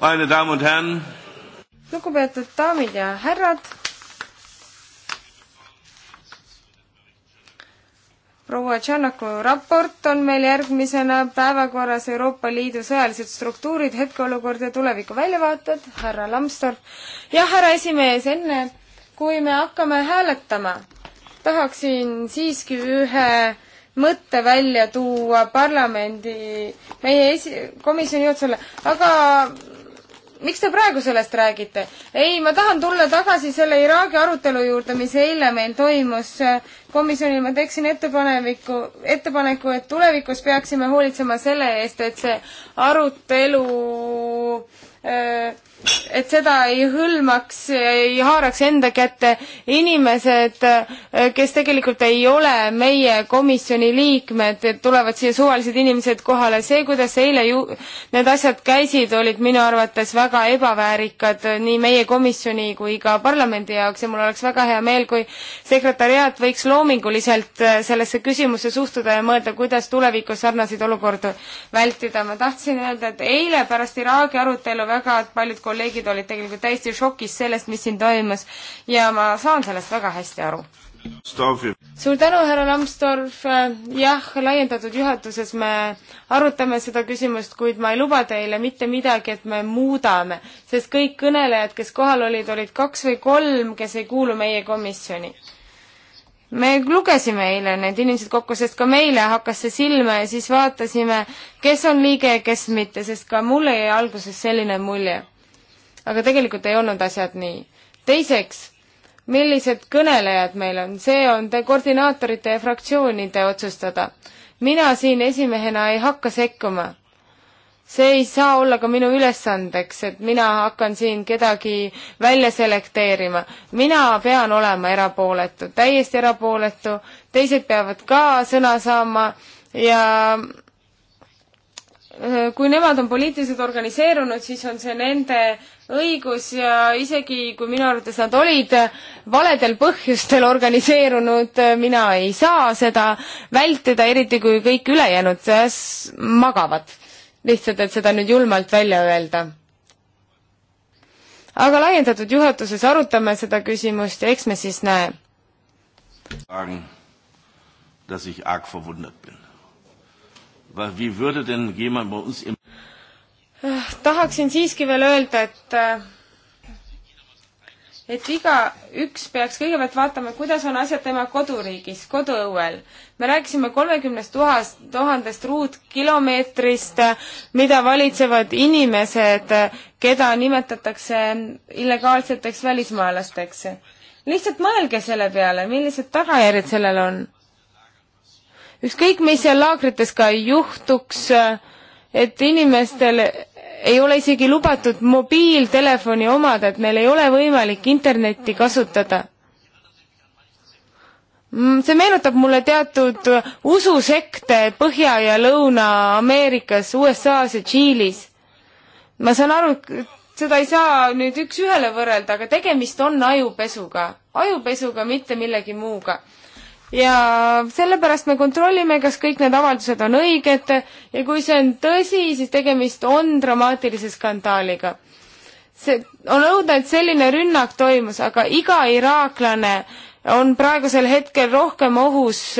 meine Damen und Herren. lugupeetud daamid ja härrad. proua Tšernaku raport on meil järgmisena päevakorras Euroopa Liidu sõjalised struktuurid, hetkeolukord ja tuleviku väljavaated, härra Lamstorf. jah, härra esimees, enne kui me hakkame hääletama, tahaksin siiski ühe mõtte välja tuua parlamendi, meie esi-, komisjoni otsusele, aga miks te praegu sellest räägite? ei, ma tahan tulla tagasi selle Iraagi arutelu juurde, mis eile meil toimus komisjonil. ma teeksin ettepaneku, ettepaneku, et tulevikus peaksime hoolitsema selle eest, et see arutelu öö, äh, et seda ei hõlmaks, ei haaraks enda kätte inimesed, kes tegelikult ei ole meie komisjoni liikmed, et tulevad siia suvalised inimesed kohale. see, kuidas eile ju need asjad käisid, olid minu arvates väga ebaväärikad nii meie komisjoni kui ka parlamendi jaoks ja mul oleks väga hea meel, kui sekretäriaat võiks loominguliselt sellesse küsimusse suhtuda ja mõelda, kuidas tulevikus sarnaseid olukordi vältida. ma tahtsin öelda, et eile pärast Iraagi arutelu väga paljud kolleegid olid tegelikult täiesti šokis sellest, mis siin toimus ja ma saan sellest väga hästi aru. suur tänu, härra Lambsdorff, jah, laiendatud juhatuses me arutame seda küsimust, kuid ma ei luba teile mitte midagi, et me muudame, sest kõik kõnelejad, kes kohal olid, olid kaks või kolm, kes ei kuulu meie komisjoni me lugesime eile need inimesed kokku, sest ka meile hakkas see silma ja siis vaatasime, kes on liige ja kes mitte, sest ka mulle jäi alguses selline mulje aga tegelikult ei olnud asjad nii. teiseks, millised kõnelejad meil on, see on koordinaatorite ja fraktsioonide otsustada. mina siin esimehena ei hakka sekkuma. see ei saa olla ka minu ülesandeks, et mina hakkan siin kedagi välja selekteerima. mina pean olema erapooletu, täiesti erapooletu, teised peavad ka sõna saama ja äh, kui nemad on poliitiliselt organiseerunud, siis on see nende õigus ja isegi kui minu arvates nad olid valedel põhjustel organiseerunud, mina ei saa seda vältida, eriti kui kõik ülejäänud seas magavad. lihtsalt, et seda nüüd julmalt välja öelda. aga laiendatud juhatuses arutame seda küsimust ja eks me siis näe. Dass ich arg verwundert bin. Weil wie würde denn jemand bei uns im Äh, tahaksin siiski veel öelda, et äh, et igaüks peaks kõigepealt vaatama, kuidas on asjad tema koduriigis, koduõuel. me rääkisime kolmekümnest tuhast, tuhandest ruutkilomeetrist, äh, mida valitsevad inimesed, keda nimetatakse illegaalseteks välismaalasteks. lihtsalt mõelge selle peale, millised tagajärjed sellel on. ükskõik, mis seal laagrites ka ei juhtuks äh,, et inimestel ei ole isegi lubatud mobiiltelefoni omada, et neil ei ole võimalik internetti kasutada. Mm, see meenutab mulle teatud ususekte Põhja- ja Lõuna-Ameerikas, USA-s ja Tšiilis. ma saan aru, seda ei saa nüüd üks-ühele võrrelda, aga tegemist on ajupesuga, ajupesuga, mitte millegi muuga ja sellepärast me kontrollime, kas kõik need avaldused on õiged ja kui see on tõsi, siis tegemist on dramaatilise skandaaliga. see, on õudne, et selline rünnak toimus, aga iga iraaklane on praegusel hetkel rohkem ohus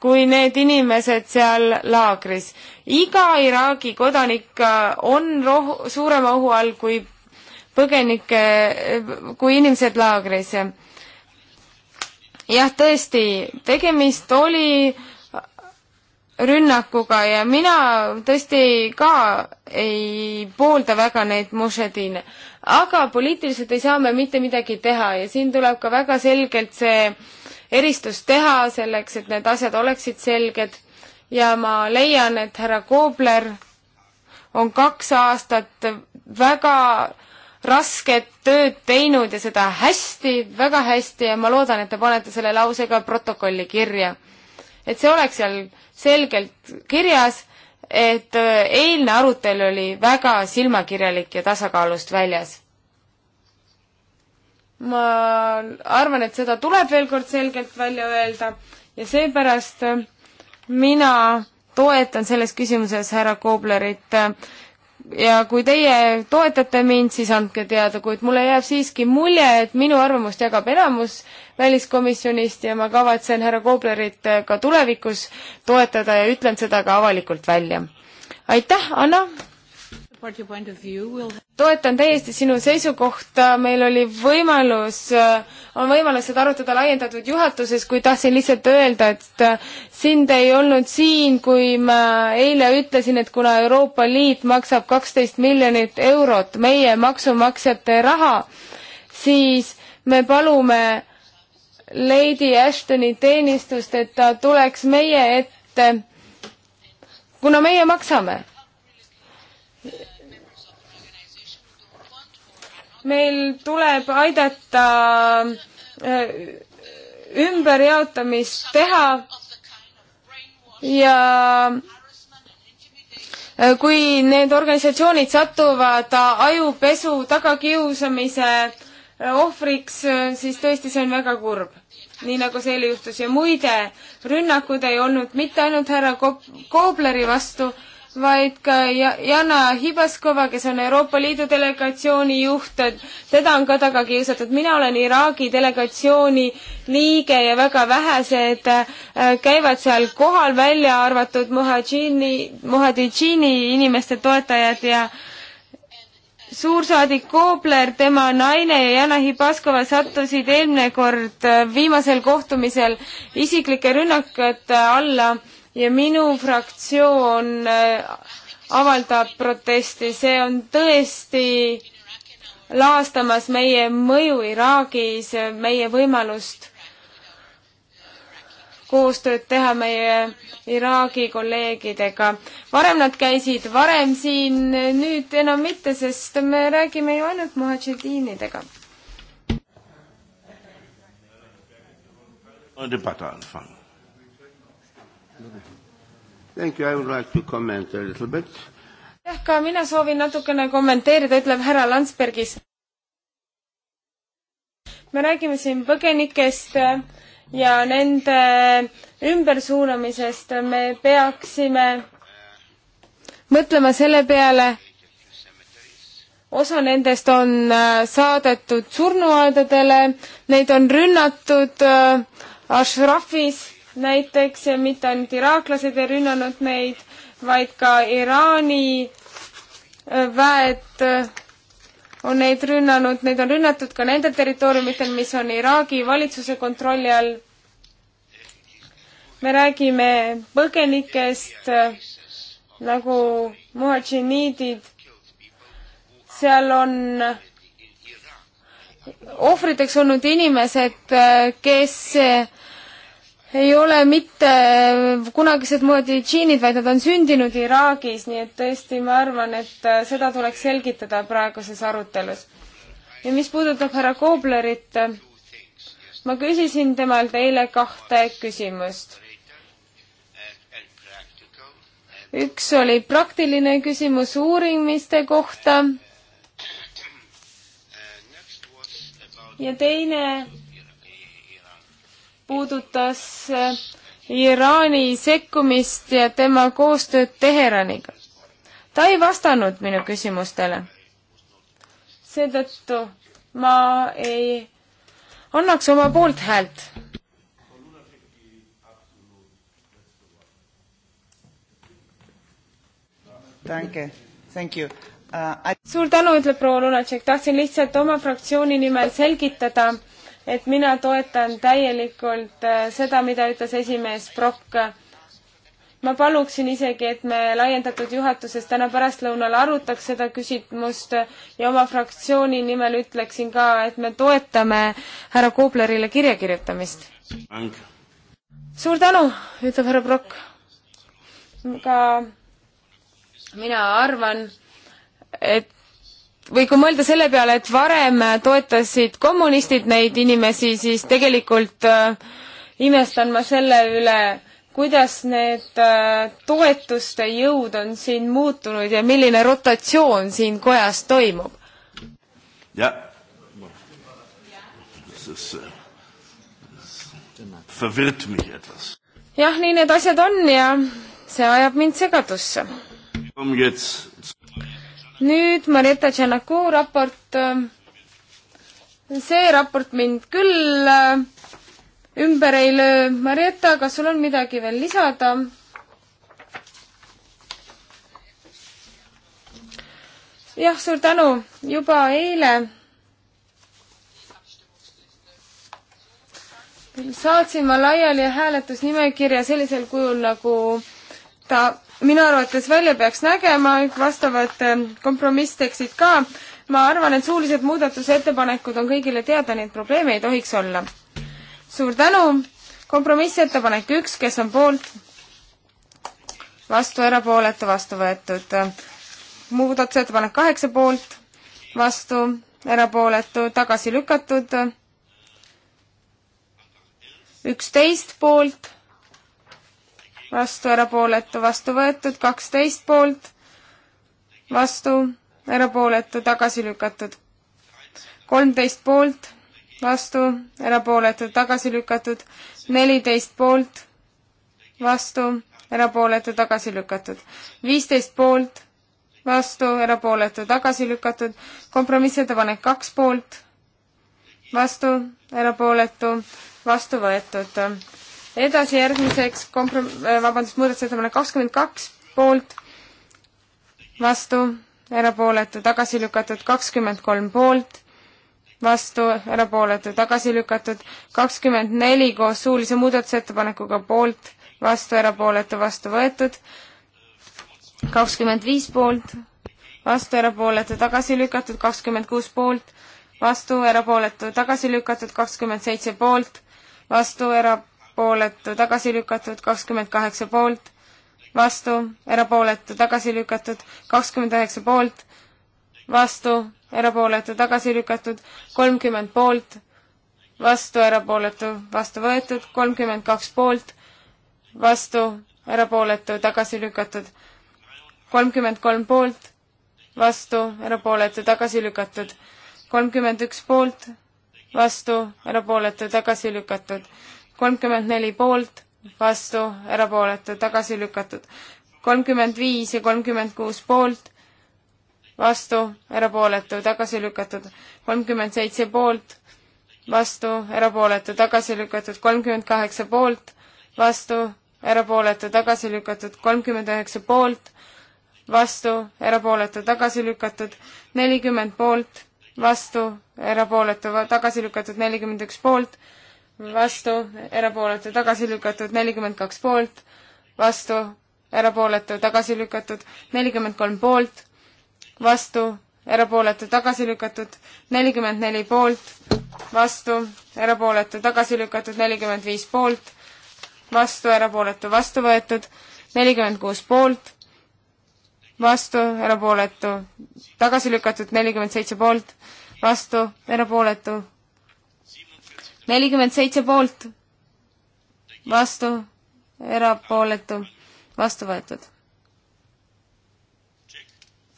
kui need inimesed seal laagris. iga Iraagi kodanik äh, on roh-, suurema ohu all kui põgenike, äh, kui inimesed laagris jah, tõesti, tegemist oli rünnakuga ja mina tõesti ka ei poolda väga neid mušedine. aga poliitiliselt ei saa me mitte midagi teha ja siin tuleb ka väga selgelt see eristus teha selleks, et need asjad oleksid selged ja ma leian, et härra Koobler on kaks aastat väga rasket tööd teinud ja seda hästi, väga hästi ja ma loodan, et te panete selle lause ka protokolli kirja. et see oleks seal selgelt kirjas, et äh, eilne arutelu oli väga silmakirjalik ja tasakaalust väljas. ma arvan, et seda tuleb veel kord selgelt välja öelda ja seepärast äh, mina toetan selles küsimuses härra Koblerit äh, ja kui teie toetate mind, siis andke teada, kuid mulle jääb siiski mulje, et minu arvamust jagab enamus väliskomisjonist ja ma kavatsen härra Koblerit ka tulevikus toetada ja ütlen seda ka avalikult välja. aitäh, Anna! toetan täiesti sinu seisukohta, meil oli võimalus, äh, on võimalus seda arutada laiendatud juhatuses, kuid tahtsin lihtsalt öelda, et äh, sind ei olnud siin, kui ma eile ütlesin, et kuna Euroopa Liit maksab kaksteist miljonit eurot meie maksumaksjate raha, siis me palume Lady Ashtoni teenistust, et ta tuleks meie ette, kuna meie maksame meil tuleb aidata äh, ümberjaotamist teha ja äh, kui need organisatsioonid satuvad ajupesu tagakiusamise äh, ohvriks, siis tõesti see on väga kurb. nii nagu see eile juhtus ja muide, rünnakud ei olnud mitte ainult härra Ko-, Koobleri vastu, vaid ka Jana Hibaskova, kes on Euroopa Liidu delegatsiooni juht, teda on ka taga kiusatud. mina olen Iraagi delegatsiooni liige ja väga vähesed äh, käivad seal kohal, välja arvatud Muhadžiini, Muhadžiini inimeste toetajad ja suursaadik Koobler, tema naine ja Jana Hibaskova sattusid eelmine kord äh, viimasel kohtumisel isiklike rünnakute alla ja minu fraktsioon äh, avaldab protesti, see on tõesti laastamas meie mõju Iraagis, meie võimalust koostööd teha meie Iraagi kolleegidega. varem nad käisid varem siin, nüüd enam mitte, sest me räägime ju ainult muhatšediinidega. debatt anfangen. Thank you, I would like to comment a little bit. jah, eh, ka mina soovin natukene kommenteerida, ütleb härra Landsbergis. me räägime siin põgenikest eh, ja nende ümbersuunamisest, me peaksime mõtlema selle peale, osa nendest on eh, saadetud surnuaedadele, neid on rünnatud Ashrafis näiteks ja mitte ainult iraaklased ei rünnanud neid, vaid ka Iraani äh, väed äh, on neid rünnanud, neid on rünnatud ka nendel territooriumitel, mis on Iraagi valitsuse kontrolli all. me räägime põgenikest äh, nagu muhatšiniidid. seal on ohvriteks olnud inimesed, kes ei ole mitte kunagised moodi džiinid, vaid nad on sündinud Iraagis, nii et tõesti, ma arvan, et äh, seda tuleks selgitada praeguses arutelus. ja mis puudutab härra Koblerit, ma küsisin temalt eile kahte küsimust. üks oli praktiline küsimus uurimiste kohta ja teine puudutas eh, Iraani sekkumist ja tema koostööd Teheraniga. ta ei vastanud minu küsimustele. seetõttu ma ei annaks oma poolthäält. Uh, I... suur tänu, ütleb proua Lunatšek, tahtsin lihtsalt oma fraktsiooni nimel selgitada, et mina toetan täielikult äh, seda, mida ütles esimees Prokk. ma paluksin isegi, et me laiendatud juhatuses täna pärastlõunal arutaks seda küsimust ja oma fraktsiooni nimel ütleksin ka, et me toetame härra Kooblerile kirja kirjutamist. suur tänu, ütleb härra Prokk. ka mina arvan, et või kui mõelda selle peale, et varem toetasid kommunistid neid inimesi, siis tegelikult äh, imestan ma selle üle, kuidas need äh, toetuste jõud on siin muutunud ja milline rotatsioon siin kojas toimub? jah. Uh, jah, nii need asjad on ja see ajab mind segadusse nüüd Marietta Tšenaku raport. see raport mind küll äh, ümber ei löö. Marietta, kas sul on midagi veel lisada? jah, suur tänu. juba eile saatsin ma laiali hääletusnimekirja sellisel kujul, nagu ta minu arvates välja peaks nägema, vastavad äh, kompromisstekstid ka. ma arvan, et suulised muudatusettepanekud on kõigile teada, neid probleeme ei tohiks olla. suur tänu, kompromissettepanek üks, kes on poolt, vastu, erapooletu, vastu võetud. muudatusettepanek kaheksa poolt, vastu, erapooletu, tagasi lükkatud. üksteist poolt vastu, erapooletu, vastu võetud, kaksteist poolt, vastu, erapooletu, tagasi lükatud. kolmteist poolt, vastu, erapooletu, tagasi lükatud, neliteist poolt, vastu, erapooletu, tagasi lükatud, viisteist poolt, vastu, erapooletu, tagasi lükatud, kompromissettepanek kaks poolt, vastu, erapooletu, vastu võetud edasi järgmiseks komprom-, äh, vabandust, muudatusettepanek kakskümmend kaks poolt, vastu, erapooletu, tagasi lükatud, kakskümmend kolm poolt, vastu, erapooletu, tagasi lükatud, kakskümmend neli koos suulise muudatusettepanekuga poolt, vastu, erapooletu, vastu võetud, kakskümmend viis poolt, vastu, erapooletu, tagasi lükatud, kakskümmend kuus poolt, vastu, erapooletu, tagasi lükatud, kakskümmend seitse poolt, vastu, era-, erapooletu, tagasi lükatud, kakskümmend kaheksa poolt, vastu, erapooletu, tagasi lükatud, kakskümmend üheksa poolt, vastu, erapooletu, tagasi lükatud, kolmkümmend poolt, vastu, erapooletu, vastu võetud, kolmkümmend kaks poolt, vastu, erapooletu, tagasi lükatud, kolmkümmend kolm poolt, vastu, erapooletu, tagasi lükatud, kolmkümmend üks poolt, vastu, erapooletu, tagasi lükatud kolmkümmend neli poolt, vastu, erapooletu, tagasi lükatud. kolmkümmend viis ja kolmkümmend kuus poolt, vastu, erapooletu, tagasi lükatud. kolmkümmend seitse poolt, vastu, erapooletu, tagasi lükatud. kolmkümmend kaheksa poolt, vastu, erapooletu, tagasi lükatud. kolmkümmend üheksa poolt, vastu, erapooletu, tagasi lükatud. nelikümmend poolt, vastu, erapooletu, tagasi lükatud. nelikümmend üks poolt vastu, erapooletu, tagasi lükatud, nelikümmend kaks poolt, vastu, erapooletu, tagasi lükatud, nelikümmend kolm poolt, vastu, erapooletu, tagasi lükatud, nelikümmend neli poolt, vastu, erapooletu, tagasi lükatud, nelikümmend viis poolt, vastu, erapooletu, vastu võetud, nelikümmend kuus poolt, vastu, erapooletu, tagasi lükatud, nelikümmend seitse poolt, vastu, erapooletu, nelikümmend seitse poolt, vastu, erapooletu, vastu võetud.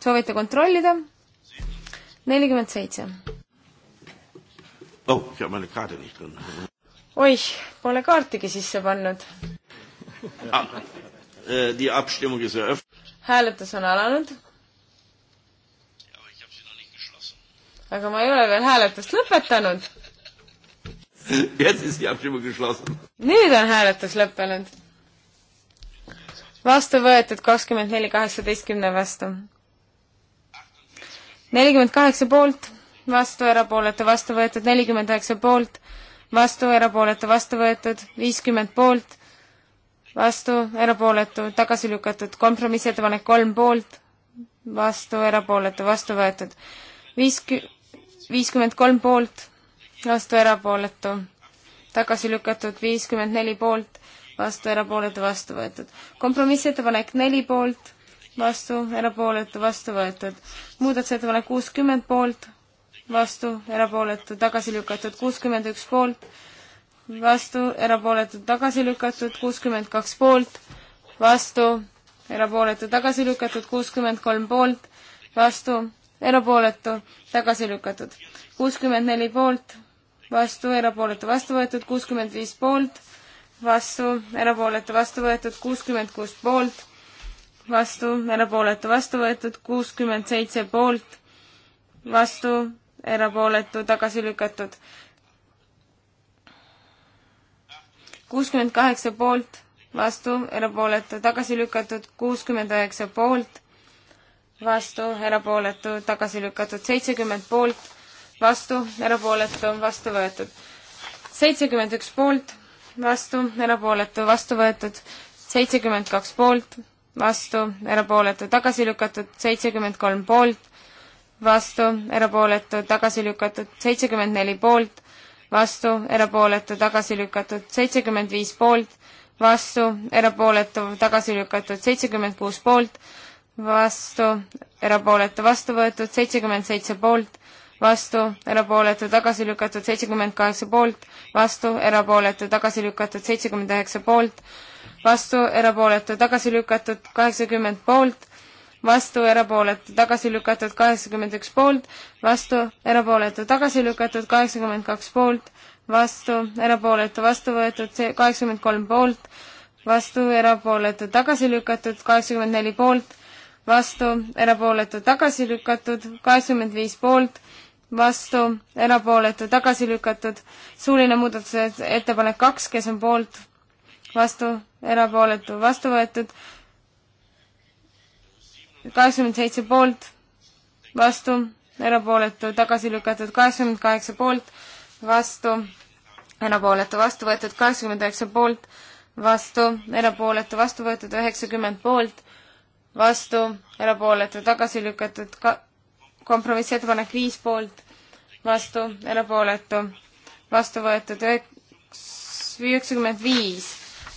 soovite kontrollida? nelikümmend seitse. Oh, oih, pole kaartigi sisse pannud ah, äh, hääletus on alanud. aga ma ei ole veel hääletust lõpetanud nüüd on hääletus lõppenud. vastu võetud kakskümmend neli kaheksateistkümne vastu. nelikümmend kaheksa poolt, vastu erapooletu, vastu võetud nelikümmend üheksa poolt, vastu erapooletu, vastu võetud viiskümmend poolt, vastu erapooletu, tagasi lükatud, kompromissettepanek kolm poolt, vastu erapooletu, vastu võetud viiskü-, viiskümmend kolm poolt vastu erapooletu, tagasi lükatud viiskümmend neli poolt, vastu erapooletu, vastu võetud. kompromissettepanek neli poolt, vastu erapooletu, vastu võetud. muudatusettepanek kuuskümmend poolt, vastu erapooletu, tagasi lükatud kuuskümmend üks poolt, vastu erapooletu, tagasi lükatud kuuskümmend kaks poolt, vastu erapooletu, tagasi lükatud kuuskümmend kolm poolt, vastu erapooletu, tagasi lükatud kuuskümmend neli poolt, vastu, erapooletu vastu võetud kuuskümmend viis poolt, vastu, erapooletu vastu võetud kuuskümmend kuus poolt, vastu, erapooletu vastu võetud kuuskümmend seitse poolt, vastu, erapooletu tagasi lükatud. kuuskümmend kaheksa poolt, vastu, erapooletu tagasi lükatud, kuuskümmend üheksa poolt, vastu, erapooletu tagasi lükatud, seitsekümmend poolt vastu, erapooletu, vastu võetud. seitsekümmend üks poolt, vastu, erapooletu, vastu võetud. seitsekümmend kaks poolt, vastu, erapooletu, tagasi lükatud. seitsekümmend kolm poolt, vastu, erapooletu, tagasi lükatud. seitsekümmend neli poolt, vastu, erapooletu, tagasi lükatud. seitsekümmend viis poolt, vastu, erapooletu, tagasi lükatud. seitsekümmend kuus poolt, vastu, erapooletu, vastu võetud. seitsekümmend seitse poolt vastu, erapooletu, tagasi lükatud seitsekümmend kaheksa poolt, vastu, erapooletu, tagasi lükatud seitsekümmend üheksa poolt, vastu, erapooletu, tagasi lükatud kaheksakümmend poolt, vastu, erapooletu, tagasi lükatud kaheksakümmend üks poolt, vastu, erapooletu, tagasi lükatud kaheksakümmend kaks poolt, vastu, erapooletu, vastu võetud kaheksakümmend kolm poolt, vastu, erapooletu, tagasi lükatud kaheksakümmend neli poolt, vastu, erapooletu, tagasi lükatud kaheksakümmend viis poolt, vastu, erapooletu, tagasi lükatud. suuline muudatusettepanek kaks, kes on poolt, vastu, erapooletu, vastu võetud. kaheksakümmend seitse poolt, vastu, erapooletu, tagasi lükatud. kaheksakümmend kaheksa poolt, vastu, erapooletu, vastu võetud. kaheksakümmend üheksa poolt, vastu, erapooletu, vastu võetud. üheksakümmend poolt, vastu, erapooletu, tagasi lükatud ka kompromissettepanek viis poolt, vastu, erapooletu, vastu võetud üheksakümmend viis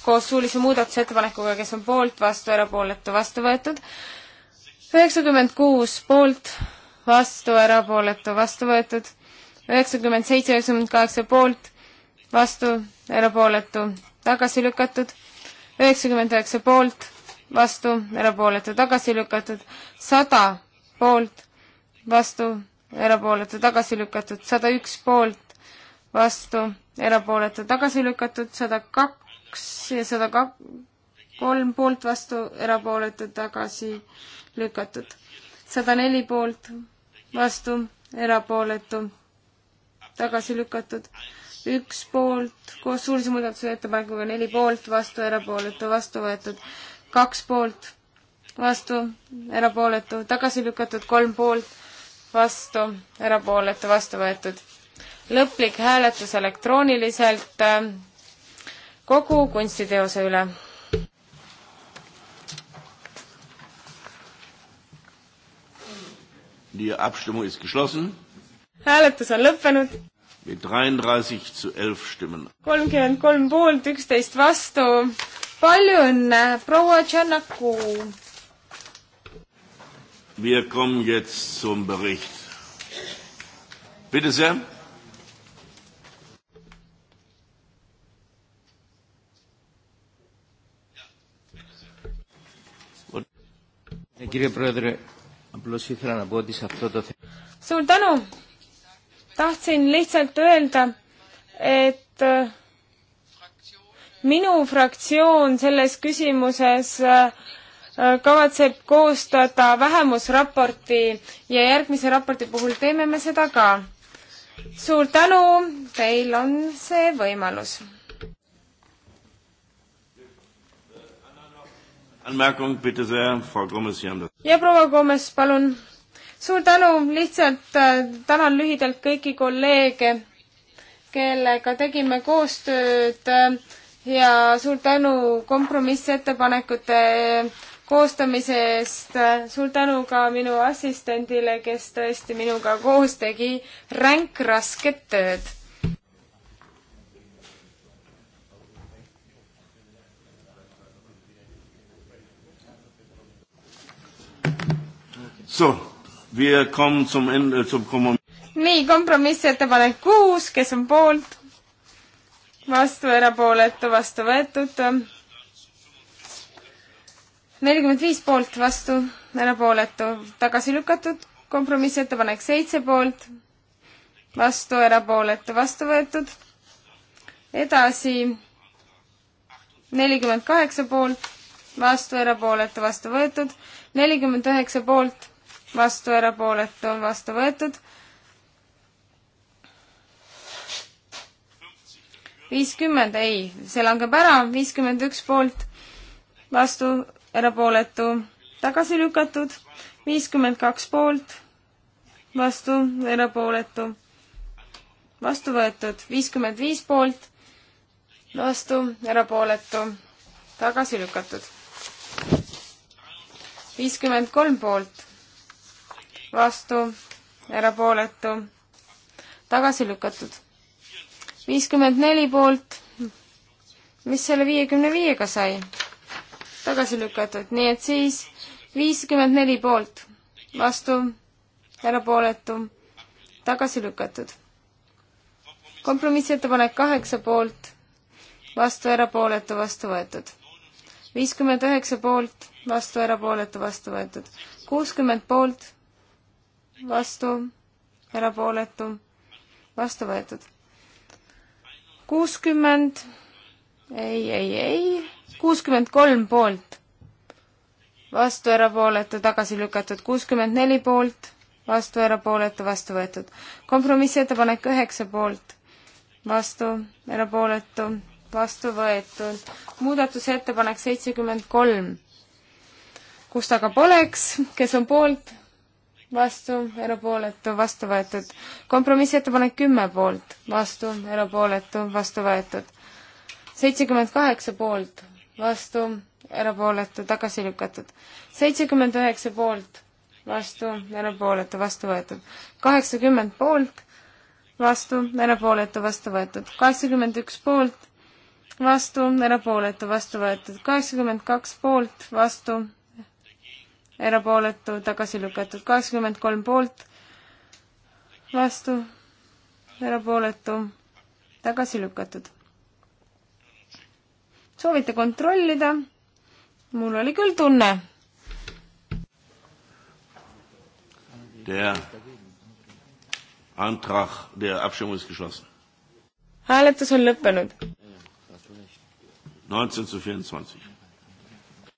koos suulise muudatusettepanekuga, kes on poolt, vastu, erapooletu, vastu võetud. üheksakümmend kuus poolt, vastu, erapooletu, vastu võetud. üheksakümmend seitse, üheksakümmend kaheksa poolt, vastu, erapooletu, tagasi lükatud. üheksakümmend üheksa poolt, vastu, erapooletu, tagasi lükatud. sada poolt, vastu, erapooletu tagasi lükatud, sada üks poolt, vastu, erapooletu tagasi lükatud, sada kaks ja sada kak-, kolm poolt vastu, erapooletu tagasi lükatud. sada neli poolt vastu, erapooletu tagasi lükatud üks poolt koos suulise muudatuse ettepanekuga neli poolt, vastu, erapooletu, vastu võetud. kaks poolt, vastu, erapooletu, tagasi lükatud, kolm poolt, vastu, erapooletu, vastu võetud. lõplik hääletus elektrooniliselt äh, kogu kunstiteose üle. Die Abstimmung ist geschlossen. hääletus on lõppenud. Mit 33 zu 11 Stimmen. kolmkümmend kolm poolt, üksteist vastu. palju õnne, proua Tšernaku! Wir kommen jetzt zum Bericht. Bitte sehr. Κύριε Πρόεδρε, απλώς ήθελα να πω ότι σε αυτό το θέμα... Suur tänu! Tahtsin lihtsalt öelda, et äh, minu fraktsioon selles küsimuses äh, kavatseb koostada vähemusraporti ja järgmise raporti puhul teeme me seda ka. suur tänu, teil on see võimalus. ja proua Gomes, palun. suur tänu, lihtsalt äh, tänan lühidalt kõiki kolleege, kellega tegime koostööd äh, ja suur tänu kompromissettepanekute koostamise eest, suur tänu ka minu assistendile, kes tõesti minuga koos tegi ränkrasket tööd. So, wir kommen zum Ende, äh, zum Kompromiss. nii, kompromissettepanek kuus, kes on poolt? vastu, erapooletu, vastu võetud nelikümmend viis poolt vastu, erapooletu, tagasi lükatud, kompromissettepanek seitse poolt, vastu, erapooletu, vastu võetud. edasi nelikümmend kaheksa poolt, vastu, erapooletu, vastu võetud, nelikümmend üheksa poolt, vastu, erapooletu, vastu võetud. viiskümmend, ei, see langeb ära, viiskümmend üks poolt, vastu, erapooletu, tagasi lükatud, viiskümmend kaks poolt, vastu, erapooletu, vastu võetud, viiskümmend viis poolt, vastu, erapooletu, tagasi lükatud. viiskümmend kolm poolt, vastu, erapooletu, tagasi lükatud. viiskümmend neli poolt, mis selle viiekümne viiega sai? tagasi lükatud, nii et siis viiskümmend neli poolt, vastu, erapooletu, tagasi lükatud. kompromissettepanek kaheksa poolt, vastu, erapooletu, vastu võetud. viiskümmend üheksa poolt, vastu, erapooletu, vastu võetud. kuuskümmend poolt, vastu, erapooletu, vastu võetud. kuuskümmend ei, ei, ei, kuuskümmend kolm poolt, vastu erapooletu, tagasi lükatud, kuuskümmend neli poolt, vastu erapooletu, vastu võetud. kompromissettepanek üheksa poolt, vastu erapooletu, vastu võetud. muudatusettepanek seitsekümmend kolm, kus ta ka poleks, kes on poolt, vastu, erapooletu, vastu võetud. kompromissettepanek kümme poolt, vastu, erapooletu, vastu võetud seitsekümmend kaheksa poolt, vastu, erapooletu, tagasi lükatud. seitsekümmend üheksa poolt, vastu, erapooletu, vastu võetud. kaheksakümmend poolt, vastu, erapooletu, vastu võetud. kaheksakümmend üks poolt, vastu, erapooletu, vastu võetud. kaheksakümmend kaks poolt, vastu, erapooletu, tagasi lükatud. kaheksakümmend kolm poolt, vastu, erapooletu, tagasi lükatud soovite kontrollida? mul oli küll tunne. hääletus on lõppenud.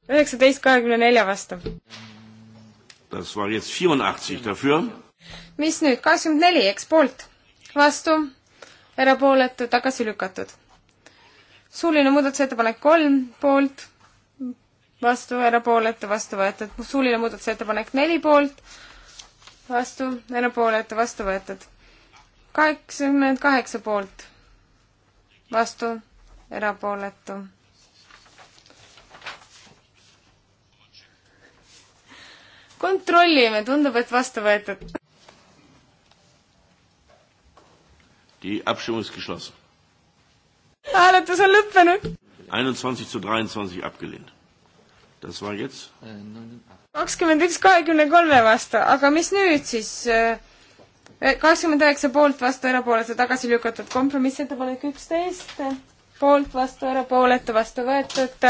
üheksateist kahekümne nelja vastu. mis nüüd, kakskümmend neli, eks poolt, vastu, erapooletu, tagasi lükatud suuline muudatusettepanek kolm poolt, vastu, erapooletu, vastu võetud. suuline muudatusettepanek neli poolt, vastu, erapooletu, vastu võetud. kaheksakümmend kaheksa poolt, vastu, erapooletu kontrollime, tundub, et vastu võetud. Die Abstimmung ist geschlossen hääletus on lõppenud. kakskümmend üks kahekümne kolme vastu, aga mis nüüd siis? Äh, kakskümmend üheksa poolt vastu, erapooletu tagasi lükatud, kompromissettepanek üksteist, poolt vastu, erapooletu vastu võetud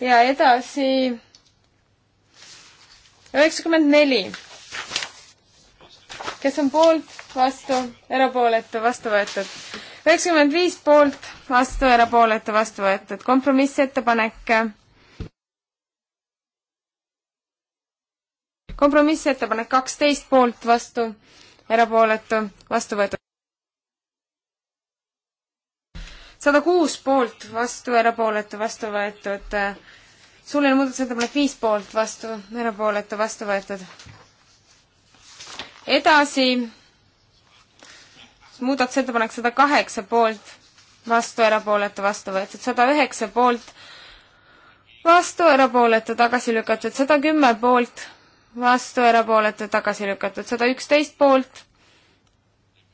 ja edasi üheksakümmend neli. kes on poolt, vastu, erapooletu, vastu võetud üheksakümmend viis poolt, vastu, erapooletu, vastu võetud. kompromissettepanek. kompromissettepanek kaksteist poolt, vastu, erapooletu, vastu võetud. sada kuus poolt, vastu, erapooletu, vastu võetud. suuline muudatusettepanek viis poolt, vastu, erapooletu, vastu võetud. edasi muudatusettepanek sada kaheksa poolt, vastu, erapooletu, vastu võetud, sada üheksa poolt, vastu, erapooletu, tagasi lükatud, sada kümme poolt, vastu, erapooletu, tagasi lükatud, sada üksteist poolt,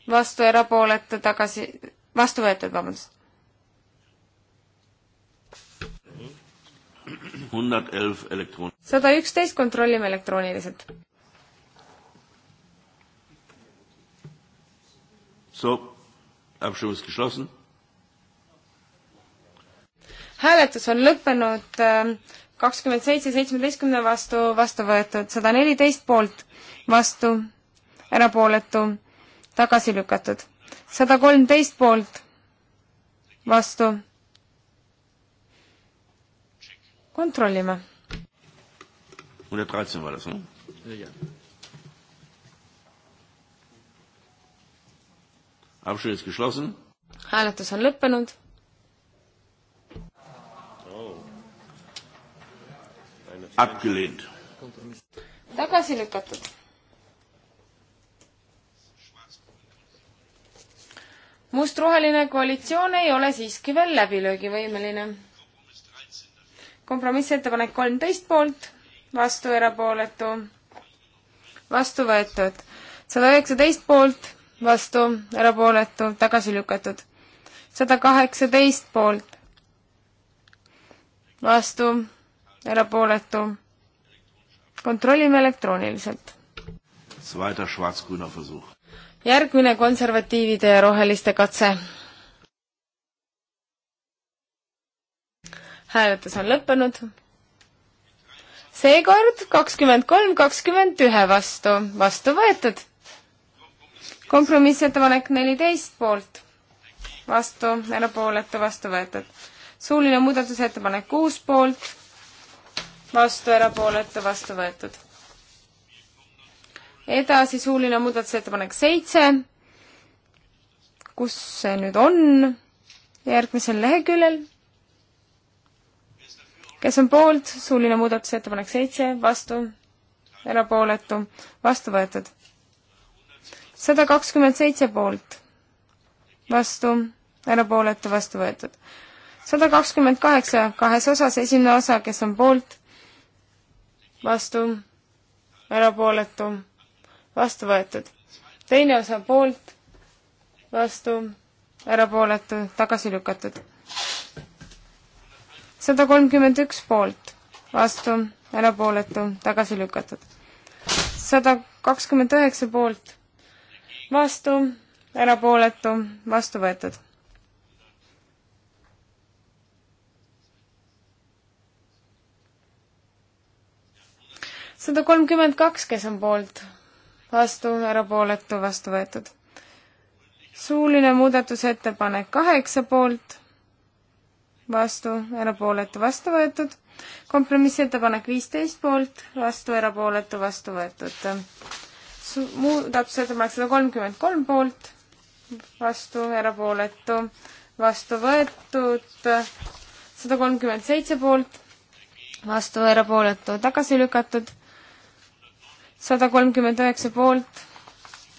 vastu, erapooletu, tagasi, vastu võetud, vabandust. sada üksteist kontrollime elektrooniliselt. So, Abstimmung ist geschlossen. hääletus on lõppenud ähm, kakskümmend seitse seitsmeteistkümne vastu, vastu võetud sada neliteist poolt, vastu, erapooletu, tagasi lükatud. sada kolmteist poolt, vastu. kontrollime. mul jääb kaitsema alles, noh? hääletus on lõppenud abgelehnt. tagasi lükatud. mustroheline koalitsioon ei ole siiski veel läbilöögivõimeline. kompromissettepanek kolmteist poolt, vastu erapooletu, vastu võetud. sada üheksateist poolt, vastu, erapooletu, tagasi lükatud. sada kaheksateist poolt, vastu, erapooletu. kontrollime elektrooniliselt. järgmine konservatiivide ja roheliste katse. hääletus on lõppenud seekord kakskümmend kolm, kakskümmend ühe vastu, vastu võetud kompromissettepanek neliteist poolt, vastu, erapooletu, vastu võetud. suuline muudatusettepanek kuus poolt, vastu, erapooletu, vastu võetud. edasi suuline muudatusettepanek seitse, kus see nüüd on, järgmisel leheküljel kes on poolt, suuline muudatusettepanek seitse, vastu, erapooletu, vastu võetud sada kakskümmend seitse poolt, vastu, erapooletu, vastu võetud. sada kakskümmend kaheksa kahes osas, esimene osa, kes on poolt, vastu, erapooletu, vastu võetud. teine osa poolt, vastu, erapooletu, tagasi lükatud. sada kolmkümmend üks poolt, vastu, erapooletu, tagasi lükatud. sada kakskümmend üheksa poolt vastu, erapooletu, vastu võetud. sada kolmkümmend kaks, kes on poolt, vastu, erapooletu, vastu võetud. suuline muudatusettepanek kaheksa poolt, vastu, erapooletu, vastu võetud. kompromissettepanek viisteist poolt, vastu, erapooletu, vastu võetud muudatusettepanek sada kolmkümmend kolm poolt, vastu, erapooletu, vastu võetud, sada kolmkümmend seitse poolt, vastu, erapooletu, tagasi lükatud, sada kolmkümmend üheksa poolt,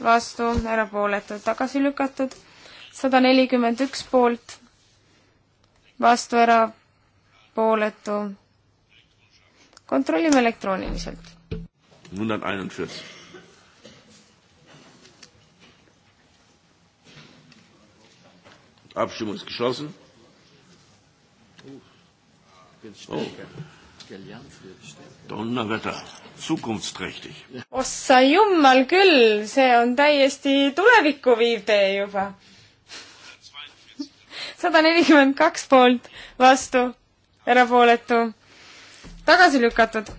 vastu, erapooletu, tagasi lükatud, sada nelikümmend üks poolt, vastu, erapooletu. kontrollime elektrooniliselt. null on ainult üks. Abstimmung ist geschlossen. Oh. Donnerwetter, zukunftsträchtig. ossa oh, jummal küll, see on täiesti tulevikku viiv tee juba. sada nelikümmend kaks poolt, vastu, erapooletu, tagasi lükatud.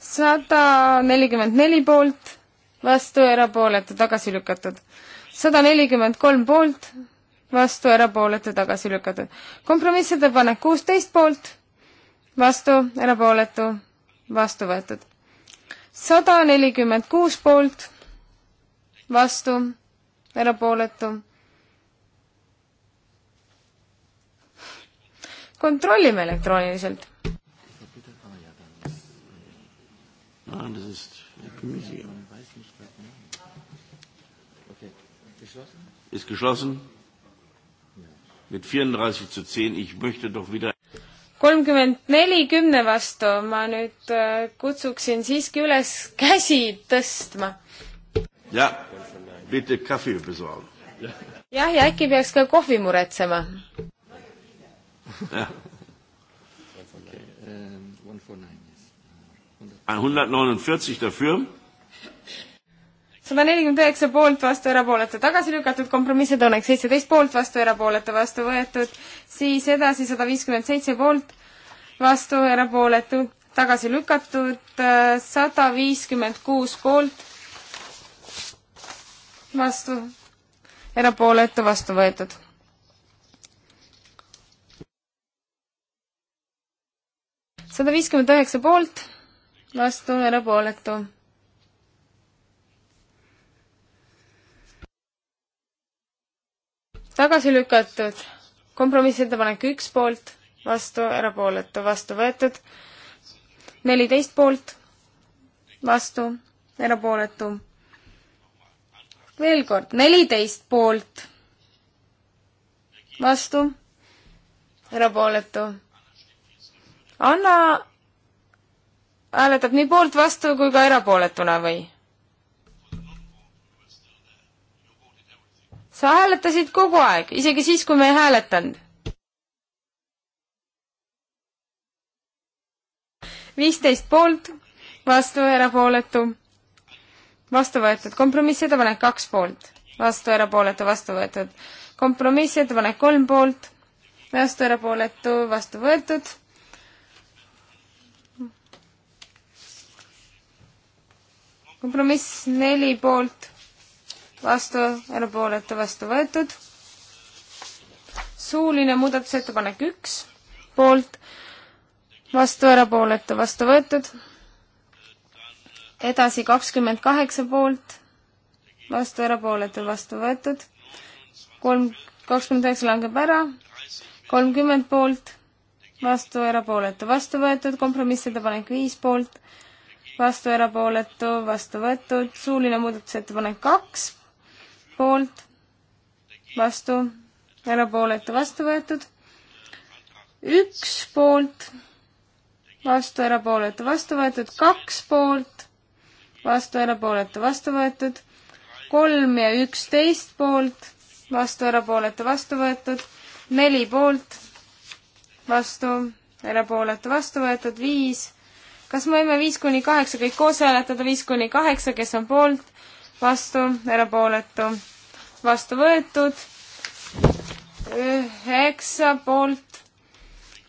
sada nelikümmend neli poolt, vastu, erapooletu, tagasi lükatud. sada nelikümmend kolm poolt, vastu, erapooletu, tagasi lükatud. kompromissettepanek kuusteist poolt, vastu, erapooletu, vastu võetud. sada nelikümmend kuus poolt, vastu, erapooletu. kontrollime elektrooniliselt. Nein, das ist Gemüse. Ist geschlossen? kolmkümmend neli kümne vastu, ma nüüd äh, kutsuksin siiski üles käsi tõstma. jah, ja äkki peaks ka kohvi muretsema. jah. Ähm, dafür sada nelikümmend üheksa poolt, vastu, erapooletu, tagasi lükatud, kompromissid õnneks seitseteist poolt, vastu, erapooletu, vastu võetud, siis edasi sada viiskümmend seitse poolt, vastu, erapooletu, tagasi lükatud, sada viiskümmend kuus poolt, vastu, erapooletu, vastu võetud sada viiskümmend üheksa poolt, vastu erapooletu, tagasi lükatud, kompromissettepanek üks poolt, vastu, erapooletu, vastu võetud, neliteist poolt, vastu, erapooletu. veel kord, neliteist poolt, vastu, erapooletu. Anna hääletab nii poolt, vastu kui ka erapooletuna või? sa hääletasid kogu aeg, isegi siis, kui me ei hääletanud. viisteist poolt, vastu erapooletu, vastu võetud, kompromissettepanek kaks poolt, vastu erapooletu, vastu võetud, kompromissettepanek kolm poolt, vastu erapooletu, vastu võetud kompromiss neli poolt, vastu, erapooletu, vastu võetud. suuline muudatusettepanek üks, poolt, vastu, erapooletu, vastu võetud. edasi kakskümmend kaheksa poolt, vastu, erapooletu, vastu võetud. kolm, kakskümmend üheksa langeb ära, kolmkümmend poolt, vastu, erapooletu, vastu võetud, kompromissettepanek viis poolt, vastu, erapooletu, vastu võetud, suuline muudatusettepanek kaks poolt, vastu, erapooletu, vastu võetud. üks poolt, vastu, erapooletu, vastu võetud, kaks poolt, vastu, erapooletu, vastu võetud, kolm ja üksteist poolt, vastu, erapooletu, vastu võetud, neli poolt, vastu, erapooletu, vastu võetud, viis kas me võime viis kuni kaheksa kõik koos hääletada, viis kuni kaheksa, kes on poolt, vastu, erapooletu, vastu võetud, üheksa poolt,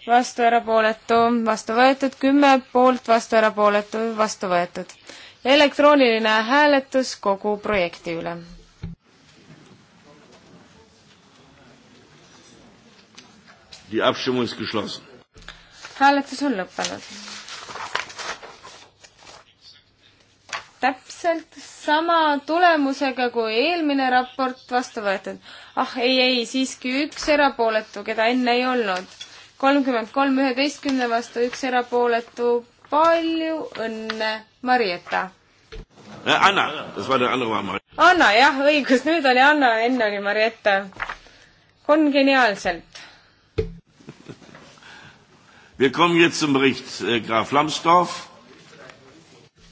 vastu erapooletu, vastu võetud, kümme poolt, vastu erapooletu, vastu võetud. elektrooniline hääletus kogu projekti üle. hääletus on lõppenud täpselt sama tulemusega kui eelmine raport vastu võetud. ah ei, ei, siiski üks erapooletu, keda enne ei olnud. kolmkümmend kolm üheteistkümne vastu, üks erapooletu. palju õnne, Marietta! Äh, Anna, Anna, jah, õigus, nüüd oli Anna, enne oli Marietta. kongeniaalselt Wir kommen jetzt zum Bericht äh, Graf Lambsdorff.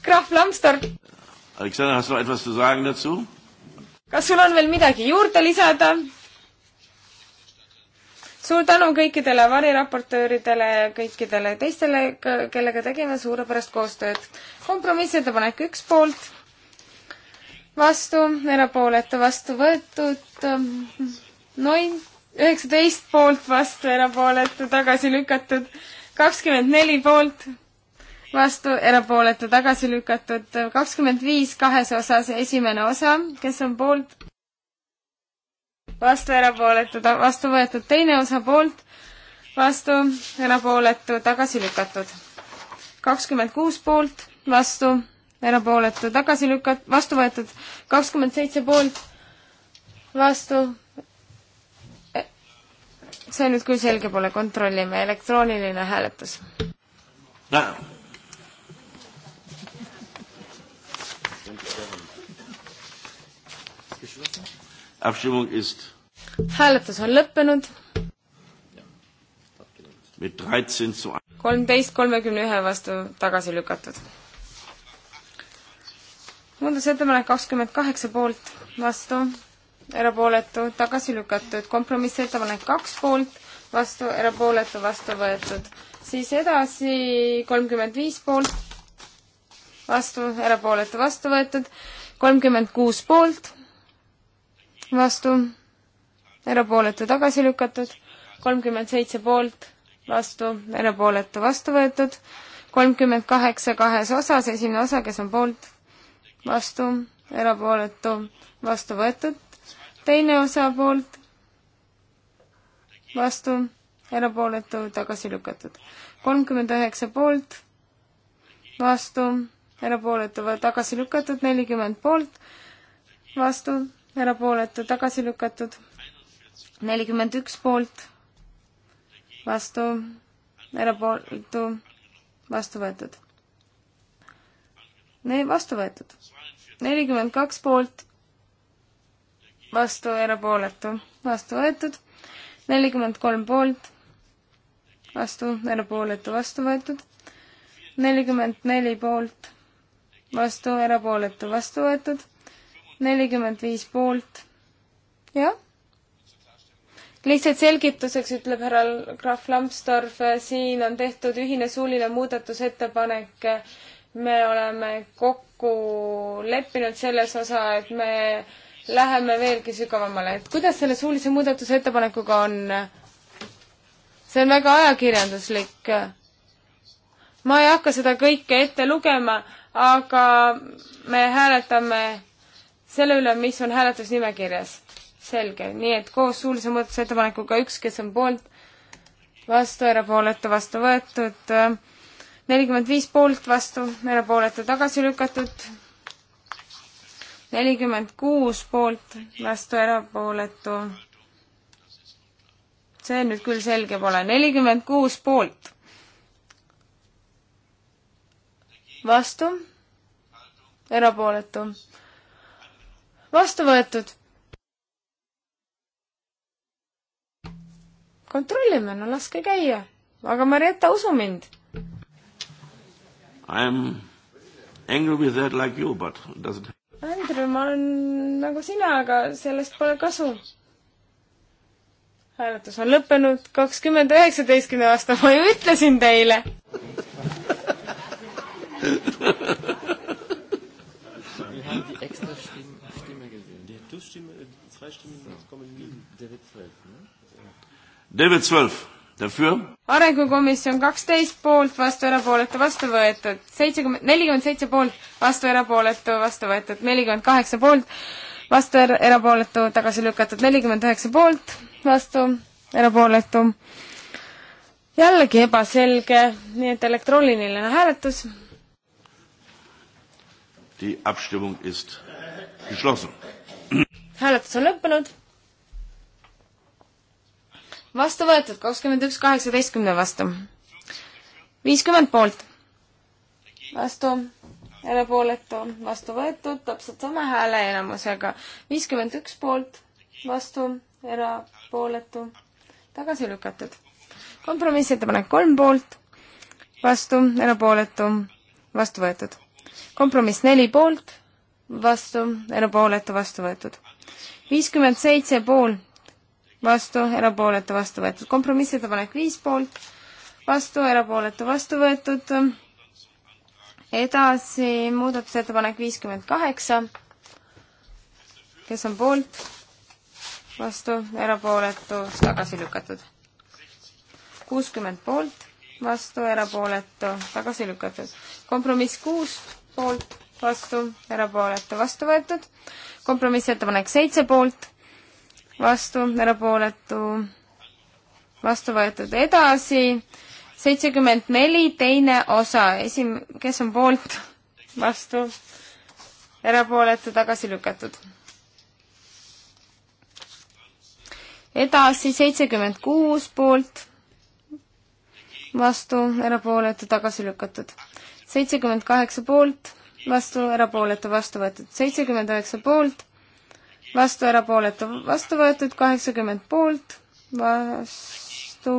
Graf Lambsdorff. Alexander, hast du etwas zu sagen dazu? kas sul on veel midagi juurde lisada? suur tänu kõikidele variraportööridele ja kõikidele teistele, kellega tegime suurepärast koostööd. kompromissettepanek üks poolt, vastu, erapooletu, vastu võetud, noin, üheksateist poolt, vastu, erapooletu, tagasi lükatud, kakskümmend neli poolt, vastu, erapooletu tagasi lükatud, kakskümmend viis kahes osas, esimene osa, kes on poolt, vastu, erapooletu, vastu võetud, teine osa poolt, vastu, erapooletu, tagasi lükatud. kakskümmend kuus poolt, vastu, erapooletu, tagasi lükat-, vastu võetud, kakskümmend seitse poolt, vastu, e, see nüüd küll selge pole, kontrollime, elektrooniline hääletus. hääletus on lõppenud. kolmteist kolmekümne ühe vastu tagasi lükatud. muudatusettepanek kakskümmend kaheksa poolt, vastu, erapooletu, tagasi lükatud. kompromissettepanek kaks poolt, vastu, erapooletu, vastu võetud. siis edasi kolmkümmend viis poolt, vastu, erapooletu, vastu võetud. kolmkümmend kuus poolt vastu, erapooletu tagasi lükatud, kolmkümmend seitse poolt, vastu, erapooletu vastu võetud, kolmkümmend kaheksa kahes osas, esimene osa, kes on poolt, vastu, erapooletu vastu võetud, teine osa poolt, vastu, erapooletu tagasi lükatud, kolmkümmend üheksa poolt, vastu, erapooletu tagasi lükatud, nelikümmend poolt, vastu, erapooletu tagasi lükatud, nelikümmend üks poolt, vastu, erapooletu, vastu võetud. Nee, vastu võetud. nelikümmend kaks poolt, vastu, erapooletu, vastu võetud, nelikümmend kolm poolt, vastu, erapooletu, vastu võetud, nelikümmend neli poolt, vastu, erapooletu, vastu võetud nelikümmend viis poolt. jah. lihtsalt selgituseks ütleb härra Graf Lambsdorff, siin on tehtud ühine suuline muudatusettepanek. me oleme kokku leppinud selles osa, et me läheme veelgi sügavamale, et kuidas selle suulise muudatusettepanekuga on? see on väga ajakirjanduslik. ma ei hakka seda kõike ette lugema, aga me hääletame selle üle, mis on hääletusnimekirjas. selge, nii et koos suulise muudatusettepanekuga üks, kes on poolt, vastu, erapooletu, vastu võetud, nelikümmend viis poolt, vastu, erapooletu, tagasi lükatud, nelikümmend kuus poolt, vastu, erapooletu. see nüüd küll selge pole, nelikümmend kuus poolt vastu, erapooletu, vastu võetud. kontrollime, no laske käia. aga Marietta, usu mind. I am angry with that like you, but doesn't. Andrew, ma olen nagu sina, aga sellest pole kasu. hääletus on lõppenud kakskümmend üheksateistkümne aasta, ma ju ütlesin teile Stimmen, äh, zwei Stimmen kommen nie. David 12, ne? David 12, dafür? arengukomisjon kaksteist poolt, vastu erapooletu, vastu võetud. seitsekümmend, nelikümmend seitse poolt, vastu erapooletu, vastu võetud. nelikümmend kaheksa poolt, vastu er-, erapooletu, tagasi lükatud. nelikümmend üheksa poolt, vastu erapooletu. jällegi ebaselge, nii et elektrooniline hääletus. Die Abstimmung ist geschlossen hääletus on lõppenud. vastu võetud kakskümmend üks kaheksateistkümne vastu. viiskümmend poolt. vastu, erapooletu, vastu võetud, täpselt sama hääle enamusega. viiskümmend üks poolt, vastu, erapooletu, tagasi lükatud. kompromissettepanek kolm poolt, vastu, erapooletu, vastu võetud. kompromiss neli poolt, vastu, erapooletu, vastu võetud viiskümmend seitse pool, vastu, erapooletu, vastu võetud. kompromissettepanek viis poolt, vastu, erapooletu, vastu võetud. edasi muudatusettepanek viiskümmend kaheksa. kes on poolt? vastu, erapooletu, tagasi lükatud. kuuskümmend poolt, vastu, erapooletu, tagasi lükatud. kompromiss kuus poolt vastu, erapooletu, vastu võetud. kompromissettepanek seitse poolt, vastu, erapooletu, vastu võetud. edasi seitsekümmend neli, teine osa, esim-, kes on poolt, vastu, erapooletu, tagasi lükatud. edasi seitsekümmend kuus poolt, vastu, erapooletu, tagasi lükatud. seitsekümmend kaheksa poolt vastu, erapooletu, vastu võetud. seitsekümmend üheksa poolt, vastu, erapooletu, vastu võetud. kaheksakümmend poolt, vastu,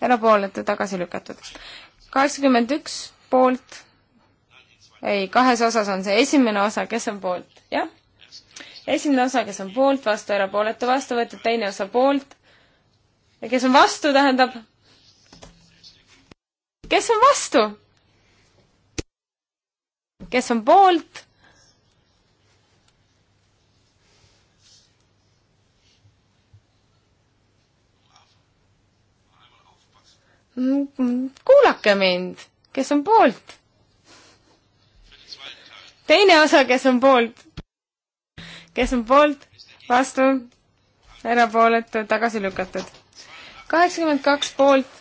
erapooletu, tagasi lükatud. kaheksakümmend üks poolt, ei, kahes osas on see esimene osa, kes on poolt, jah. esimene osa, kes on poolt, vastu, erapooletu, vastu võetud, teine osa poolt ja kes on vastu, tähendab, kes on vastu? kes on poolt? kuulake mind, kes on poolt? teine osa, kes on poolt? kes on poolt? vastu? erapooletu, tagasi lükatud. kaheksakümmend kaks poolt,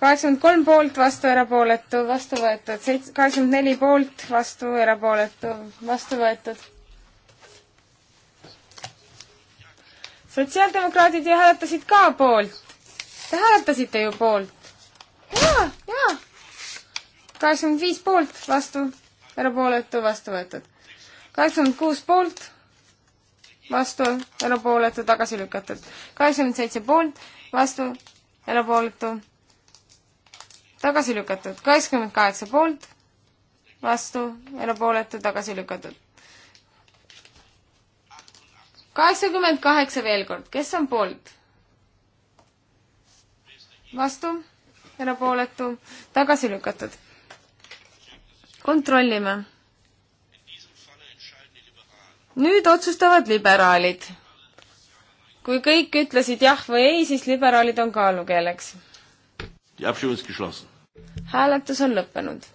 kaheksakümmend kolm poolt, vastu, erapooletu, vastu võetud, seit-, kaheksakümmend neli poolt, vastu, erapooletu, vastu võetud. sotsiaaldemokraadid ju hääletasid ka poolt. Te hääletasite ju poolt. jaa, jaa. kaheksakümmend viis poolt, vastu, erapooletu, vastu võetud. kaheksakümmend kuus poolt, vastu, erapooletu, tagasi lükatud. kaheksakümmend seitse poolt, vastu, erapooletu tagasi lükatud, kaheksakümmend kaheksa poolt, vastu, erapooletu, tagasi lükatud. kaheksakümmend kaheksa veel kord, kes on poolt? vastu, erapooletu, tagasi lükatud. kontrollime. nüüd otsustavad liberaalid. kui kõik ütlesid jah või ei, siis liberaalid on kaalukeeleks hääletus on lõppenud.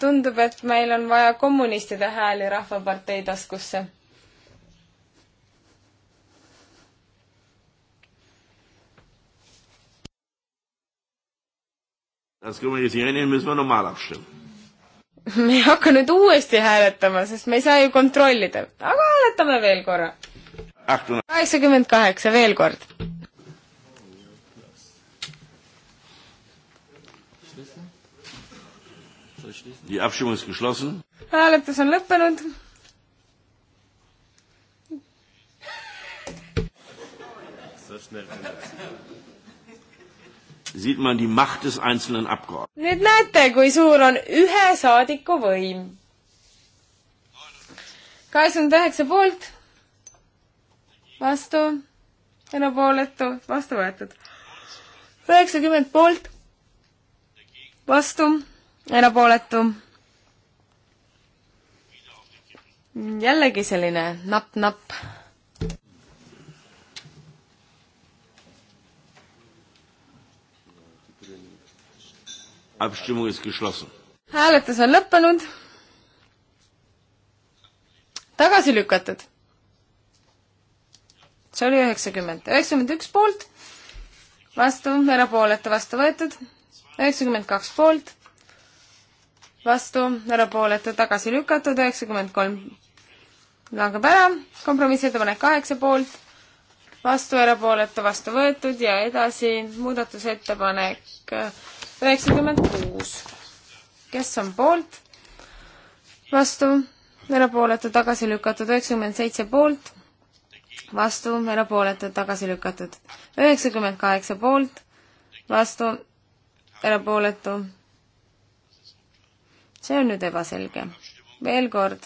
tundub, et meil on vaja kommunistide hääli Rahvapartei taskusse Das können wir jetzt nicht ändern, müssen wir normal abstimmen. me ei hakka nüüd uuesti hääletama, sest me ei saa ju kontrollida, aga hääletame veel korra. kaheksakümmend kaheksa, veel kord. hääletus on lõppenud. So schnell kann das sieht man die Macht des einzelnen Abgeordneten. nüüd näete, kui suur on ühe saadiku võim. kaheksakümmend üheksa poolt, vastu, erapooletu, vastu võetud. üheksakümmend poolt, vastu, erapooletu. jällegi selline napp-napp hääletus on lõppenud. tagasi lükatud. see oli üheksakümmend, üheksakümmend üks poolt, vastu, erapooletu vastu võetud, üheksakümmend kaks poolt, vastu, erapooletu tagasi lükatud, üheksakümmend kolm langeb ära, kompromissettepanek kaheksa poolt, vastu, erapooletu vastu võetud ja edasi muudatusettepanek üheksakümmend kuus. kes on poolt? vastu, erapooletud, tagasi lükatud, üheksakümmend seitse poolt, vastu, erapooletud, tagasi lükatud, üheksakümmend kaheksa poolt, vastu, erapooletu. see on nüüd ebaselge. veel kord,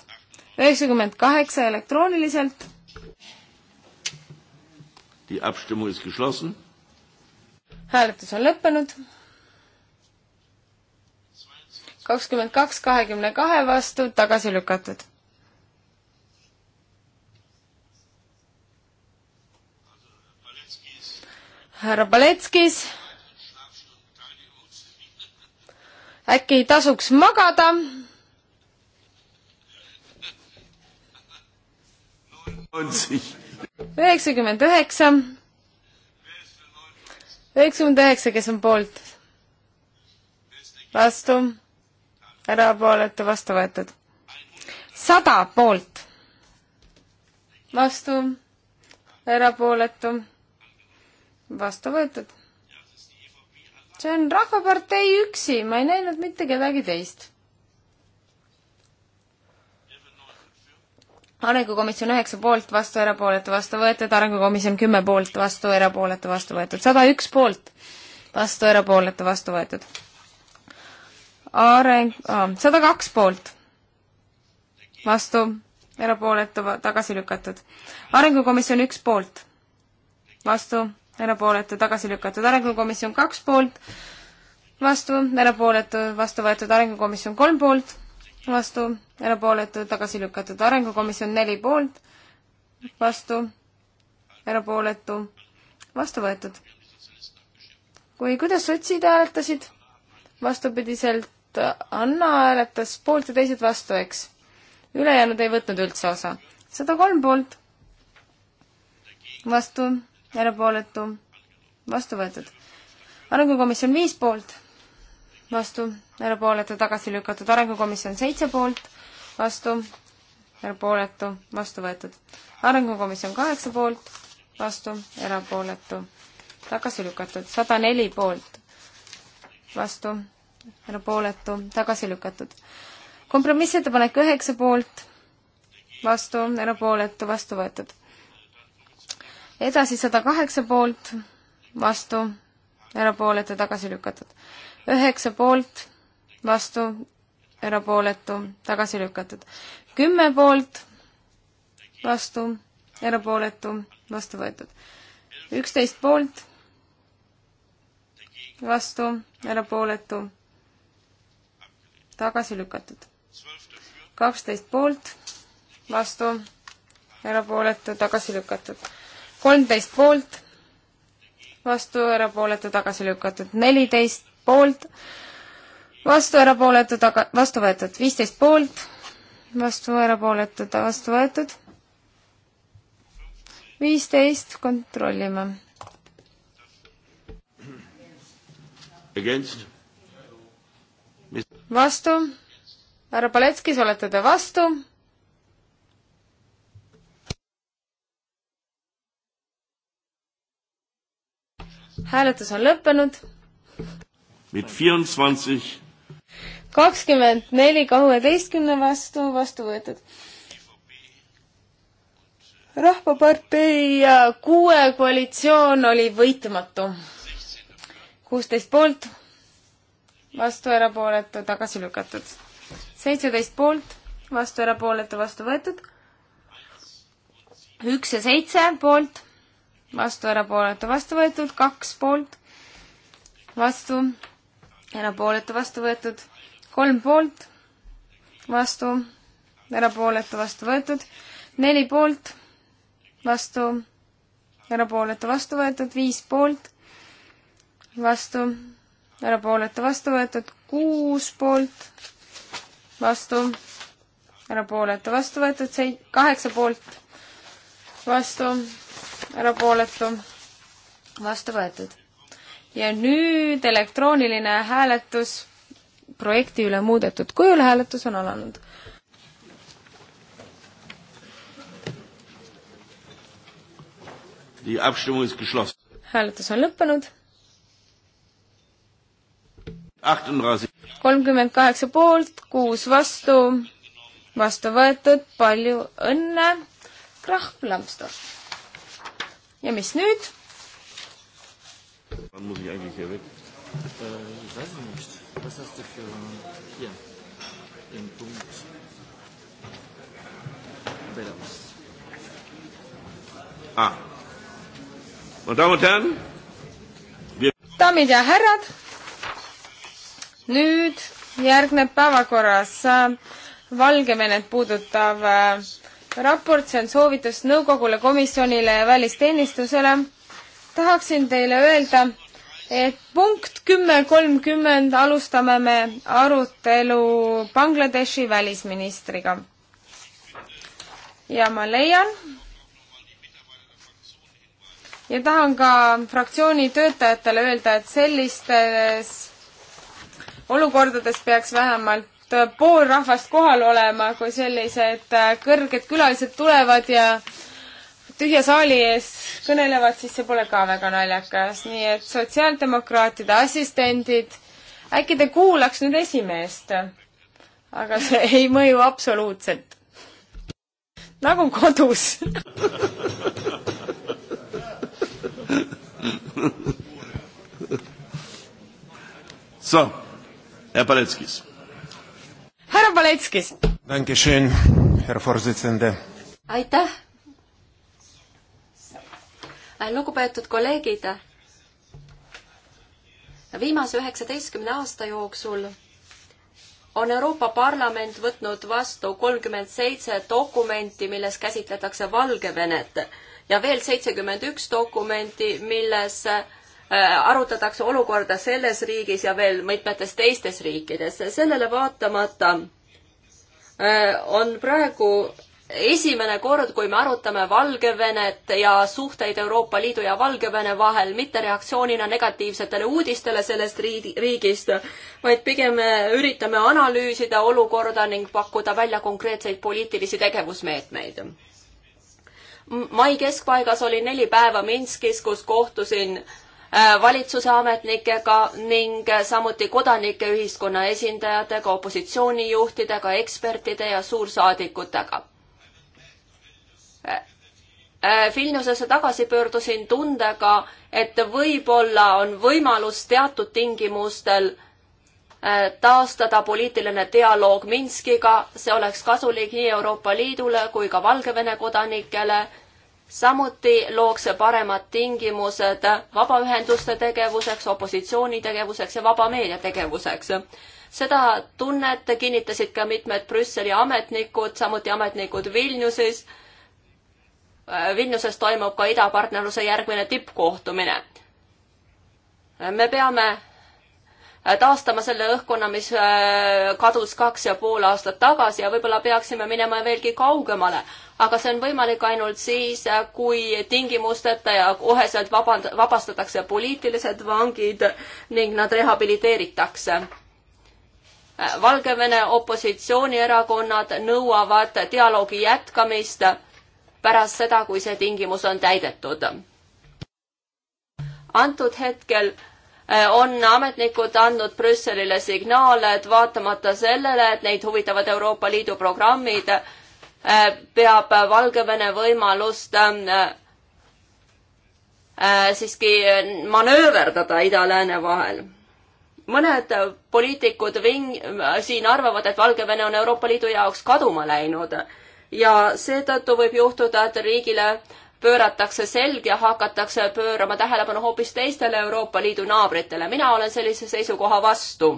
üheksakümmend kaheksa elektrooniliselt. hääletus on lõppenud kakskümmend kaks kahekümne kahe vastu tagasi lükatud. härra Paletskis. äkki ei tasuks magada? üheksakümmend üheksa. üheksakümmend üheksa, kes on poolt? vastu erapooletu vastu võetud. sada poolt, vastu, erapooletu, vastu võetud. see on Rahvapartei üksi, ma ei näinud mitte kedagi teist. arengukomisjon üheksa poolt, vastu, erapooletu, vastu võetud, arengukomisjon kümme poolt, vastu, erapooletu, vastu võetud, sada üks poolt, vastu, erapooletu, vastu võetud areng, ah, sada kaks poolt, vastu, erapooletu, tagasi lükatud. arengukomisjon üks poolt, vastu, erapooletu, tagasi lükatud. arengukomisjon kaks poolt, vastu, erapooletu, vastu võetud. arengukomisjon kolm poolt, vastu, erapooletu, tagasi lükatud. arengukomisjon neli poolt, vastu, erapooletu, vastu võetud. kui, kuidas sotsid hääletasid? vastupidiselt Anna hääletas poolt ja teised vastu, eks? ülejäänud ei võtnud üldse osa. sada kolm poolt, vastu, erapooletu, vastu võetud. arengukomisjon viis poolt, vastu, erapooletu, tagasi lükatud. arengukomisjon seitse poolt, vastu, erapooletu, vastu võetud. arengukomisjon kaheksa poolt, vastu, erapooletu, tagasi lükatud. sada neli poolt, vastu, erapooletu, tagasi lükatud. kompromissettepanek üheksa poolt, vastu, erapooletu, vastu võetud. edasi sada kaheksa poolt, vastu, erapooletu, tagasi lükatud. üheksa poolt, vastu, erapooletu, tagasi lükatud. kümme poolt, vastu, erapooletu, vastu võetud. üksteist poolt, vastu, erapooletu tagasi lükatud. kaksteist poolt, vastu, erapooletu, tagasi lükatud. kolmteist poolt, vastu, erapooletu, tagasi lükatud. neliteist poolt, vastu, erapooletu, taga, vastu võetud. viisteist poolt, vastu, erapooletu, vastu võetud. viisteist, kontrollime. Against vastu, härra Paletskis, olete te vastu? hääletus on lõppenud. kakskümmend neli kuueteistkümne vastu, vastu võetud. rahvapartei ja kuue koalitsioon oli võitmatu. kuusteist poolt vastu erapooletu, tagasi lükatud. seitseteist poolt, vastu erapooletu, vastu võetud. üks ja seitse poolt, vastu erapooletu, vastu võetud, kaks poolt, vastu erapooletu, vastu võetud, kolm poolt, vastu erapooletu, vastu võetud, neli poolt, vastu erapooletu, vastu võetud, viis poolt, vastu erapooletu vastu võetud kuus poolt, vastu, erapooletu vastu võetud sei-, kaheksa poolt, vastu, erapooletu, vastu võetud. ja nüüd elektrooniline hääletus projekti üle muudetud kujul, hääletus on alanud. hääletus on lõppenud kolmkümmend kaheksa poolt, kuus vastu, vastu võetud, palju õnne, Krahv Lambsdorff. ja mis nüüd? Wann muss ich eigentlich hier weg? Äh, ich weiß es nicht. Was hast du für hier? Im Punkt Belarus. Ah. Meine Damen und Herren. Wir Damit ja, Herren nüüd järgneb päevakorras äh, Valgevenet puudutav äh, raport, see on soovitus nõukogule, komisjonile ja välisteenistusele. tahaksin teile öelda, et punkt kümme kolmkümmend alustame me arutelu Bangladeshi välisministriga. ja ma leian ja tahan ka fraktsiooni töötajatele öelda, et sellistes olukordades peaks vähemalt äh, pool rahvast kohal olema, kui sellised äh, kõrged külalised tulevad ja tühja saali ees kõnelevad, siis see pole ka väga naljakas. nii et sotsiaaldemokraatide assistendid, äkki te kuulaks nüüd esimeest? aga see ei mõju absoluutselt. nagu kodus So härra Paletskis. härra Paletskis. aitäh. lugupeetud kolleegid. viimase üheksateistkümne aasta jooksul on Euroopa Parlament võtnud vastu kolmkümmend seitse dokumenti, milles käsitletakse Valgevenet ja veel seitsekümmend üks dokumenti, milles Äh, arutatakse olukorda selles riigis ja veel mitmetes teistes riikides. sellele vaatamata äh, on praegu esimene kord, kui me arutame Valgevenet ja suhteid Euroopa Liidu ja Valgevene vahel, mitte reaktsioonina negatiivsetele uudistele sellest riigist, vaid pigem äh, üritame analüüsida olukorda ning pakkuda välja konkreetseid poliitilisi tegevusmeetmeid. mai keskpaigas olin neli päeva Minskis, kus kohtusin äh, Äh, valitsuse ametnikega ning samuti kodanike ühiskonna esindajatega, opositsioonijuhtidega, ekspertide ja suursaadikutega. Äh, äh, Vilniusesse tagasi pöördusin tundega, et võib-olla on võimalus teatud tingimustel taastada poliitiline dialoog Minskiga, see oleks kasulik nii Euroopa Liidule kui ka Valgevene kodanikele samuti looks paremad tingimused vabaühenduste tegevuseks, opositsiooni tegevuseks ja vaba meedia tegevuseks. seda tunnet kinnitasid ka mitmed Brüsseli ametnikud, samuti ametnikud Vilniuses. Vilniuses toimub ka idapartnerluse järgmine tippkohtumine. me peame Äh, taastama selle õhkkonna, mis äh, kadus kaks ja pool aastat tagasi ja võib-olla peaksime minema veelgi kaugemale. aga see on võimalik ainult siis, äh, kui tingimusteta ja koheselt vaband-, vabastatakse poliitilised vangid ning nad rehabiliteeritakse. Valgevene opositsioonierakonnad nõuavad dialoogi jätkamist pärast seda, kui see tingimus on täidetud. antud hetkel Äh, on ametnikud andnud Brüsselile signaale, et vaatamata sellele, et neid huvitavad Euroopa Liidu programmid, äh, peab Valgevene võimalust ähm, äh, siiski manööverdada ida-lääne vahel. mõned poliitikud ving-, siin arvavad, et Valgevene on Euroopa Liidu jaoks kaduma läinud ja seetõttu võib juhtuda, et riigile äh, pööratakse selg ja hakatakse pöörama tähelepanu hoopis teistele Euroopa Liidu naabritele. mina olen sellise seisukoha vastu.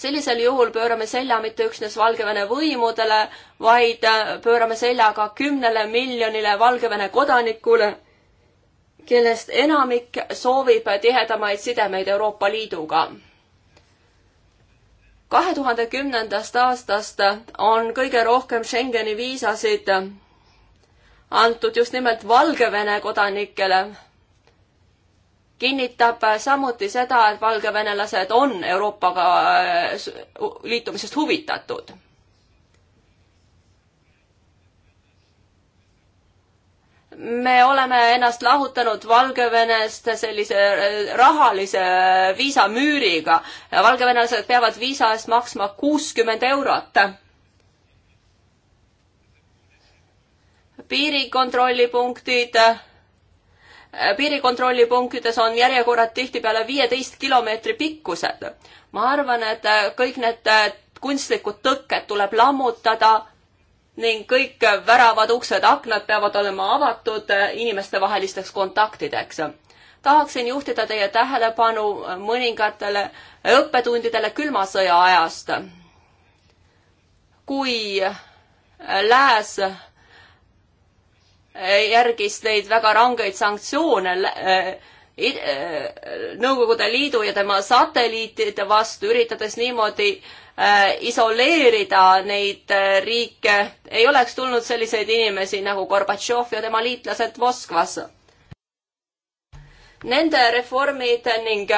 sellisel juhul pöörame selja mitte üksnes Valgevene võimudele, vaid äh, pöörame selja ka kümnele miljonile Valgevene kodanikule, kellest enamik soovib tihedamaid sidemeid Euroopa Liiduga kahe tuhande kümnendast aastast on kõige rohkem Schengeni viisasid antud just nimelt Valgevene kodanikele, kinnitab samuti seda, et valgevenelased on Euroopaga äh, liitumisest huvitatud. me oleme ennast lahutanud Valgevenest sellise äh, rahalise äh, viisamüüriga. valgevenelased peavad viisa eest maksma kuuskümmend eurot piirikontrollipunktid, äh, piirikontrollipunktides on järjekorrad tihtipeale viieteist kilomeetri pikkused. ma arvan, et äh, kõik need äh, kunstlikud tõkked tuleb lammutada ning kõik väravad, uksed, aknad peavad olema avatud inimestevahelisteks kontaktideks. tahaksin juhtida teie tähelepanu mõningatele õppetundidele külma sõja ajast. kui lääs järgis neid väga rangeid sanktsioone äh, äh, Nõukogude Liidu ja tema satelliitide vastu, üritades niimoodi äh, isoleerida neid riike, ei oleks tulnud selliseid inimesi nagu Gorbatšov ja tema liitlased Moskvas. Nende reformid ning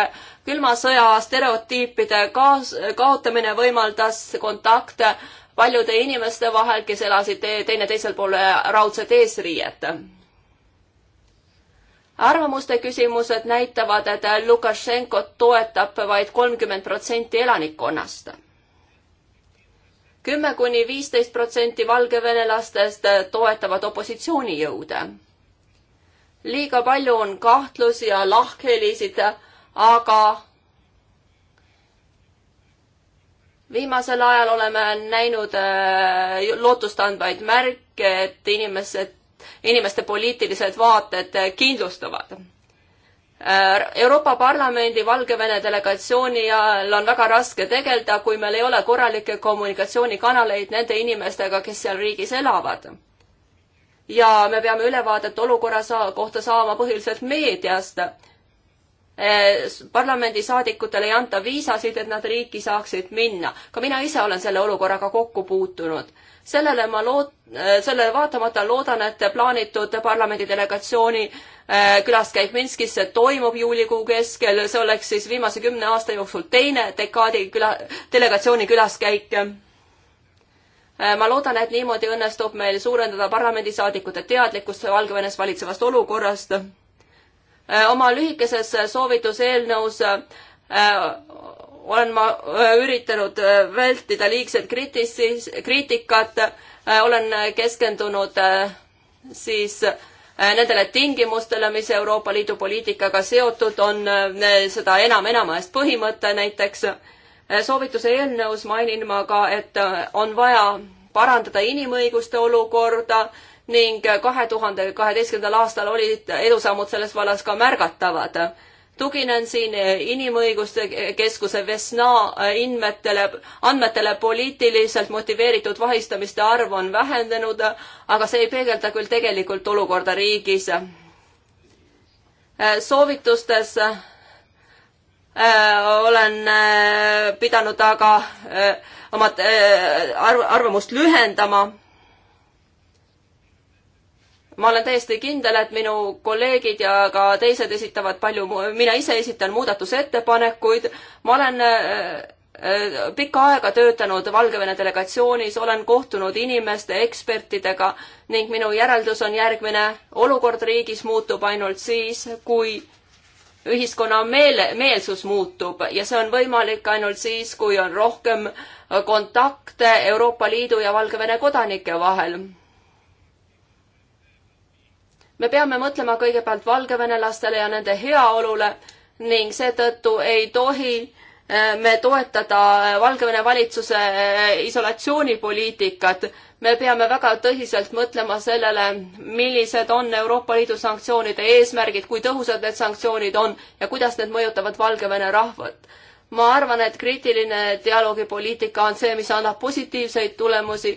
külma sõja stereotüüpide kaas-, kaotamine võimaldas kontakte paljude inimeste vahel, kes elasid teineteisel pool äh, raudset eesriiet. arvamuste küsimused näitavad, et Lukašenkot toetab vaid kolmkümmend protsenti elanikkonnast. kümme kuni viisteist protsenti valgevenelastest toetavad opositsioonijõude. liiga palju on kahtlusi ja lahkhelisid, aga viimasel ajal oleme näinud äh, lootustandvaid märke, et inimesed, inimeste poliitilised vaated äh, kindlustuvad. Äh, Euroopa Parlamendi Valgevene delegatsiooni ajal on väga raske tegeleda, kui meil ei ole korralikke kommunikatsioonikanaleid nende inimestega, kes seal riigis elavad. ja me peame ülevaadet olukorra saa-, kohta saama põhiliselt meediast Eh, parlamendisaadikutele ei anta viisasid, et nad riiki saaksid minna. ka mina ise olen selle olukorraga kokku puutunud. sellele ma loot-, eh, sellele vaatamata loodan, et plaanitud parlamendi delegatsiooni eh, külaskäik Minskisse toimub juulikuu keskel, see oleks siis viimase kümne aasta jooksul teine dekaadi küla, delegatsiooni külaskäik ma loodan, et niimoodi õnnestub meil suurendada parlamendisaadikute teadlikkust Valgevenes valitsevast olukorrast Äh, oma lühikeses äh, soovituseelnõus äh, olen ma üritanud vältida liigset kriitis-, kriitikat, olen keskendunud siis nendele tingimustele, mis Euroopa Liidu poliitikaga seotud on, seda enam enama eest põhimõte näiteks. soovituse eelnõus mainin ma ka, et on vaja parandada inimõiguste olukorda ning kahe tuhande kaheteistkümnendal aastal olid edusammud selles vallas ka märgatavad. tuginen siin Inimõiguste Keskuse Vesna inmetele, andmetele poliitiliselt motiveeritud vahistamiste arv on vähenenud, aga see ei peegelda küll tegelikult olukorda riigis. soovitustes äh, olen äh, pidanud aga äh, oma arv, arvamust lühendama ma olen täiesti kindel, et minu kolleegid ja ka teised esitavad palju, mina ise esitan muudatusettepanekuid, ma olen äh, äh, pikka aega töötanud Valgevene delegatsioonis, olen kohtunud inimeste, ekspertidega ning minu järeldus on järgmine. olukord riigis muutub ainult siis, kui ühiskonna meele, meelsus muutub ja see on võimalik ainult siis, kui on rohkem kontakte Euroopa Liidu ja Valgevene kodanike vahel me peame mõtlema kõigepealt valgevenelastele ja nende heaolule ning seetõttu ei tohi eh, me toetada eh, Valgevene valitsuse eh, isolatsioonipoliitikat. me peame väga tõsiselt mõtlema sellele, millised on Euroopa Liidu sanktsioonide eesmärgid, kui tõhusad need sanktsioonid on ja kuidas need mõjutavad Valgevene rahvat. ma arvan, et kriitiline dialoogipoliitika on see, mis annab positiivseid tulemusi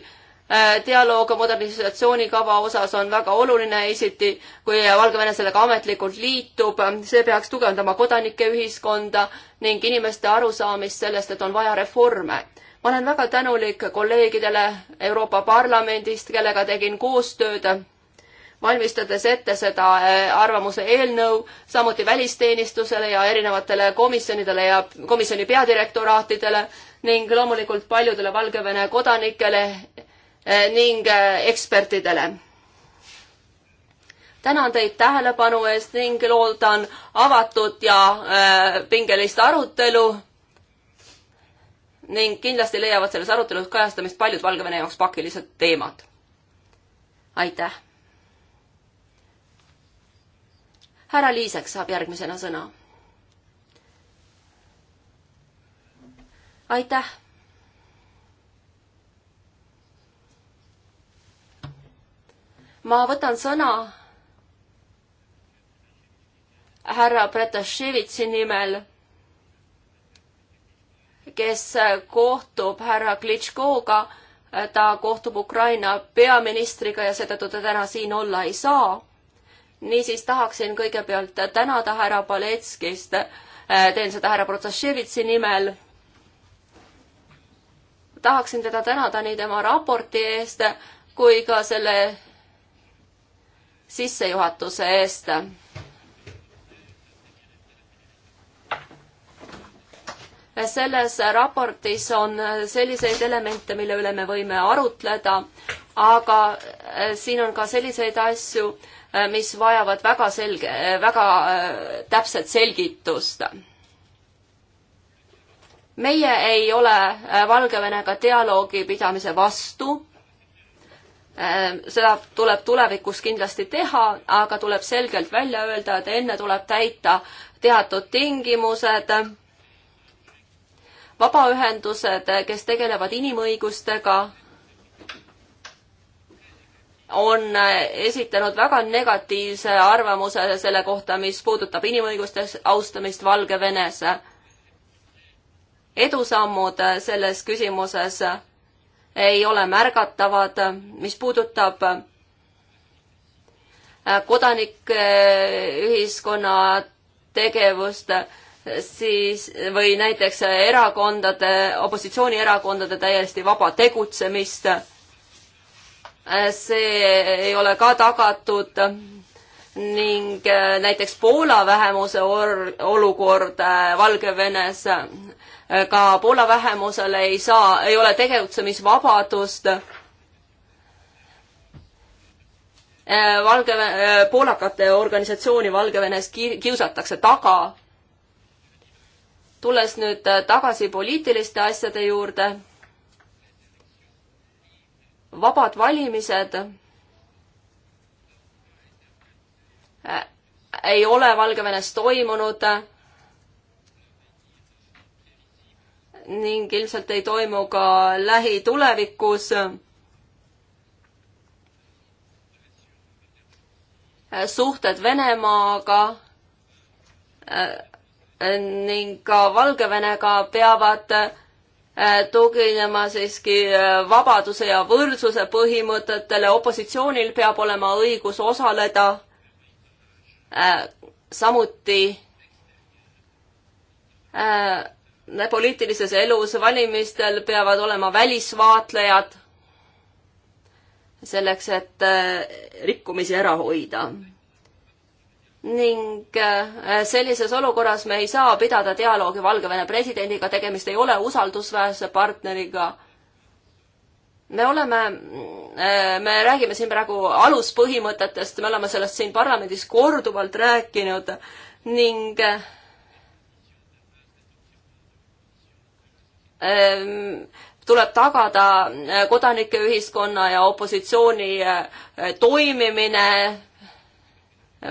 Äh, dialoog modernisatsioonikava osas on väga oluline, esiti kui Valgevene sellega ametlikult liitub, see peaks tugevdama kodanike ühiskonda ning inimeste arusaamist sellest, et on vaja reforme. ma olen väga tänulik kolleegidele Euroopa Parlamendist, kellega tegin koostööd, valmistades ette seda äh, arvamuse eelnõu, samuti välisteenistusele ja erinevatele komisjonidele ja komisjoni peadirektoraatidele ning loomulikult paljudele Valgevene kodanikele Eh, ning eh, ekspertidele. tänan teid tähelepanu eest ning loodan avatud ja eh, pingelist arutelu ning kindlasti leiavad selles arutelus kajastamist paljud Valgevene jaoks pakilised teemad. aitäh! härra Liisek saab järgmisena sõna. aitäh! ma võtan sõna härra Pretaševitši nimel, kes kohtub härra Klitškoga, ta kohtub Ukraina peaministriga ja seetõttu ta täna siin olla ei saa. niisiis tahaksin kõigepealt tänada härra Paletskist, teen seda härra Protševitši nimel. tahaksin teda tänada nii tema raporti eest kui ka selle sissejuhatuse eest. selles raportis on selliseid elemente, mille üle me võime arutleda, aga siin on ka selliseid asju, mis vajavad väga selge, väga äh, täpset selgitust meie ei ole Valgevenega dialoogi pidamise vastu. Ähm, seda tuleb tulevikus kindlasti teha, aga tuleb selgelt välja öelda, et enne tuleb täita teatud tingimused. vabaühendused, kes tegelevad inimõigustega, on esitanud väga negatiivse arvamuse selle kohta, mis puudutab inimõiguste austamist Valgevenes. edusammud selles küsimuses ei ole märgatavad, mis puudutab äh, kodanike äh, ühiskonna tegevust, siis, või näiteks erakondade, opositsioonierakondade täiesti vaba tegutsemist. Äh, see ei ole ka tagatud ning näiteks Poola vähemuse or-, olukord Valgevenes ka Poola vähemusel ei saa, ei ole tegutsemisvabadust. Äh, Valgevene, äh, poolakate organisatsiooni Valgevenes kiusatakse taga. tulles nüüd äh, tagasi poliitiliste asjade juurde. vabad valimised ei ole Valgevenes toimunud ning ilmselt ei toimu ka lähitulevikus. suhted Venemaaga ning ka Valgevenega peavad äh, tuginema siiski äh, vabaduse ja võrdsuse põhimõtetele, opositsioonil peab olema õigus osaleda. Äh, samuti poliitilises elus valimistel peavad olema välisvaatlejad selleks, et äh, rikkumisi ära hoida. ning äh, sellises olukorras me ei saa pidada dialoogi Valgevene presidendiga, tegemist ei ole usaldusväärse partneriga me oleme, äh, me räägime siin praegu aluspõhimõtetest, me oleme sellest siin parlamendis korduvalt rääkinud ning Ehm, tuleb tagada eh, kodanike ühiskonna ja opositsiooni eh, toimimine.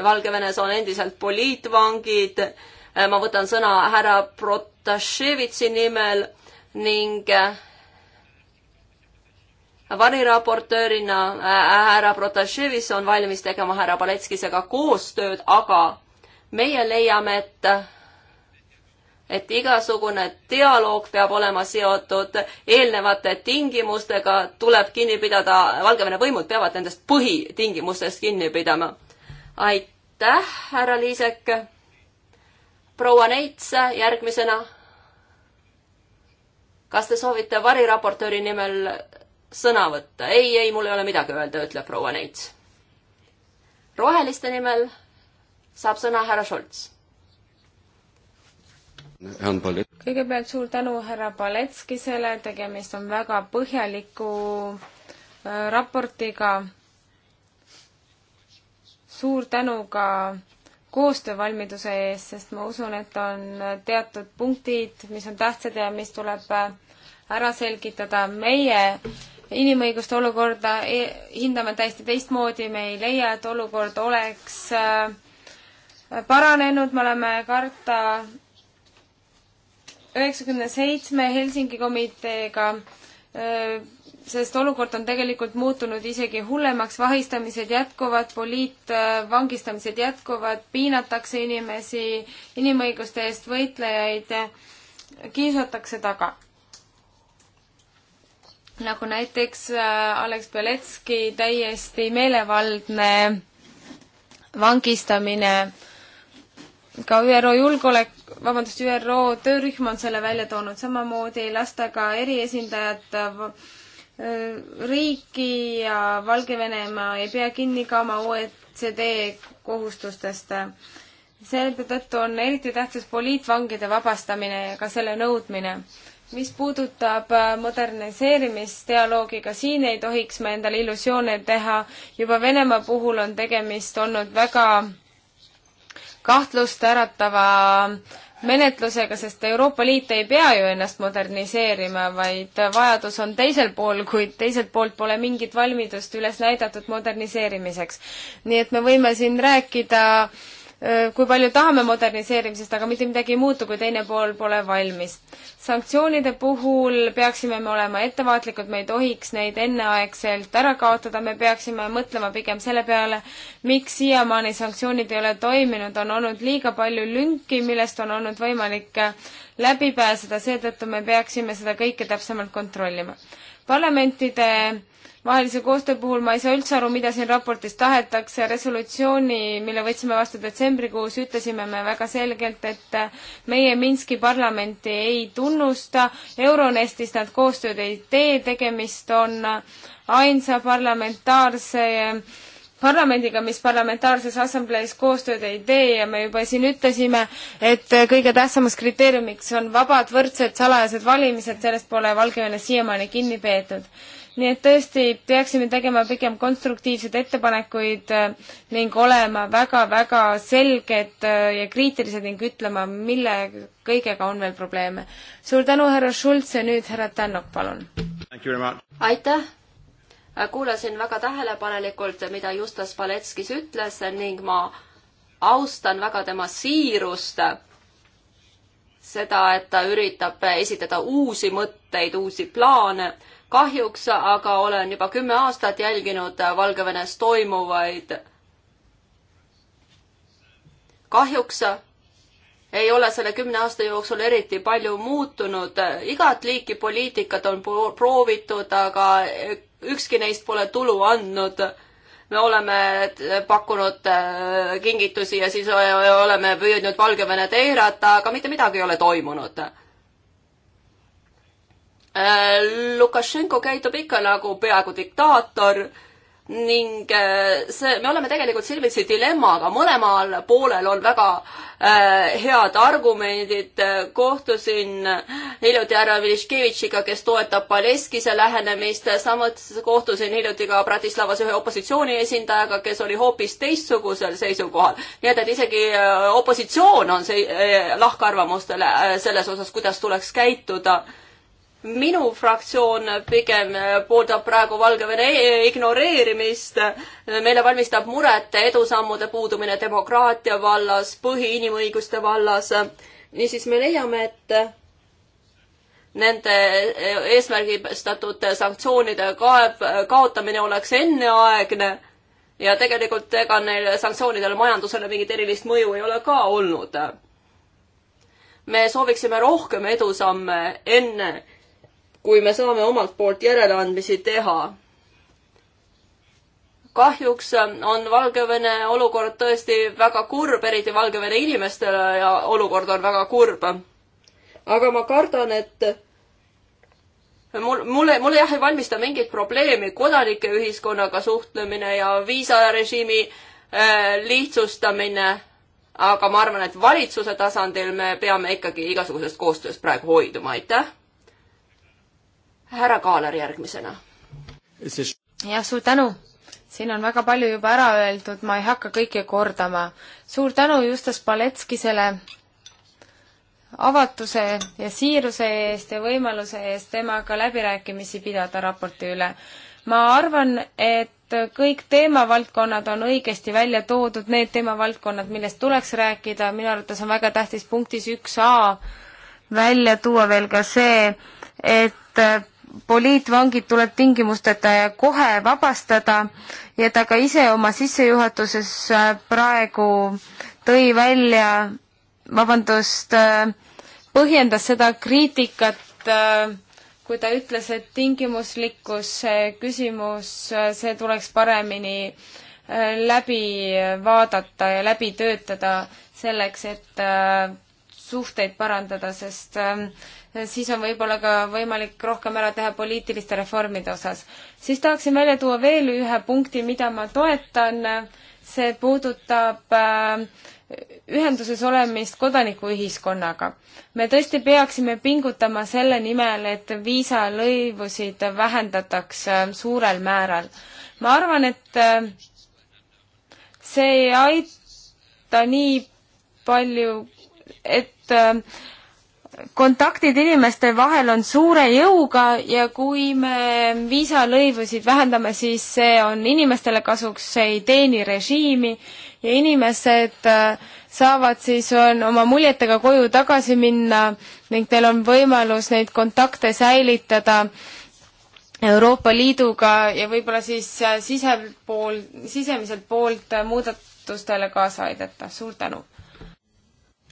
Valgevenes on endiselt poliitvangid. Eh, ma võtan sõna härra Protasevitsi nimel ning variraportöörina härra Protasevitš on valmis tegema härra Paletskisega koostööd, aga meie leiame, et et igasugune dialoog peab olema seotud eelnevate tingimustega, tuleb kinni pidada, Valgevene võimud peavad nendest põhitingimustest kinni pidama. aitäh, härra Liisek. proua Neits järgmisena. kas te soovite variraportööri nimel sõna võtta? ei, ei, mul ei ole midagi öelda, ütleb proua Neits. roheliste nimel saab sõna härra Šolts kõigepealt suur tänu härra Paletskisele, tegemist on väga põhjaliku äh, raportiga. suur tänu ka koostöövalmiduse eest, sest ma usun, et on teatud punktid, mis on tähtsad ja mis tuleb äh, ära selgitada. meie inimõiguste olukorda e, hindame täiesti teistmoodi, me ei leia, et olukord oleks äh, paranenud, me oleme karta üheksakümne seitsme Helsingi komiteega, sest olukord on tegelikult muutunud isegi hullemaks, vahistamised jätkuvad, poliitvangistamised jätkuvad, piinatakse inimesi, inimõiguste eest võitlejaid kiusatakse taga. nagu näiteks Alex Beletski täiesti meelevaldne vangistamine äh, ka ÜRO julgeolek, vabandust, ÜRO töörühm on selle välja toonud, samamoodi ei lasta ka eriesindajad äh, riiki ja Valgevenemaa ei pea kinni ka oma OECD kohustustest. selle tõttu on eriti tähtis poliitvangide vabastamine ja ka selle nõudmine. mis puudutab äh, moderniseerimisdialoogi, ka siin ei tohiks me endale illusioone teha. juba Venemaa puhul on tegemist olnud väga kahtlust äratava menetlusega, sest Euroopa Liit ei pea ju ennast moderniseerima, vaid vajadus on teisel pool, kuid teiselt poolt pole mingit valmidust üles näidatud moderniseerimiseks. nii et me võime siin rääkida äh, Äh, kui palju tahame moderniseerimisest, aga mitte midagi ei muutu, kui teine pool pole valmis. sanktsioonide puhul peaksime me olema ettevaatlikud, me ei tohiks neid enneaegselt ära kaotada, me peaksime mõtlema pigem selle peale, miks siiamaani sanktsioonid ei ole toiminud, on olnud liiga palju lünki, millest on olnud võimalik läbi pääseda, seetõttu me peaksime seda kõike täpsemalt kontrollima. parlamentide vahelise koostöö puhul ma ei saa üldse aru, mida siin raportis tahetakse, resolutsiooni, mille võtsime vastu detsembrikuus, ütlesime me väga selgelt, et meie Minski parlamenti ei tunnusta, Euronestis nad koostööd ei tee, tegemist on ainsa parlamentaarse parlamendiga, mis parlamentaarses assamblees koostööd ei tee ja me juba siin ütlesime, et kõige tähtsamaks kriteeriumiks on vabad, võrdsed, salajased valimised, sellest pole Valgevenes siiamaani kinni peetud nii et tõesti peaksime tegema pigem konstruktiivseid ettepanekuid äh, ning olema väga-väga selged äh, ja kriitilised ning ütlema, mille kõigega on veel probleeme. suur tänu, härra Schulz ja nüüd härra Tännok, palun! aitäh! Äh, kuulasin väga tähelepanelikult, mida Justas Paletskis ütles ning ma austan väga tema siirust seda, et ta üritab esitada uusi mõtteid, uusi plaane kahjuks aga olen juba kümme aastat jälginud Valgevenes toimuvaid. kahjuks ei ole selle kümne aasta jooksul eriti palju muutunud. igat liiki poliitikat on proovitud, aga ükski neist pole tulu andnud. me oleme pakkunud äh, kingitusi ja siis äh, oleme püüdnud Valgevenet eirata, aga mitte midagi ei ole toimunud Äh, Lukašenko käitub ikka nagu peaaegu diktaator ning äh, see, me oleme tegelikult silmitsi dilemmaga, mõlemal poolel on väga äh, head argumendid, kohtusin hiljuti härra Viliškevitšiga, kes toetab Paleskise lähenemist, samuti kohtusin hiljuti ka Bratislavas ühe opositsiooni esindajaga, kes oli hoopis teistsugusel seisukohal. nii et, et isegi äh, opositsioon on see, lahkarvamustele selles osas, kuidas tuleks käituda äh, minu fraktsioon pigem pooldab praegu Valgevene ignoreerimist. meile valmistab muret edusammude puudumine demokraatia vallas, põhiinimõiguste vallas. niisiis me leiame, et nende eesmärgistatud sanktsioonide kaeb, kaotamine oleks enneaegne ja tegelikult ega neil sanktsioonidel majandusele mingit erilist mõju ei ole ka olnud. me sooviksime rohkem edusamme enne kui me saame omalt poolt järeleandmisi teha. kahjuks on Valgevene olukord tõesti väga kurb, eriti Valgevene inimestele ja olukord on väga kurb. aga ma kardan, et mul, mulle, mulle jah ei valmista mingit probleemi kodanike ühiskonnaga suhtlemine ja viisarežiimi äh, lihtsustamine. aga ma arvan, et valitsuse tasandil me peame ikkagi igasugusest koostööst praegu hoiduma, aitäh härra Kaaler järgmisena. jah, suur tänu! siin on väga palju juba ära öeldud, ma ei hakka kõike kordama. suur tänu Justas Paletskisele avatuse ja siiruse eest ja võimaluse eest temaga läbirääkimisi pidada raporti üle. ma arvan, et kõik teemavaldkonnad on õigesti välja toodud, need teemavaldkonnad, millest tuleks rääkida, minu arvates on väga tähtis punktis üks A välja tuua veel ka see, et poliitvangid tuleb tingimusteta ja kohe vabastada ja ta ka ise oma sissejuhatuses äh, praegu tõi välja, vabandust, äh, põhjendas seda kriitikat, äh, kui ta ütles, et tingimuslikkus, see küsimus, see tuleks paremini läbi vaadata ja läbi töötada selleks, et suhteid parandada, sest siis on võib-olla ka võimalik rohkem ära teha poliitiliste reformide osas. siis tahaksin välja tuua veel ühe punkti, mida ma toetan, see puudutab äh, ühenduses olemist kodanikuühiskonnaga. me tõesti peaksime pingutama selle nimel, et viisalõivusid vähendataks äh, suurel määral. ma arvan, et äh, see ei aita nii palju, et äh, kontaktid inimeste vahel on suure jõuga ja kui me viisalõivusid vähendame, siis see on inimestele kasuks, see ei teeni režiimi ja inimesed äh, saavad siis on oma muljetega koju tagasi minna ning teil on võimalus neid kontakte säilitada Euroopa Liiduga ja võib-olla siis äh, sisepool, sisemiselt poolt äh, muudatustele kaasa aidata. suur tänu!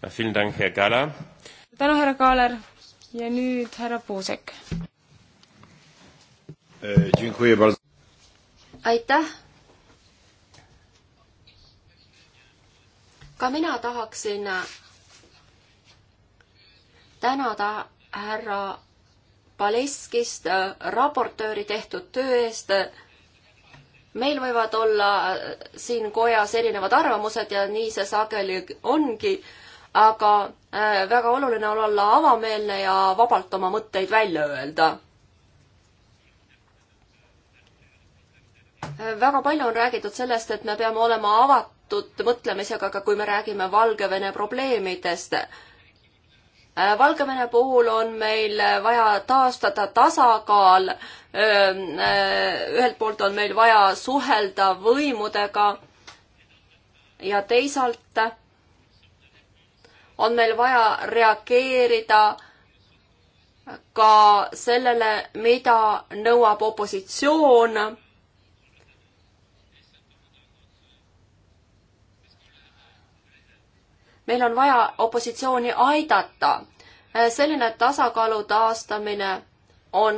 Vielen Dank, Herr Gala tänu, härra Kaaler ja nüüd härra Puusek. Eh, aitäh. ka mina tahaksin tänada härra Paleskist raportööri tehtud töö eest. meil võivad olla siin kojas erinevad arvamused ja nii see sageli ongi aga äh, väga oluline on olla avameelne ja vabalt oma mõtteid välja öelda. Äh, väga palju on räägitud sellest, et me peame olema avatud mõtlemisega, aga kui me räägime Valgevene probleemidest, äh, Valgevene puhul on meil vaja taastada tasakaal. Ähm, ühelt poolt on meil vaja suhelda võimudega ja teisalt on meil vaja reageerida ka sellele, mida nõuab opositsioon. meil on vaja opositsiooni aidata. selline tasakaalu taastamine on,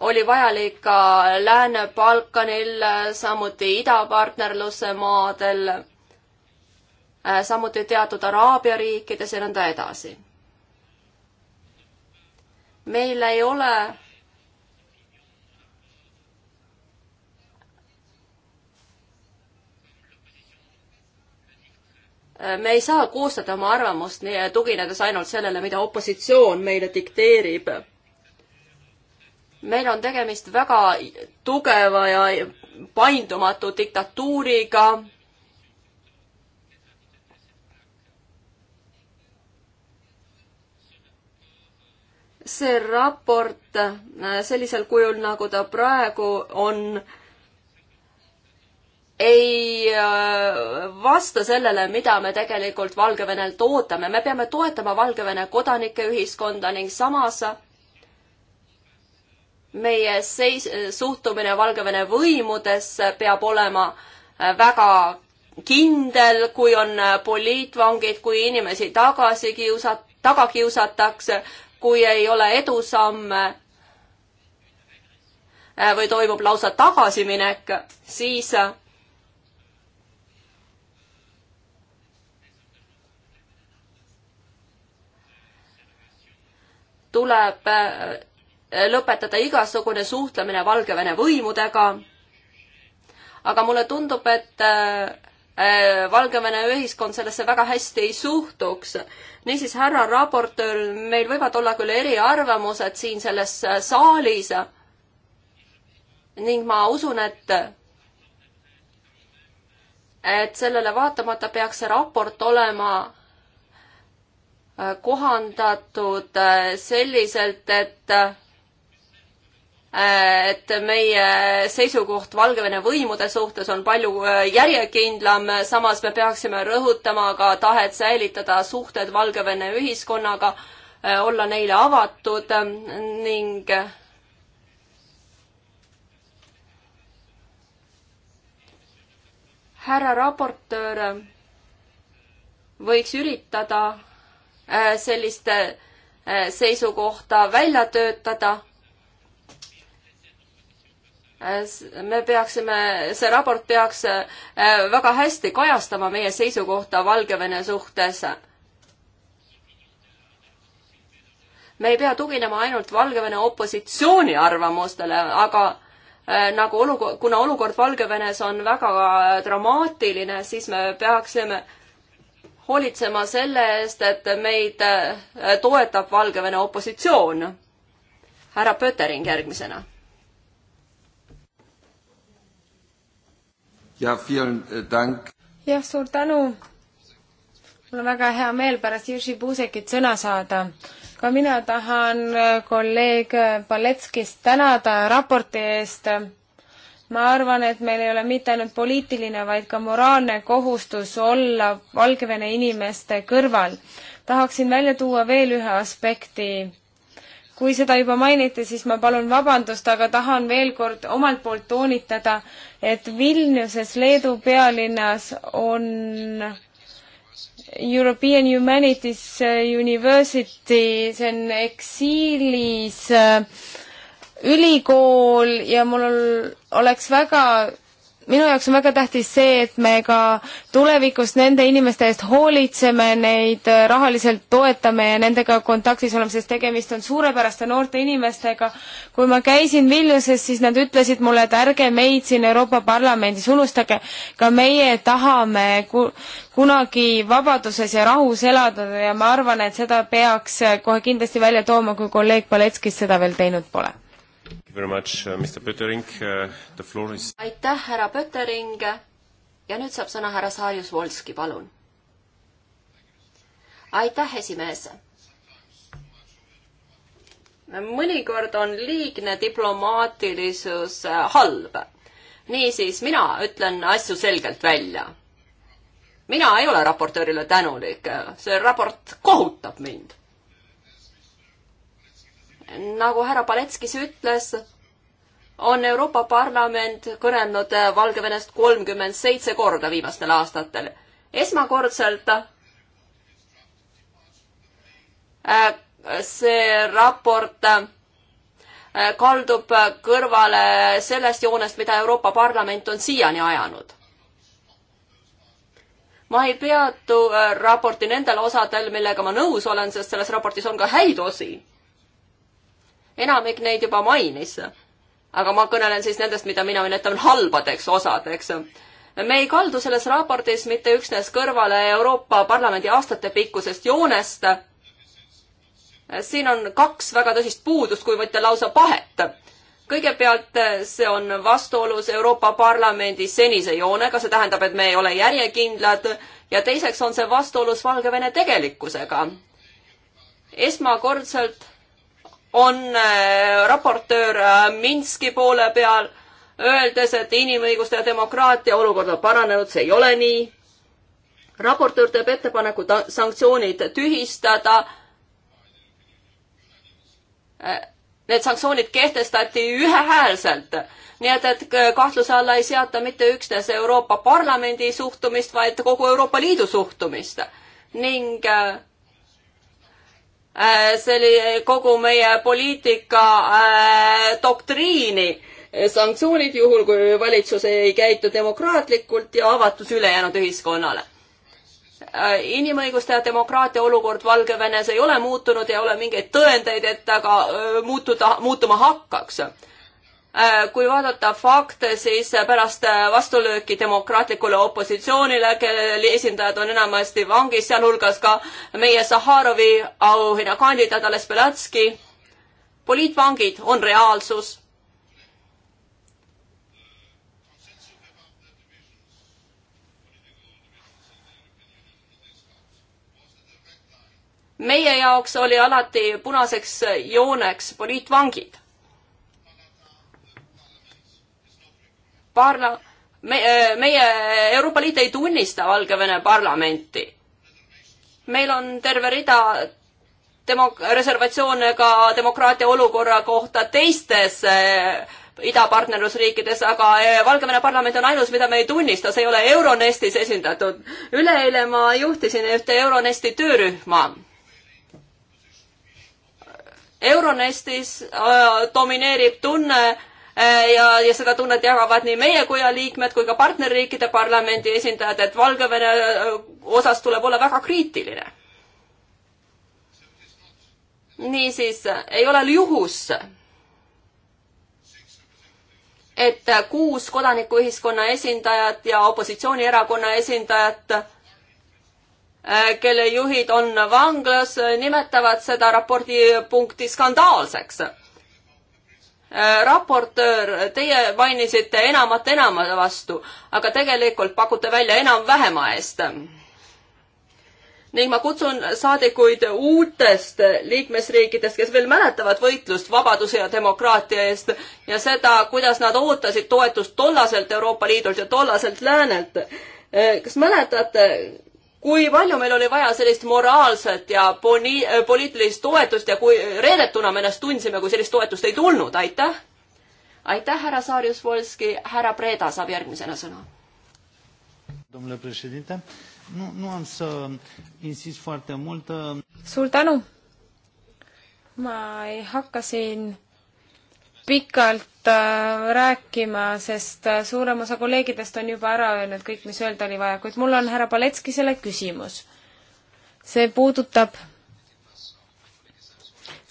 oli vajalik ka Lääne-Balkanil, samuti idapartnerluse maadel Äh, samuti teatud Araabia riikides ja nõnda edasi. meil ei ole äh, me ei saa koostada oma arvamust nii, tuginedes ainult sellele, mida opositsioon meile dikteerib. meil on tegemist väga tugeva ja paindumatu diktatuuriga see raport äh, sellisel kujul, nagu ta praegu on, ei äh, vasta sellele, mida me tegelikult Valgevenelt ootame. me peame toetama Valgevene kodanike ühiskonda ning samas meie seis, suhtumine Valgevene võimudesse peab olema äh, väga kindel, kui on poliitvangid, kui inimesi tagasi kiusa-, taga kiusatakse, kui ei ole edusamme äh, või toimub lausa tagasiminek, siis äh, tuleb äh, lõpetada igasugune suhtlemine Valgevene võimudega. aga mulle tundub, et Äh, Valgevene ühiskond sellesse väga hästi ei suhtuks. niisiis, härra raportöör, meil võivad olla küll eriarvamused siin selles äh, saalis ning ma usun, et et sellele vaatamata peaks see raport olema äh, kohandatud selliselt, et Äh, et meie seisukoht Valgevene võimude suhtes on palju äh, järjekindlam, samas me peaksime rõhutama ka tahet säilitada suhted Valgevene ühiskonnaga, äh, olla neile avatud ning härra raportöör võiks üritada sellist seisukohta välja töötada me peaksime, see raport peaks äh, väga hästi kajastama meie seisukohta Valgevene suhtes. me ei pea tuginema ainult Valgevene opositsiooni arvamustele, aga äh, nagu olukord, kuna olukord Valgevenes on väga äh, dramaatiline, siis me peaksime hoolitsema selle eest, et meid toetab Valgevene opositsioon. härra Pöttering järgmisena jah, äh, suur tänu. mul on väga hea meel pärast Jüri Puusekit sõna saada. ka mina tahan äh, kolleeg äh, Paletskist tänada raporti eest. ma arvan, et meil ei ole mitte ainult poliitiline, vaid ka moraalne kohustus olla Valgevene inimeste kõrval. tahaksin välja tuua veel ühe aspekti kui seda juba mainiti, siis ma palun vabandust, aga tahan veel kord omalt poolt toonitada, et Vilniuses, Leedu pealinnas on European Humanities University, see on eksiilis äh, ülikool ja mul oleks väga minu jaoks on väga tähtis see, et me ka tulevikus nende inimeste eest hoolitseme, neid äh, rahaliselt toetame ja nendega kontaktis oleme, sest tegemist on suurepäraste noorte inimestega. kui ma käisin Vilniuses, siis nad ütlesid mulle, et ärge meid siin Euroopa Parlamendis unustage, ka meie tahame ku kunagi vabaduses ja rahus elada ja ma arvan, et seda peaks äh, kohe kindlasti välja tooma, kui kolleeg Paletskis seda veel teinud pole Much, uh, uh is... aitäh, härra Pöttering ja nüüd saab sõna härra Saarjus Volski, palun. aitäh, esimees mõnikord on liigne diplomaatilisus äh, halb. niisiis, mina ütlen asju selgelt välja. mina ei ole raportöörile tänulik, see raport kohutab mind nagu härra Paletskis ütles, on Euroopa Parlament kõnelnud Valgevenest kolmkümmend seitse korda viimastel aastatel. esmakordselt äh, see raport äh, kaldub kõrvale sellest joonest, mida Euroopa Parlament on siiani ajanud. ma ei peatu äh, raporti nendel osadel, millega ma nõus olen, sest selles raportis on ka häid osi enamik neid juba mainis. aga ma kõnelen siis nendest, mida mina nimetan halbadeks osadeks me ei kaldu selles raportis mitte üksnes kõrvale Euroopa Parlamendi aastatepikkusest joonest. siin on kaks väga tõsist puudust, kui mitte lausa pahet. kõigepealt see on vastuolus Euroopa Parlamendi senise joonega, see tähendab, et me ei ole järjekindlad ja teiseks on see vastuolus Valgevene tegelikkusega. esmakordselt on äh, raportöör äh, Minski poole peal, öeldes, et inimõiguste ja demokraatia olukord on paranenud, see ei ole nii. raportöör teeb ettepaneku ta-, sanktsioonid tühistada. Äh, need sanktsioonid kehtestati ühehäälselt nii et, et kahtluse alla ei seata mitte üksnes Euroopa Parlamendi suhtumist, vaid kogu Euroopa Liidu suhtumist. ning Äh, see oli kogu meie poliitika äh, doktriini, sanktsioonid juhul, kui valitsus ei käitu demokraatlikult ja avatus ülejäänud ühiskonnale äh, inimõiguste ja demokraatia olukord Valgevenes ei ole muutunud, ei ole mingeid tõendeid, et ta ka muutuda, muutuma hakkaks. Äh, kui vaadata fakte, siis pärast äh, vastulööki demokraatlikule opositsioonile, kelle esindajad on enamasti vangis, sealhulgas ka meie Saharovi auhinnakandidaat Ales Belatski. poliitvangid on reaalsus. meie jaoks oli alati punaseks jooneks poliitvangid parla-, me, äh, meie, Euroopa Liit ei tunnista Valgevene parlamenti. meil on terve rida demo-, reservatsioone ka demokraatia olukorra kohta teistes äh, idapartnerlusriikides, aga äh, Valgevene parlament on ainus, mida me ei tunnista, see ei ole Euronestis esindatud. üleeile ma juhtisin ühte Euronesti töörühma. Euronestis äh, domineerib tunne, Äh, ja, ja seda tunnet jagavad nii meie koja liikmed kui ka partnerriikide parlamendi esindajad, et Valgevene äh, osas tuleb olla väga kriitiline. niisiis, ei ole juhus, et kuus kodanikuühiskonna esindajat ja opositsioonierakonna esindajat, äh, kelle juhid on vanglas, nimetavad seda raporti punkti skandaalseks Äh, raportöör, teie mainisite enamat enama vastu, aga tegelikult pakute välja enam vähema eest. ning ma kutsun saadikuid uutest liikmesriikidest, kes veel mäletavad võitlust vabaduse ja demokraatia eest ja seda, kuidas nad ootasid toetust tollaselt Euroopa Liidult ja tollaselt läänelt. Äh, kas mäletate, kui palju meil oli vaja sellist moraalset ja poni-, poliitilist toetust ja kui reedetuna me ennast tundsime, kui sellist toetust ei tulnud, aitäh! aitäh, härra Saarjus-Volski, härra Preda saab järgmisena sõna. Uh, suur tänu! ma ei hakka siin pikalt äh, rääkima, sest äh, suurem osa kolleegidest on juba ära öelnud kõik, mis öelda oli vaja, kuid mul on härra Paletskisele küsimus. see puudutab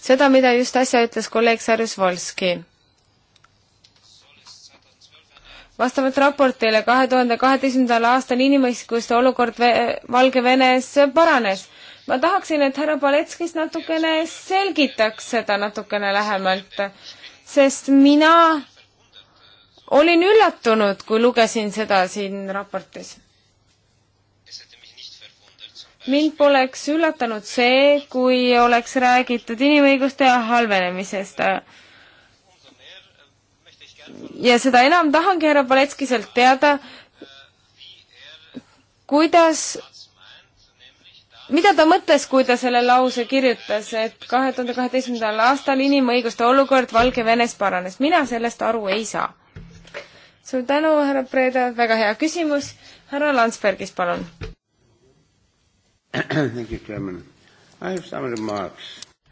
seda, mida just äsja ütles kolleeg Sarjus Volski vastavalt raportile kahe tuhande kaheteistkümnendal aastal inimõiguste olukord Valgevenes paranes. ma tahaksin, et härra Paletskis natukene selgitaks seda natukene lähemalt sest mina olin üllatunud, kui lugesin seda siin raportis. mind poleks üllatanud see, kui oleks räägitud inimõiguste halvenemisest. ja seda enam tahangi härra Paletskiselt teada, kuidas mida ta mõtles, kui ta selle lause kirjutas, et kahe tuhande kaheteistkümnendal aastal inimõiguste olukord Valgevenes paranes? mina sellest aru ei saa. suur tänu, härra Preeda, väga hea küsimus. härra Landsbergis, palun.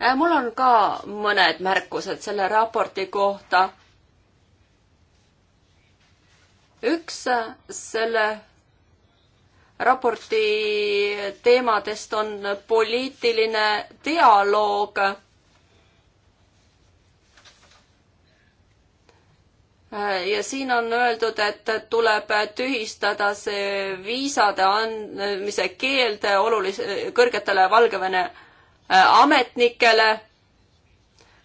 Äh, mul on ka mõned märkused selle raporti kohta. üks äh, selle raporti teemadest on poliitiline dialoog. ja siin on öeldud, et tuleb tühistada see viisade andmise keeld olulise, kõrgetele Valgevene äh, ametnikele.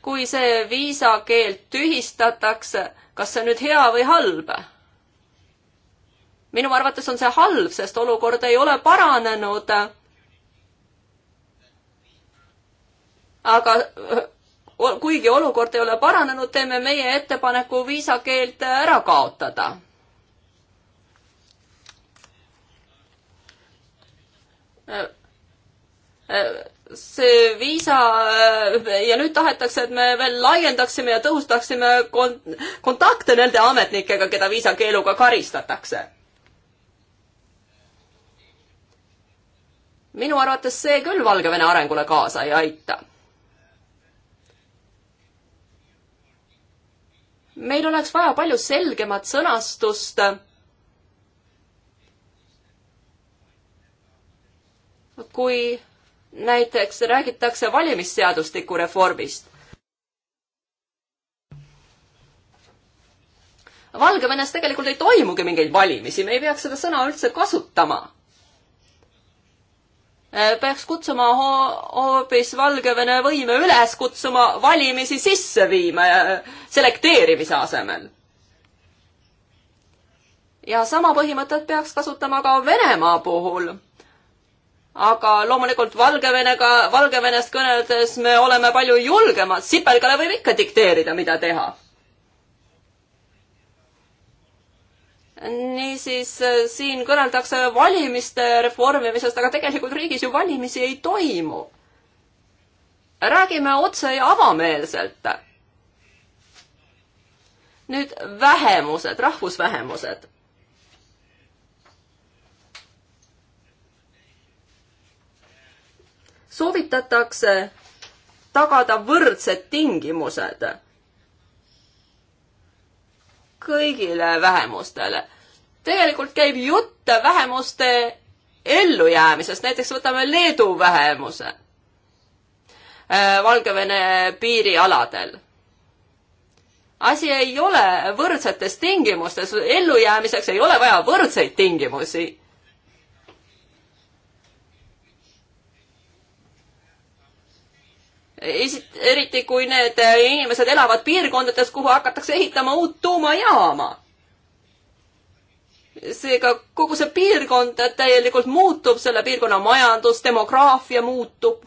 kui see viisakeeld tühistatakse, kas see nüüd hea või halb? minu arvates on see halb, sest olukord ei ole paranenud. aga kuigi olukord ei ole paranenud, teeme meie ettepaneku viisakeeld ära kaotada see viisa ja nüüd tahetakse, et me veel laiendaksime ja tõhustaksime kon-, kontakte nende ametnikega, keda viisakeeluga karistatakse. minu arvates see küll Valgevene arengule kaasa ei aita. meil oleks vaja palju selgemat sõnastust kui näiteks räägitakse valimisseadustiku reformist. Valgevenes tegelikult ei toimugi mingeid valimisi, me ei peaks seda sõna üldse kasutama. Eh, peaks kutsuma hoopis Valgevene võime üles kutsuma valimisi sisse viima eh, selekteerimise asemel. ja sama põhimõtet peaks kasutama ka Venemaa puhul aga loomulikult Valgevenega, Valgevenest kõneldes me oleme palju julgemad, sipelgale võib ikka dikteerida, mida teha. niisiis äh, siin kõneldakse valimiste reformimisest, aga tegelikult riigis ju valimisi ei toimu. räägime otse ja avameelselt. nüüd vähemused, rahvusvähemused. soovitatakse tagada võrdsed tingimused kõigile vähemustele. tegelikult käib jutt vähemuste ellujäämisest, näiteks võtame Leedu vähemuse äh, Valgevene piirialadel. asi ei ole võrdsetes tingimustes, ellujäämiseks ei ole vaja võrdseid tingimusi esit-, eriti kui need äh, inimesed elavad piirkondades, kuhu hakatakse ehitama uut tuumajaama. seega kogu see piirkond täielikult muutub, selle piirkonna majandus, demograafia muutub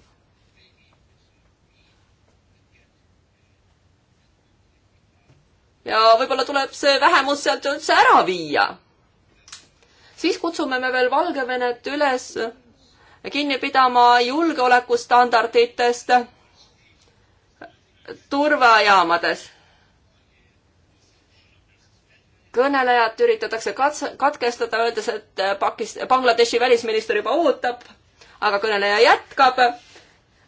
ja võib-olla tuleb see vähemus sealt üldse ära viia. siis kutsume me veel Valgevenet üles kinni pidama julgeolekustandarditest turvajaamades. kõnelejat üritatakse katse, katkestada, öeldes, et äh, Pakist-, Bangladeshi välisminister juba ootab, aga kõneleja jätkab.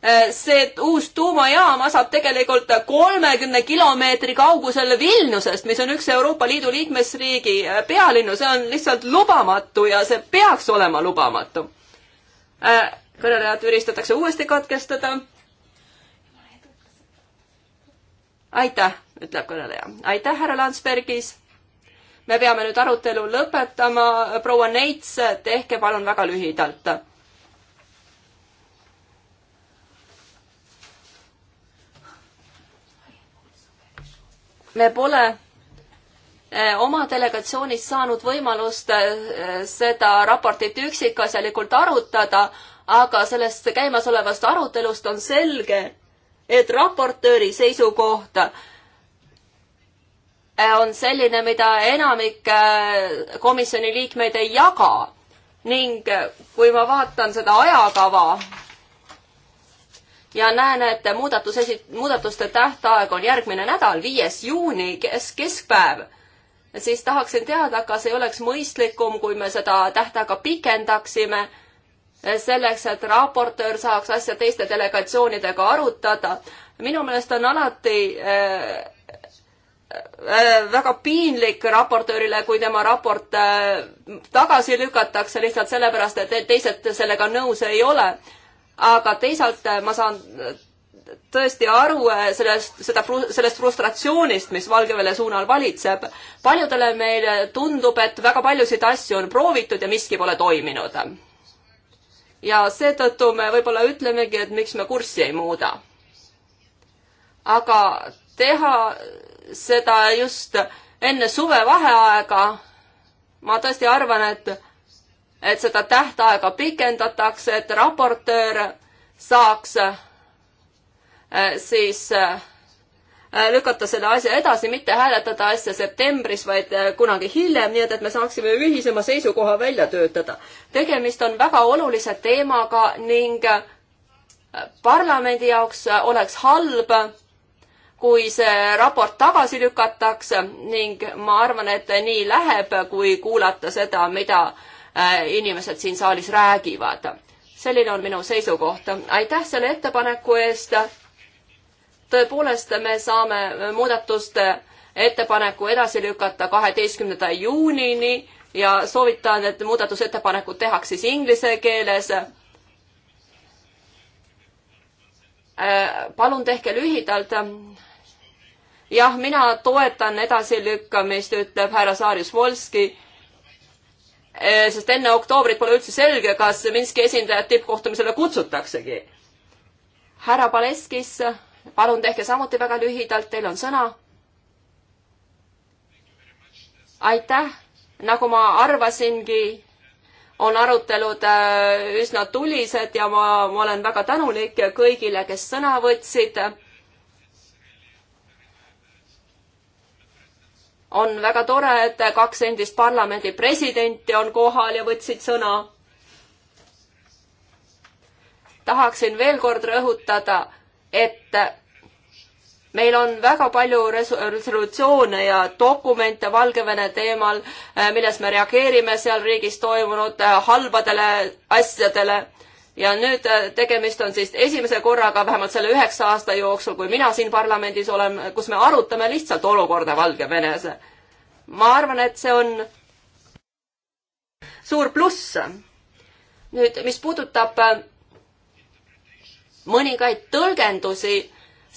Äh, see uus tuumajaam asub tegelikult kolmekümne kilomeetri kaugusel Vilniusest, mis on üks Euroopa Liidu liikmesriigi äh, pealinnu, see on lihtsalt lubamatu ja see peaks olema lubamatu kõnelejad üristatakse uuesti katkestada aitäh, ütleb kõneleja. aitäh, härra Landsbergis. me peame nüüd arutelu lõpetama. proua Neits, tehke palun väga lühidalt. me pole eh, oma delegatsioonis saanud võimalust eh, seda raportit üksikasjalikult arutada, aga sellest käimasolevast arutelust on selge, et raportööri seisukoht äh, on selline, mida enamik äh, komisjoni liikmeid ei jaga ning äh, kui ma vaatan seda ajakava ja näen, et muudatus esi-, muudatuste tähtaeg on järgmine nädal, viies juuni, kes-, keskpäev, siis tahaksin teada, kas ei oleks mõistlikum, kui me seda tähtaega pikendaksime selleks, et raportöör saaks asja teiste delegatsioonidega arutada. minu meelest on alati äh, äh, väga piinlik raportöörile, kui tema raport äh, tagasi lükatakse lihtsalt sellepärast, et teised sellega nõus ei ole. aga teisalt ma saan tõesti aru sellest, seda, sellest frustratsioonist, mis Valgevene suunal valitseb. paljudele meile tundub, et väga paljusid asju on proovitud ja miski pole toiminud ja seetõttu me võib-olla ütlemegi, et miks me kurssi ei muuda. aga teha seda just enne suvevaheaega, ma tõesti arvan, et, et seda tähtaega pikendatakse, et raportöör saaks eh, siis äh, Äh, lükata selle asja edasi, mitte hääletada asja septembris, vaid äh, kunagi hiljem, nii et, et me saaksime ühisema seisukoha välja töötada. tegemist on väga olulise teemaga ning äh, parlamendi jaoks oleks halb, kui see raport tagasi lükatakse ning ma arvan, et nii läheb, kui kuulata seda, mida inimesed siin saalis räägivad. selline on minu seisukoht. aitäh selle ettepaneku eest tõepoolest me saame muudatuste ettepaneku edasi lükata kaheteistkümnenda juunini ja soovitan, et muudatusettepanekud tehakse siis inglise keeles. Äh, palun tehke lühidalt. jah, mina toetan edasilükkamist, ütleb härra Saarjus Volski äh, sest enne oktoobrit pole üldse selge, kas Minski esindajad tippkohtumisele kutsutaksegi. härra Paleskis palun tehke samuti väga lühidalt, teil on sõna. aitäh, nagu ma arvasingi, on arutelud äh, üsna tulised ja ma, ma olen väga tänulik kõigile, kes sõna võtsid. on väga tore, et kaks endist parlamendi presidenti on kohal ja võtsid sõna. tahaksin veel kord rõhutada et meil on väga palju resolutsioone ja dokumente Valgevene teemal, äh, milles me reageerime seal riigis toimunud äh, halbadele asjadele. ja nüüd äh, tegemist on siis esimese korraga vähemalt selle üheksa aasta jooksul, kui mina siin parlamendis olen, kus me arutame lihtsalt olukorda Valgevenes. ma arvan, et see on suur pluss. nüüd, mis puudutab mõningaid tõlgendusi,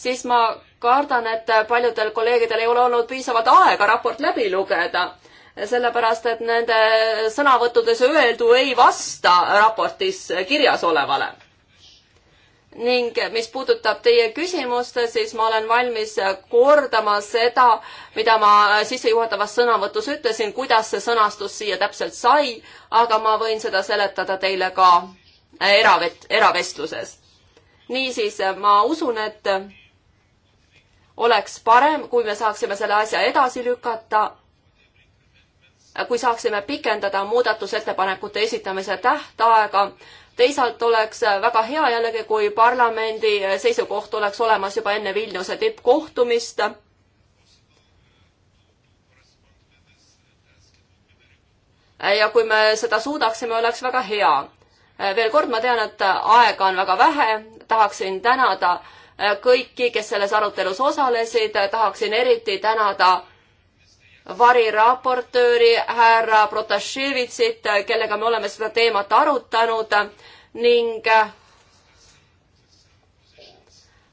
siis ma kardan, et paljudel kolleegidel ei ole olnud piisavalt aega raport läbi lugeda, sellepärast et nende sõnavõttudes öeldu ei vasta raportis kirjas olevale. ning mis puudutab teie küsimust, siis ma olen valmis kordama seda, mida ma sissejuhatavas sõnavõtus ütlesin, kuidas see sõnastus siia täpselt sai, aga ma võin seda seletada teile ka eravet-, eravestluses niisiis, ma usun, et oleks parem, kui me saaksime selle asja edasi lükata, kui saaksime pikendada muudatusettepanekute esitamise tähtaega. teisalt oleks väga hea jällegi, kui parlamendi seisukoht oleks olemas juba enne Vilniuse tippkohtumist. ja kui me seda suudaksime, oleks väga hea Äh, veel kord, ma tean, et aega on väga vähe, tahaksin tänada äh, kõiki, kes selles arutelus osalesid, tahaksin eriti tänada variraportööri härra Protasevitsit, äh, kellega me oleme seda teemat arutanud ning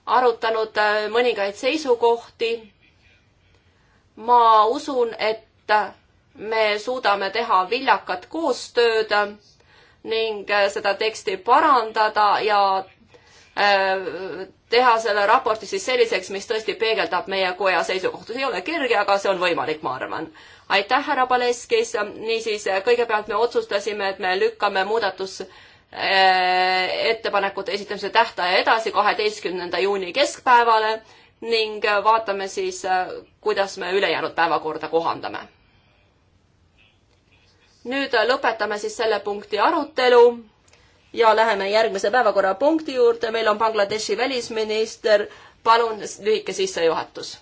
arutanud mõningaid seisukohti. ma usun, et me suudame teha viljakat koostööd ning äh, seda teksti parandada ja äh, teha selle raporti siis selliseks, mis tõesti peegeldab meie koja seisukohta. see ei ole kerge, aga see on võimalik, ma arvan. aitäh, härra Paleskis. niisiis, äh, kõigepealt me otsustasime, et me lükkame muudatus ettepanekute esitamise tähtaja edasi kaheteistkümnenda juuni keskpäevale ning vaatame siis, kuidas me ülejäänud päevakorda kohandame nüüd lõpetame siis selle punkti arutelu ja läheme järgmise päevakorrapunkti juurde, meil on Bangladeshi välisminister, palun lühike sissejuhatus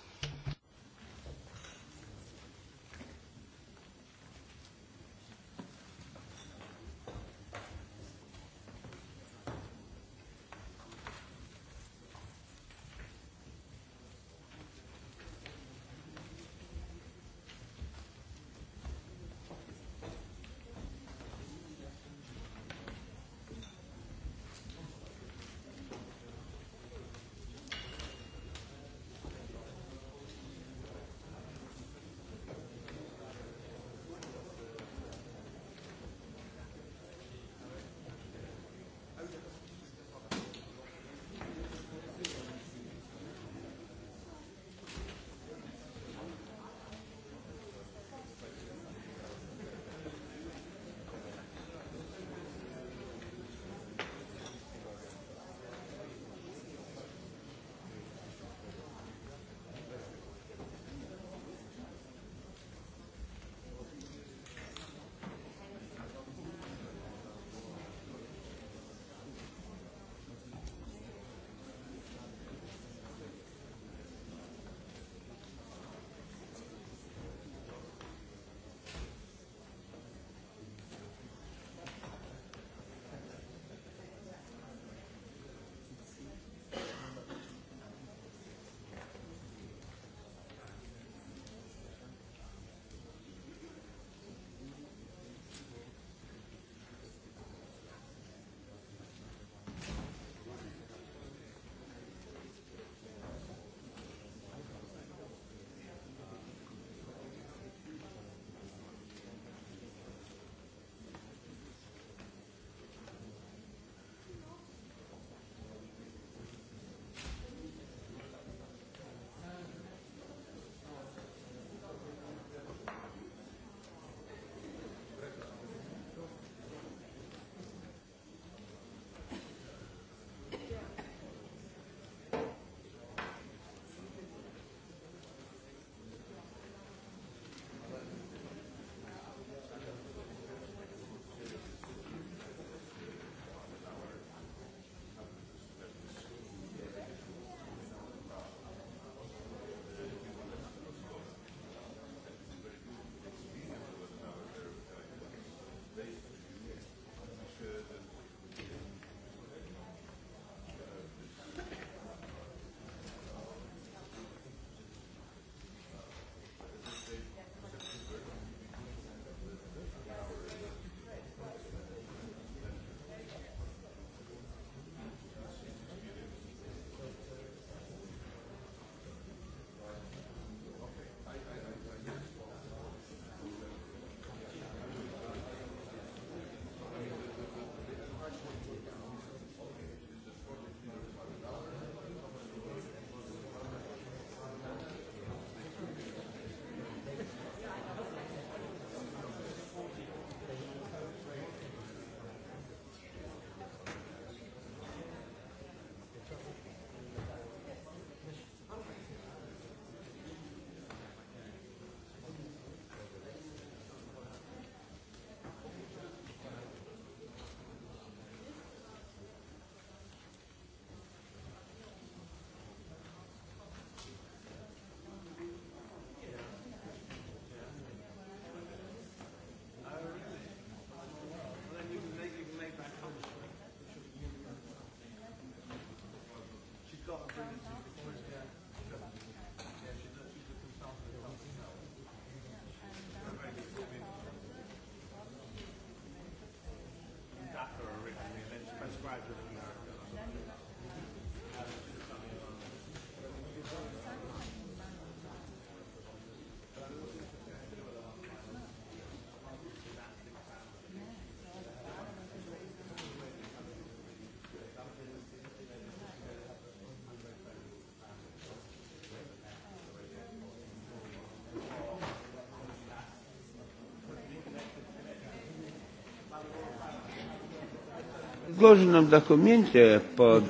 предложенном документе под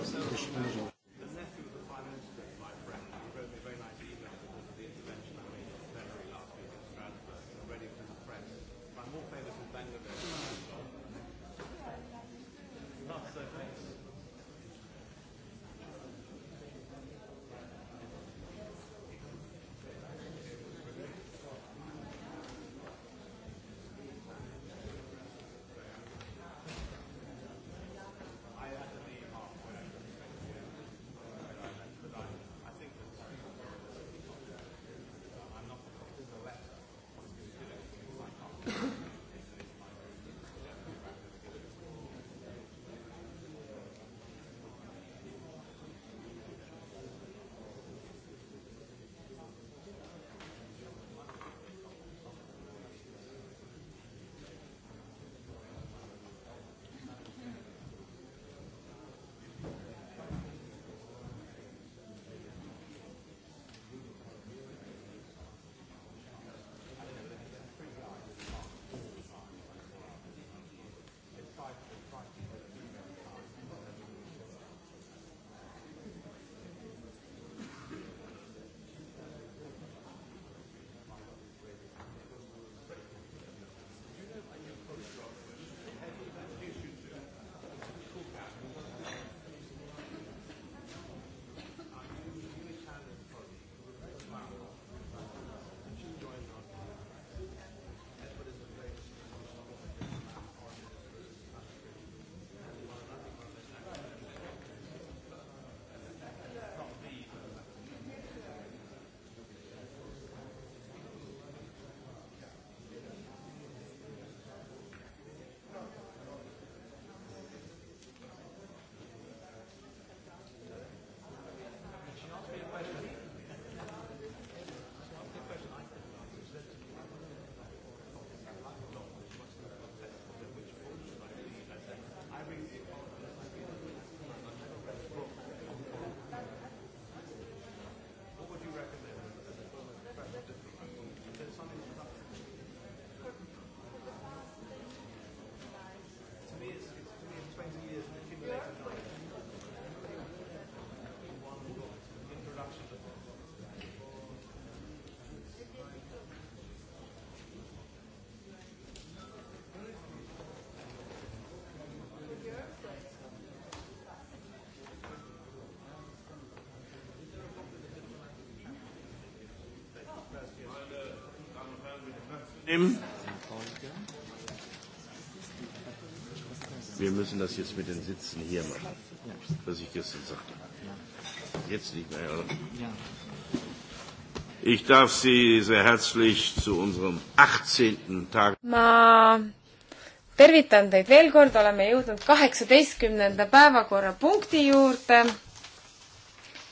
abstimmen. Wir müssen das jetzt mit den Sitzen hier machen, was ich gestern sagte. Jetzt nicht mehr, oder? Ich darf Sie sehr herzlich zu unserem 18. Tag. Ma tervitan teid veel kord, oleme jõudnud kaheksateistkümnenda päevakorrapunkti juurde.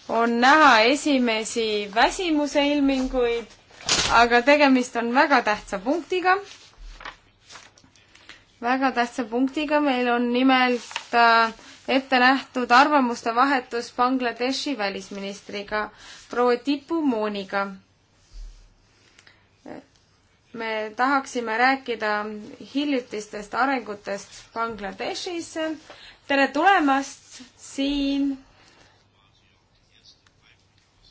on näha esimesi väsimuse ilminguid aga tegemist on väga tähtsa punktiga. väga tähtsa punktiga, meil on nimelt äh, ette nähtud arvamuste vahetus Bangladeshi välisministriga, proua Tipu Mooniga. me tahaksime rääkida hiljutistest arengutest Bangladeshis. tere tulemast siin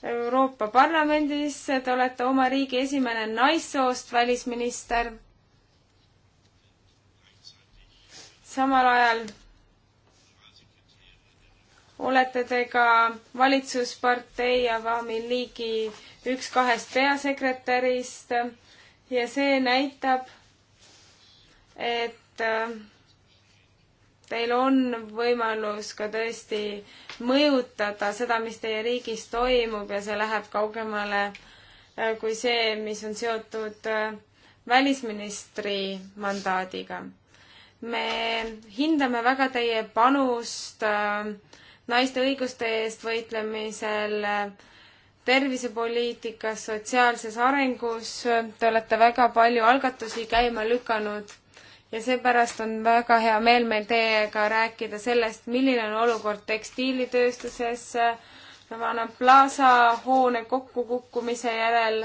Euroopa Parlamendis, te olete oma riigi esimene naissoost välisminister. samal ajal olete te ka valitsuspartei Avami Liigi üks kahest peasekretärist ja see näitab, et äh, Teil on võimalus ka tõesti mõjutada seda, mis teie riigis toimub ja see läheb kaugemale äh, kui see, mis on seotud äh, välisministri mandaadiga. me hindame väga teie panust äh, naiste õiguste eest võitlemisel tervisepoliitikas, sotsiaalses arengus. Te olete väga palju algatusi käima lükanud ja seepärast on väga hea meel meil teiega rääkida sellest, milline on olukord tekstiilitööstuses Havana Plaza hoone kokkukukkumise järel,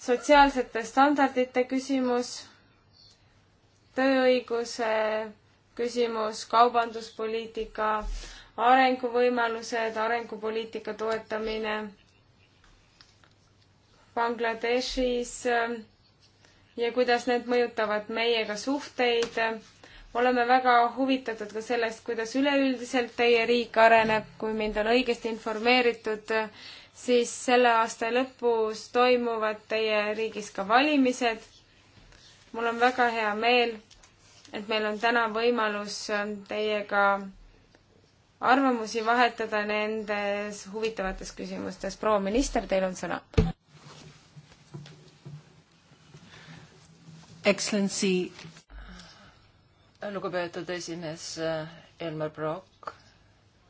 sotsiaalsete standardite küsimus, tööõiguse küsimus, kaubanduspoliitika, arenguvõimalused, arengupoliitika toetamine Bangladeshis äh, ja kuidas need mõjutavad meiega suhteid. oleme väga huvitatud ka sellest, kuidas üleüldiselt teie riik areneb, kui mind on õigesti informeeritud, siis selle aasta lõpus toimuvad teie riigis ka valimised. mul on väga hea meel, et meil on täna võimalus teiega arvamusi vahetada nendes huvitavates küsimustes. proua minister, teil on sõna. Excellency. lugupeetud esimees äh, Elmar Brok,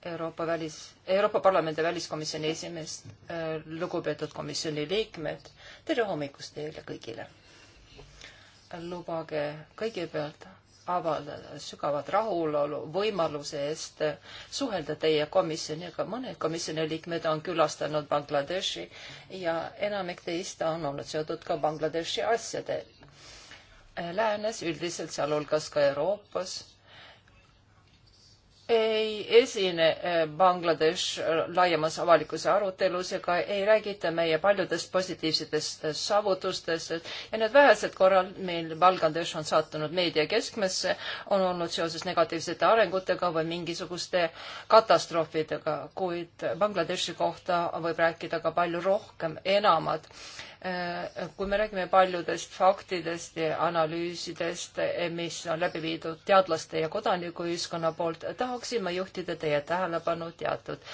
Euroopa välis, Euroopa Parlamendi väliskomisjoni esimees, äh, lugupeetud komisjoni liikmed, tere hommikust teile kõigile. lubage kõigepealt avaldada sügavat rahulolu võimaluse eest äh, suhelda teie komisjoniga. mõned komisjoni liikmed on külastanud Bangladeshi ja enamik teist on olnud seotud ka Bangladeshi asjade läänes üldiselt, sealhulgas ka Euroopas, ei esine eh, Bangladesh eh, laiemas avalikkuse arutelus ega ei räägita meie paljudest positiivsetest eh, saavutustest ja need vähesed korral, mil Bangladesh on sattunud meedia keskmesse, on olnud seoses negatiivsete arengutega või mingisuguste katastroofidega, kuid Bangladeshi kohta võib rääkida ka palju rohkem, enamat Äh, kui me räägime paljudest faktidest ja analüüsidest, eh, mis on läbi viidud teadlaste ja kodanikuühiskonna poolt, tahaksin ma juhtida teie tähelepanu teatud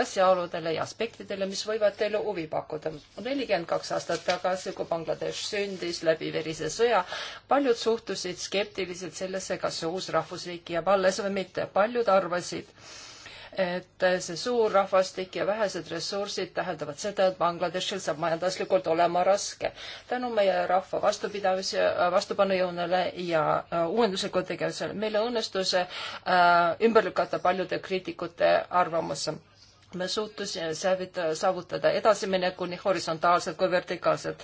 asjaoludele ja aspektidele, mis võivad teile huvi pakkuda. nelikümmend kaks aastat tagasi, kui Bangladesh sündis läbi verise sõja, paljud suhtusid skeptiliselt sellesse, kas see uus rahvusriik jääb alles või mitte. paljud arvasid, et see suur rahvastik ja vähesed ressursid tähendavad seda, et Bangladeshil saab majanduslikult olema raske. tänu meie rahva vastupidamise, vastupanujõunale ja äh, äh, uuenduslikule tegevusele meile õnnestus äh, ümber lükata paljude kriitikute arvamuse me suutsime saavutada edasimineku nii horisontaalselt kui vertikaalselt.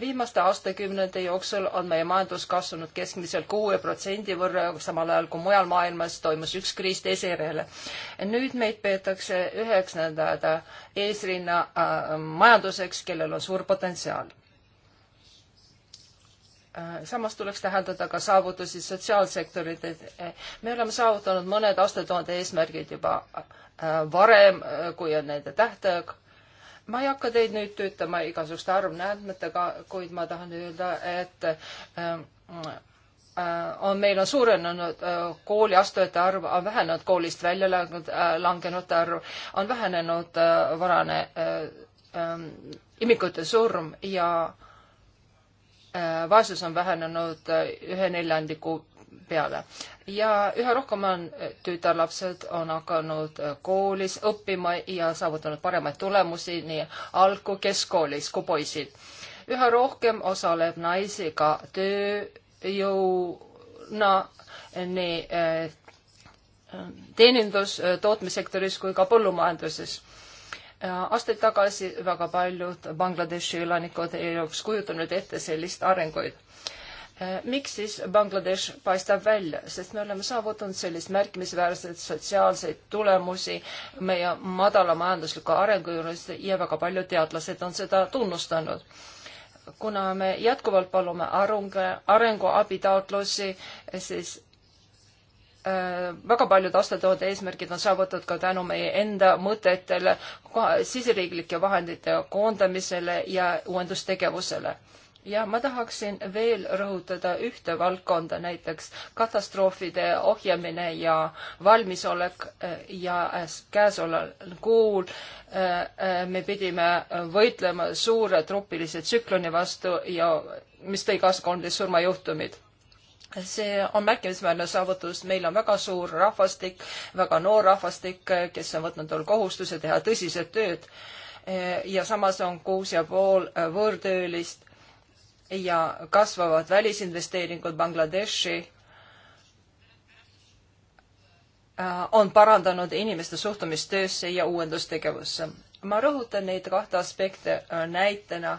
viimaste aastakümnete jooksul on meie majandus kasvanud keskmiselt kuue protsendi võrra, samal ajal kui mujal maailmas toimus üks kriis teise järele. nüüd meid peetakse üheks nii-öelda eesrinna äh, majanduseks, kellel on suur potentsiaal äh, samas tuleks täheldada ka saavutusi sotsiaalsektorid, et me oleme saavutanud mõned aastatuhande eesmärgid juba, Äh, varem, äh, kui on nende tähtaeg. ma ei hakka teid nüüd töötama igasuguste arvandmetega, kuid ma tahan öelda, et äh, on, meil on suurenenud kooliastujate arv, on vähenenud koolist välja langenud, langenute arv, on vähenenud varane ähm, imikute surm ja vaesus on vähenenud ühe neljandiku peale. ja üha rohkem on tütarlapsed, on hakanud äh, koolis õppima ja saavutanud paremaid tulemusi nii alg- kui keskkoolis kui poisid. üha rohkem osaleb naisi ka tööjõuna äh, nii äh, teenindus, tootmissektoris kui ka põllumajanduses aastaid tagasi väga paljud Bangladeshi elanikud ei oleks kujutanud ette sellist arenguid. Eh, miks siis Bangladesh paistab välja, sest me oleme saavutanud sellist märkimisväärseid sotsiaalseid tulemusi meie madala majandusliku arengu juures ja väga paljud teadlased on seda tunnustanud. kuna me jätkuvalt palume arunge, arenguabitaotlusi, siis eh, väga paljud aastatoode eesmärgid on saavutatud ka tänu meie enda mõtetele, siseriiklike vahendite koondamisele ja uuendustegevusele ja ma tahaksin veel rõhutada ühte valdkonda, näiteks katastroofide ohjamine ja valmisolek eh, ja eh, käesoleval kuul eh, me pidime võitlema suure tropilise tsükloni vastu ja mis tõi kaasa kolmteist surmajuhtumit see on märkimisväärne saavutus, meil on väga suur rahvastik, väga noor rahvastik, kes on võtnud endale kohustuse teha tõsiselt tööd ja samas on kuus ja pool võõrtöölist ja kasvavad välisinvesteeringud Bangladeshi äh, on parandanud inimeste suhtumist töösse ja uuendustegevusse. ma rõhutan neid kahte aspekte äh, näitena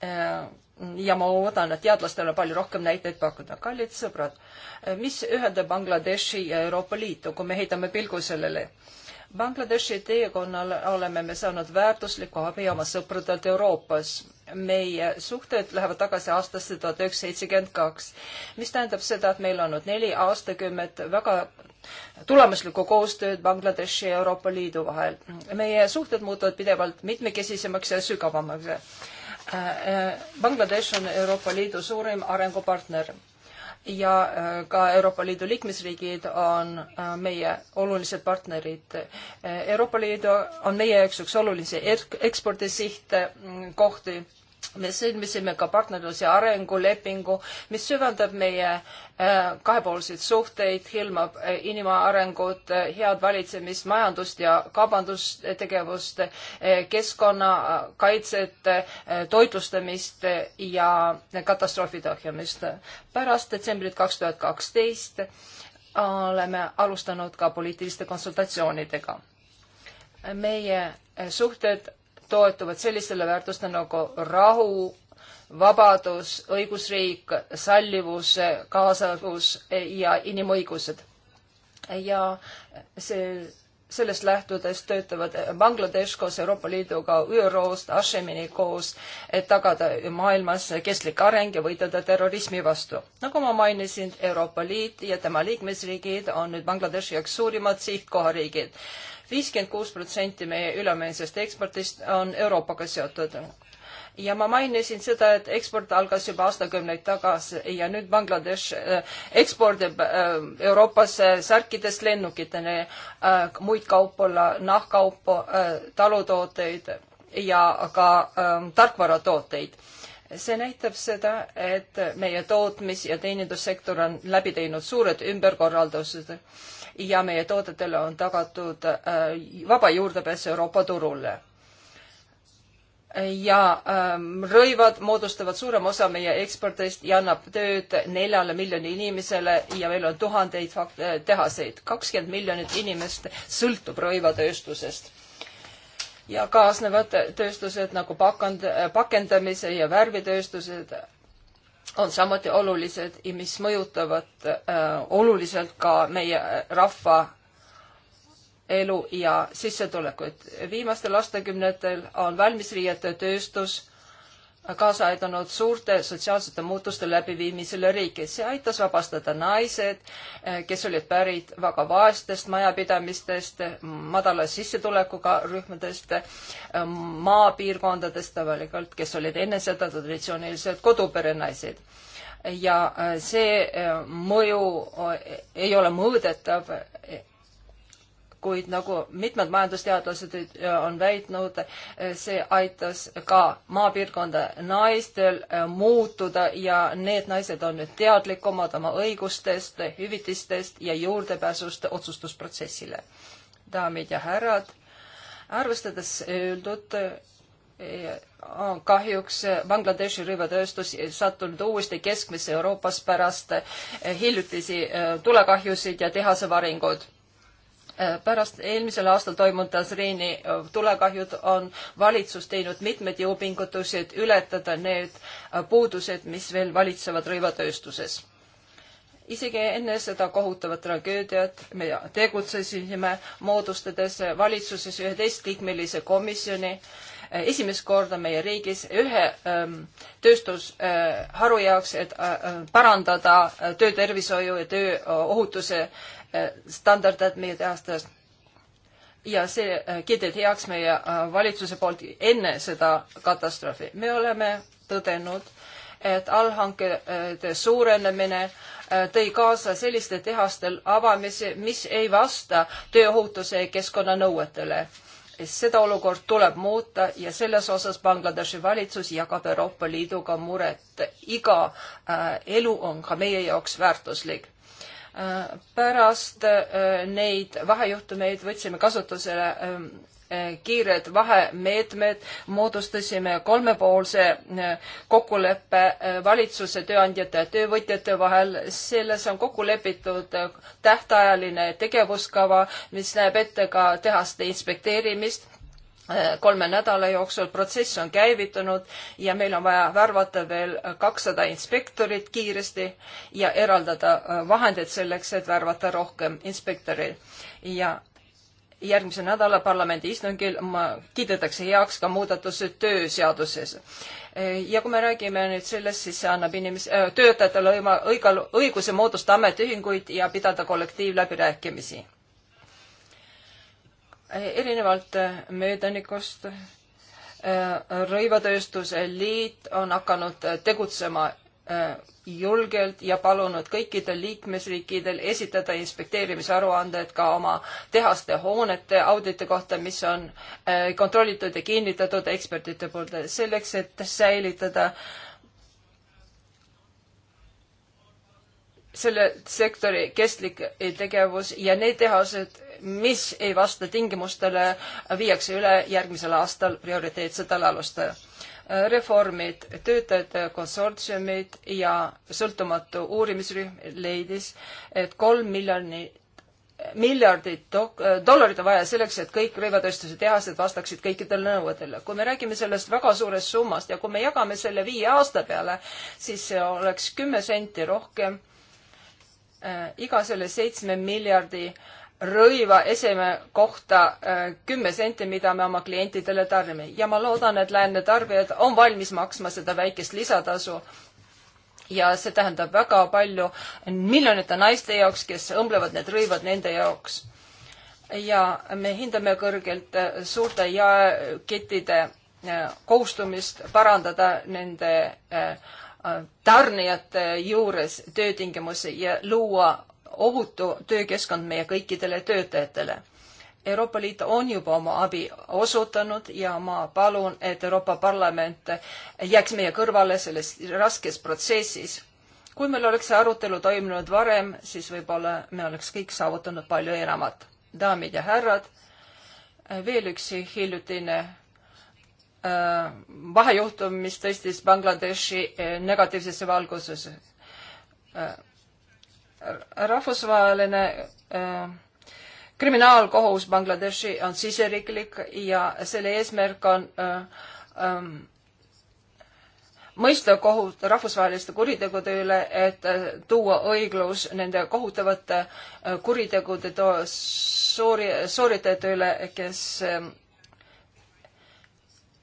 äh, ja ma oodan, et teadlastel on palju rohkem näiteid pakkuda. kallid sõbrad, mis ühendab Bangladeshi ja Euroopa Liitu, kui me heidame pilgu sellele? Bangladeshi teekonnal oleme me saanud väärtuslikku abi oma sõpradelt Euroopas meie suhted lähevad tagasi aastasse tuhat üheksasada seitsekümmend kaks, mis tähendab seda, et meil on olnud neli aastakümmet väga tulemuslikku koostööd Bangladeshi ja Euroopa Liidu vahel. meie suhted muutuvad pidevalt mitmekesisemaks ja sügavamaks. Äh, äh, Bangladesh on Euroopa Liidu suurim arengupartner ja äh, ka Euroopa Liidu liikmesriigid on meie olulised partnerid. Euroopa Liidu on meie jaoks üks olulisi ekspordisihtkohti me sõlmisime ka partnerluse arengulepingu, mis süvendab meie äh, kahepoolseid suhteid, hõlmab äh, inimarengut, äh, head valitsemist, majandust ja kaubandustegevust, keskkonnakaitset, toitlustamist ja katastroofi tohjamist. pärast detsembrit kaks tuhat kaksteist oleme alustanud ka poliitiliste konsultatsioonidega. meie suhted toetuvad sellistele väärtustele nagu rahu, vabadus, õigusriik, sallivus, kaasavus ja inimõigused. ja see, sellest lähtudes töötavad Bangladesh koos Euroopa Liiduga ÜRO-st, Ashemini koos, et tagada maailmas kestlik areng ja võidelda terrorismi vastu. nagu ma mainisin, Euroopa Liit ja tema liikmesriigid on nüüd Bangladeshi jaoks suurimad sihtkohariigid viiskümmend kuus protsenti meie ülemeelsest ekspordist on Euroopaga seotud ja ma mainisin seda, et eksport algas juba aastakümneid tagasi ja nüüd Bangladesh äh, ekspordib äh, Euroopasse särkidest lennukiteni äh, muid kaupu, nahkkaupu, talutooteid ja ka ähm, tarkvaratooteid see näitab seda, et meie tootmis- ja teenindussektor on läbi teinud suured ümberkorraldused ja meie toodetele on tagatud äh, vaba juurdepääs Euroopa turule. ja ähm, rõivad moodustavad suurema osa meie ekspordist ja annab tööd neljale miljonile inimesele ja meil on tuhandeid äh, tehaseid. kakskümmend miljonit inimest sõltub rõivatööstusest ja kaasnevad tööstused nagu pakend, pakendamise ja värvitööstused on samuti olulised ja mis mõjutavad äh, oluliselt ka meie äh, rahva elu ja sissetulekuid. viimastel aastakümnetel on valmisriiete tööstus kaasa aidanud suurte sotsiaalsete muutuste läbiviimisele riigis. see aitas vabastada naised, eh, kes olid pärit väga vaestest majapidamistest, madala sissetulekuga rühmadest, eh, maapiirkondadest tavaliselt, kes olid enne seda traditsioonilised koduperenaised. ja eh, see mõju ei ole mõõdetav kuid nagu mitmed majandusteadlased on väitnud, eh, see aitas ka maapiirkonda naistel eh, muutuda ja need naised on nüüd teadlikumad oma õigustest, hüvitistest ja juurdepääsust otsustusprotsessile. daamid ja härrad, arvestades öeldut, eh, kahjuks Bangladeshi rõivatööstus sattunud uuesti keskmisse Euroopas pärast hiljutisi tulekahjusid ja tehase varingud Äh, pärast eelmisel aastal toimunud Tasriini äh, tulekahjud on valitsus teinud mitmeid jõupingutusi, et ületada need äh, puudused, mis veel valitsevad rõivatööstuses. isegi enne seda kohutavat tragöödiat me tegutsesime, moodustades valitsuses üheteistliikmelise komisjoni esimest korda meie riigis ühe ähm, tööstusharu äh, jaoks, et äh, parandada töötervishoiu ja tööohutuse äh, standardad meie tehastes. ja see äh, kiideti heaks meie äh, valitsuse poolt enne seda katastroofi. me oleme tõdenud, et allhankede suurenemine äh, tõi kaasa selliste tehastel avamise, mis ei vasta tööohutuse ja keskkonnanõuetele. seda olukorda tuleb muuta ja selles osas Bangladeshi valitsus jagab Euroopa Liiduga muret. iga elu on ka meie jaoks väärtuslik pärast äh, neid vahejuhtumeid võtsime kasutusele ähm, äh, kiired vahemeetmed, moodustasime kolmepoolse äh, kokkuleppe valitsuse, tööandjate ja töövõtjate vahel. selles on kokku lepitud tähtajaline tegevuskava, mis näeb ette ka tehaste inspekteerimist kolme nädala jooksul, protsess on käivitunud ja meil on vaja värvata veel kakssada inspektorit kiiresti ja eraldada äh, vahendeid selleks, et värvata rohkem inspektoreid. ja järgmise nädala parlamendi istungil kiidetakse heaks ka muudatused tööseaduses. Äh, ja kui me räägime nüüd sellest, siis see annab inimes-, äh, töötajatele õiga-, õiguse moodustada ametiühinguid ja pidada kollektiivläbirääkimisi erinevalt möödanikust äh, rõivatööstuse liit on hakanud tegutsema äh, julgelt ja palunud kõikidel liikmesriikidel esitada inspekteerimisaruanded ka oma tehaste hoonete auditi kohta, mis on äh, kontrollitud ja kinnitatud ekspertide poolt selleks, et säilitada äh, selle sektori kestlik tegevus ja need tehased, mis ei vasta tingimustele, viiakse üle järgmisel aastal prioriteetsetele alustele. reformid, töötajate konsortsiumid ja sõltumatu uurimisrühm leidis, et kolm miljonit miljardit dok-, dollarit on vaja selleks, et kõik rõivatööstuse tehased vastaksid kõikidele nõuetele. kui me räägime sellest väga suurest summast ja kui me jagame selle viie aasta peale, siis see oleks kümme senti rohkem Äh, iga selle seitsme miljardi rõiva eseme kohta äh, kümme senti, mida me oma klientidele tarnime ja ma loodan, et lääne tarbijad on valmis maksma seda väikest lisatasu. ja see tähendab väga palju miljonite naiste jaoks, kes õmblevad need rõivad nende jaoks. ja me hindame kõrgelt äh, suurte jaekettide kohustumist parandada nende äh, tarnijate juures töötingimusi ja luua ohutu töökeskkond meie kõikidele töötajatele. Euroopa Liit on juba oma abi osutanud ja ma palun, et Euroopa Parlament jääks meie kõrvale selles raskes protsessis. kui meil oleks see arutelu toimunud varem, siis võib-olla me oleks kõik saavutanud palju enamat. daamid ja härrad, veel üks hiljutine Äh, vahejuhtum, mis tõstis Bangladeshi äh, negatiivsesse valgusesse. Äh, rahvusvaheline kriminaalkohus Bangladeshi on siseriiklik ja selle eesmärk on ähm, mõista kohut rahvusvaheliste kuritegude üle, et tuua õiglus nende kohutavate kuritegude soori-, sooritajate üle, kes ähm,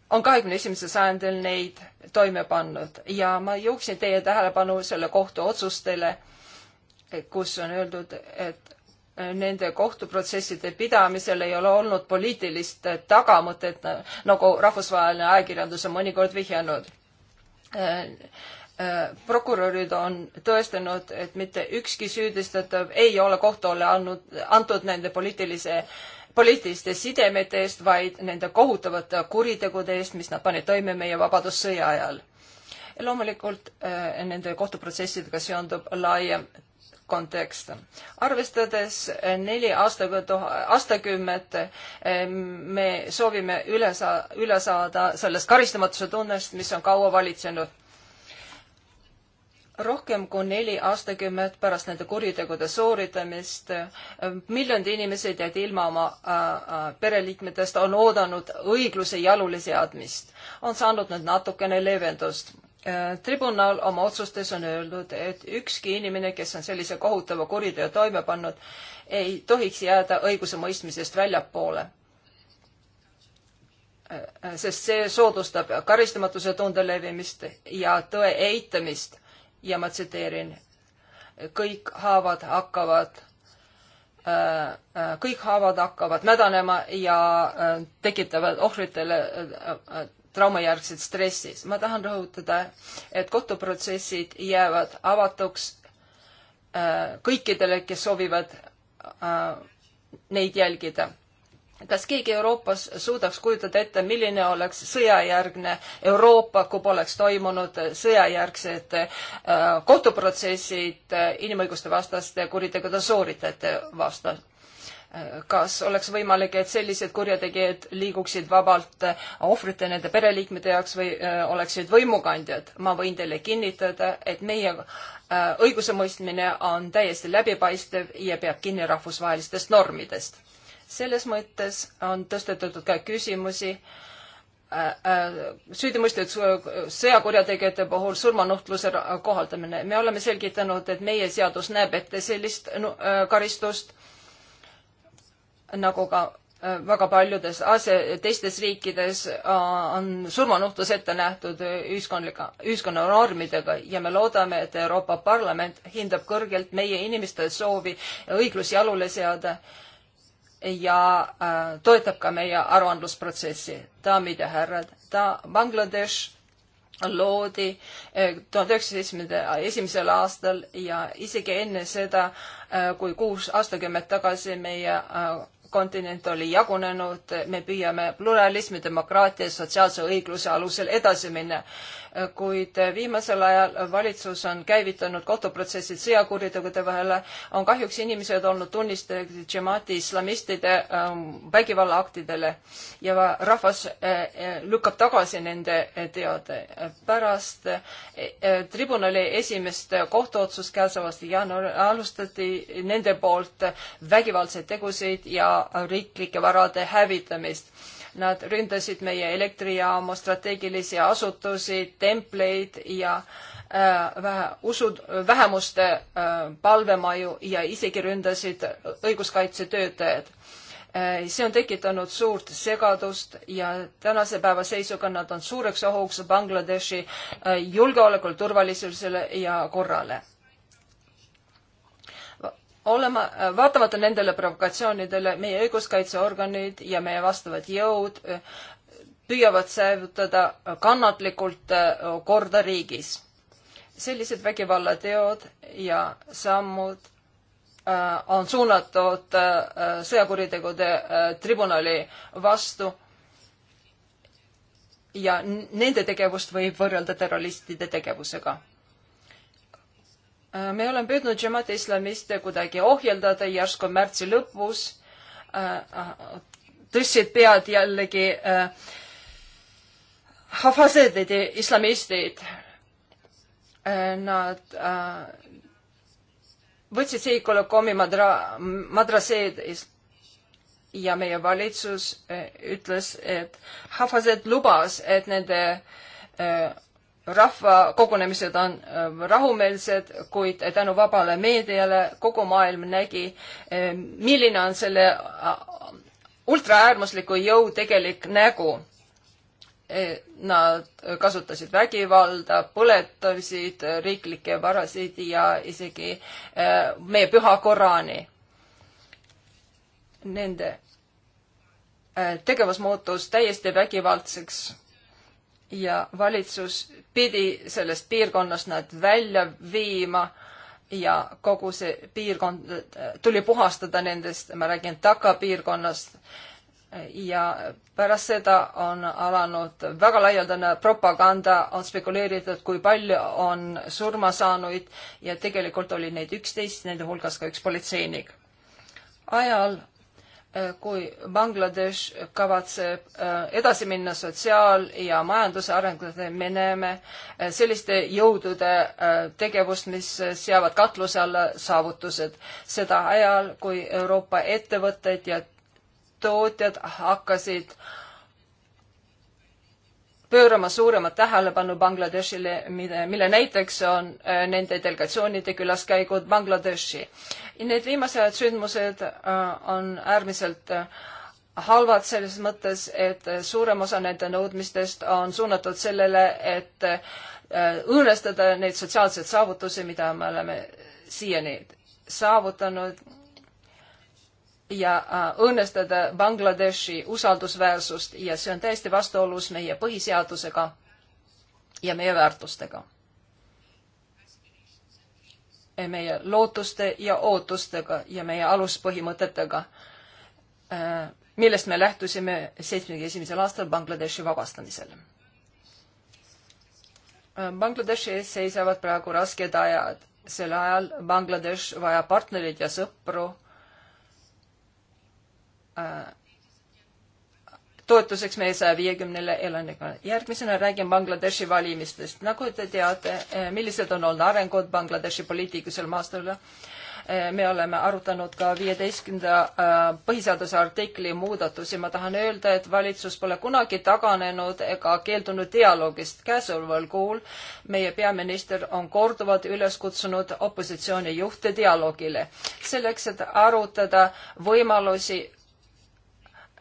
on kahekümne esimesel sajandil neid toime pannud ja ma jooksin teie tähelepanu selle kohtu otsustele, kus on öeldud, et nende kohtuprotsesside pidamisel ei ole olnud poliitilist tagamõtet, nagu rahvusvaheline ajakirjandus on mõnikord vihjanud. prokurörid on tõestanud, et mitte ükski süüdistatav ei ole kohtule andnud, antud nende poliitilise äh, poliitiliste sidemete eest, vaid nende kohutavate kuritegude eest, mis nad panid toime meie Vabadussõja ajal. loomulikult eh, nende kohtuprotsessidega seondub laiem kontekst. arvestades eh, neli aasta, aastakümmet, eh, me soovime üle saa-, üle saada sellest karistamatuse tunnest, mis on kaua valitsenud rohkem kui neli aastakümmet pärast nende kuritegude sooritamist miljonid inimesed jäid ilma oma äh, äh, pereliikmetest, on oodanud õigluse jaluleseadmist, on saanud nüüd natukene leevendust. Äh, tribunal oma otsustes on öeldud, et ükski inimene, kes on sellise kohutava kuriteo toime pannud, ei tohiks jääda õigusemõistmisest väljapoole sest see soodustab karistamatuse tunde levimist ja tõe eitamist ja ma tsiteerin, kõik haavad hakkavad äh, äh, kõik haavad hakkavad mädanema ja äh, tekitavad ohvritele traumajärgset stressi. ma tahan rõhutada, et kohtuprotsessid jäävad avatuks kõikidele, kes soovivad neid jälgida kas keegi Euroopas suudaks kujutada ette, milline oleks sõjajärgne Euroopa, kui poleks toimunud sõjajärgsed äh, kohtuprotsessid äh, inimõiguste vastaste kuritegude sooritajate vastu? Äh, kas oleks võimalik, et sellised kurjategijad liiguksid vabalt ohvrite, nende pereliikmete jaoks või oleksid võimukandjad? ma võin teile kinnitada, et meie õigusemõistmine on täiesti läbipaistev ja peab kinni rahvusvahelistest normidest selles mõttes on tõstetatud ka küsimusi äh, äh, süüdimõistet sõjakurjategijate puhul surmanuhtluse kohaldamine. me oleme selgitanud, et meie seadus näeb ette sellist äh, karistust nagu ka väga paljudes Aasia teistes riikides on surmanuhtlus ette nähtud ühiskondlike, ühiskonna normidega ja me loodame, et Euroopa Parlament hindab kõrgelt meie inimeste soovi õiglus jalule seada ja ja äh, toetab ka meie aruandlusprotsessi. daamid ja härrad, ta Bangladesh loodi äh, tuhande üheksasaja seitsmekümnenda esimesel aastal ja isegi enne seda, äh, kui kuus aastakümmet tagasi meie kontinent oli jagunenud, me püüame pluralismi, demokraatia ja sotsiaalse õigluse alusel edasi minna kuid viimasel ajal valitsus on käivitanud kohtuprotsessid sõjakuritegude vahele, on kahjuks inimesed olnud tunnistajaks džemaati islamistide ähm, vägivallaaktidele ja rahvas äh, äh, lükkab tagasi nende äh, teod. pärast tribunali esimest kohtuotsust käesolevast jaanuaril alustati nende poolt vägivaldseid tegusid ja riiklike varade hävitamist Nad ründasid meie elektrijaamu, strateegilisi asutusi, templeid ja äh, vähe, usud, vähemuste äh, palvemaju ja isegi ründasid õiguskaitsetöötajad äh, see on tekitanud suurt segadust ja tänase päeva seisuga nad on suureks ohuks Bangladeshi äh, julgeolekul, turvalisusele ja korrale olema, äh, vaatamata nendele provokatsioonidele, meie õiguskaitseorganid ja meie vastavad jõud äh, püüavad säilitada äh, kannatlikult korda riigis. sellised vägivallateod ja sammud on suunatud sõjakuritegude tribunali vastu ja nende tegevust võib võrrelda terroristide tegevusega Äh, me oleme püüdnud Jamaat islamiste kuidagi ohjeldada, järsku märtsi lõpus äh, äh, tõstsid pead jällegi Hafasedide islamistid. Nad võtsid seikule komi madra-, madraseed ja meie valitsus ütles, et Hafazed lubas, et nende rahvakogunemised on äh, rahumeelsed, kuid tänu vabale meediale kogu maailm nägi, äh, milline on selle äh, ultraäärmusliku jõu tegelik nägu. Nad kasutasid vägivalda, põletasid riiklikke varasid ja isegi meie püha Korani. Nende tegevus muutus täiesti vägivaldseks ja valitsus pidi sellest piirkonnast nad välja viima ja kogu see piirkond tuli puhastada nendest, ma räägin Taka piirkonnast. ja pärast seda on alanud väga laialdane propaganda, on spekuleeritud, kui palju on surma saanuid ja tegelikult oli neid üksteist, nende hulgas ka üks politseinik. ajal Äh, kui Bangladesh kavatseb äh, edasi minna sotsiaal- ja majanduse arengutega, me näeme äh, selliste jõudude tegevust, mis seavad katluse alla saavutused. seda ajal, kui Euroopa ettevõtted ja tootjad hakkasid äh, pöörama suuremat tähelepanu Bangladeshile, mille, mille näiteks on äh, nende delegatsioonide külaskäigud Bangladeshi. Need viimased sündmused äh, on äärmiselt äh, halvad selles mõttes, et suurem osa nende nõudmistest on suunatud sellele, et õõnestada neid sotsiaalseid saavutusi, mida me oleme siiani saavutanud ja äh, õõnestada Bangladeshi usaldusväärsust ja see on täiesti vastuolus meie põhiseadusega ja meie väärtustega. meie lootuste ja ootustega ja meie aluspõhimõtetega, äh, millest me lähtusime seitsmekümne esimesel aastal Bangladeshi vabastamisel. Äh, Bangladeshi ees seisavad praegu rasked ajad. sel ajal Bangladesh vajab partnereid ja sõpru Äh, toetuseks meie saja viiekümnele elanikule. järgmisena räägin Bangladeshi valimistest. nagu te teate, äh, millised on olnud arengud Bangladeshi poliitilisel maastul. Äh, me oleme arutanud ka viieteistkümnenda põhiseaduse artikli muudatusi. ma tahan öelda, et valitsus pole kunagi taganenud ega keeldunud dialoogist. käesoleval kuul meie peaminister on korduvalt üles kutsunud opositsioonijuhte dialoogile selleks, et arutada võimalusi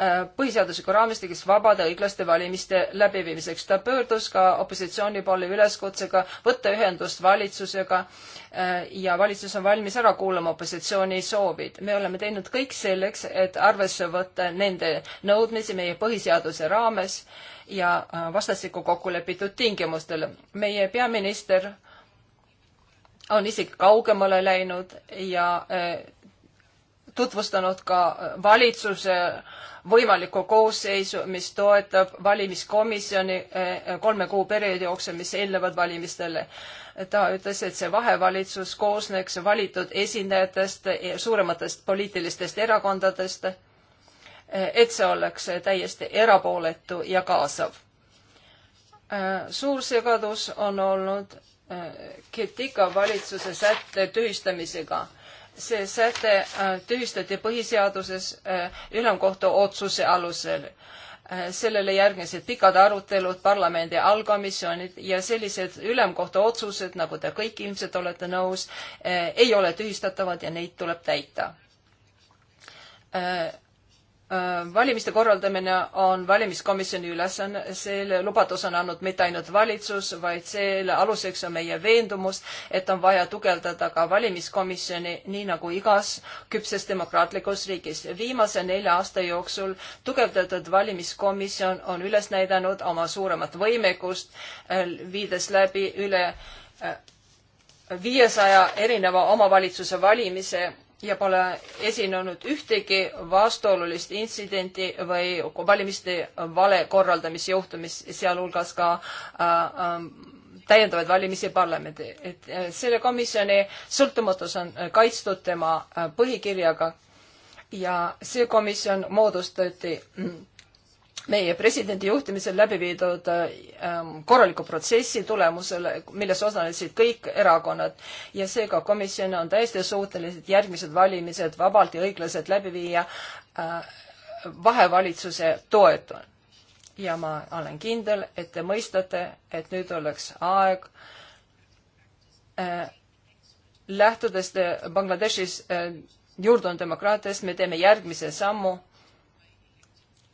Äh, põhiseadusliku raamistikis vabade õiglaste valimiste läbiviimiseks. ta pöördus ka opositsiooni poole üleskutsega võtta ühendust valitsusega äh, ja valitsus on valmis ära kuulama opositsiooni soovid. me oleme teinud kõik selleks, et arvesse võtta nende nõudmisi meie põhiseaduse raames ja äh, vastastikku kokku lepitud tingimustel. meie peaminister on isegi kaugemale läinud ja tutvustanud ka äh, valitsuse äh, võimalikku koosseisu, mis toetab valimiskomisjoni äh, kolme kuu perioodi jooksul, mis eelnevad valimistele. ta ütles, et see vahevalitsus koosneks valitud esindajatest, suurematest poliitilistest erakondadest, et see oleks täiesti erapooletu ja kaasav. suur segadus on olnud Ketika valitsuse sätte tühistamisega see säte äh, tühistati põhiseaduses äh, ülemkohtu otsuse alusel. Äh, sellele järgnesid pikad arutelud parlamendi allkomisjonid ja sellised ülemkohtu otsused, nagu te kõik ilmselt olete nõus, ei ole tühistatavad ja neid tuleb täita Äh, valimiste korraldamine on valimiskomisjoni ülesanne, selle lubaduse on andnud mitte ainult valitsus, vaid selle aluseks on meie veendumus, et on vaja tugevdada ka valimiskomisjoni, nii nagu igas küpses demokraatlikus riigis. viimase nelja aasta jooksul tugevdatud valimiskomisjon on üles näidanud oma suuremat võimekust, äh, viides läbi üle äh, viiesaja erineva omavalitsuse valimise ja pole esinenud ühtegi vastuolulist intsidenti või valimiste vale korraldamisjuhtumist, sealhulgas ka äh, äh, täiendavaid valimisi parlamendi. et äh, selle komisjoni sõltumatus on kaitstud tema äh, põhikirjaga ja see komisjon moodustati mm, meie presidendi juhtimisel läbi viidud ähm, korraliku protsessi tulemusel, milles osalesid kõik erakonnad ja seega komisjon on täiesti suutelised järgmised valimised vabalt ja õiglaselt läbi viia äh, vahevalitsuse toetul. ja ma olen kindel, et te mõistate, et nüüd oleks aeg äh, lähtudes Bangladeshis äh, juurdunud demokraatiast, me teeme järgmise sammu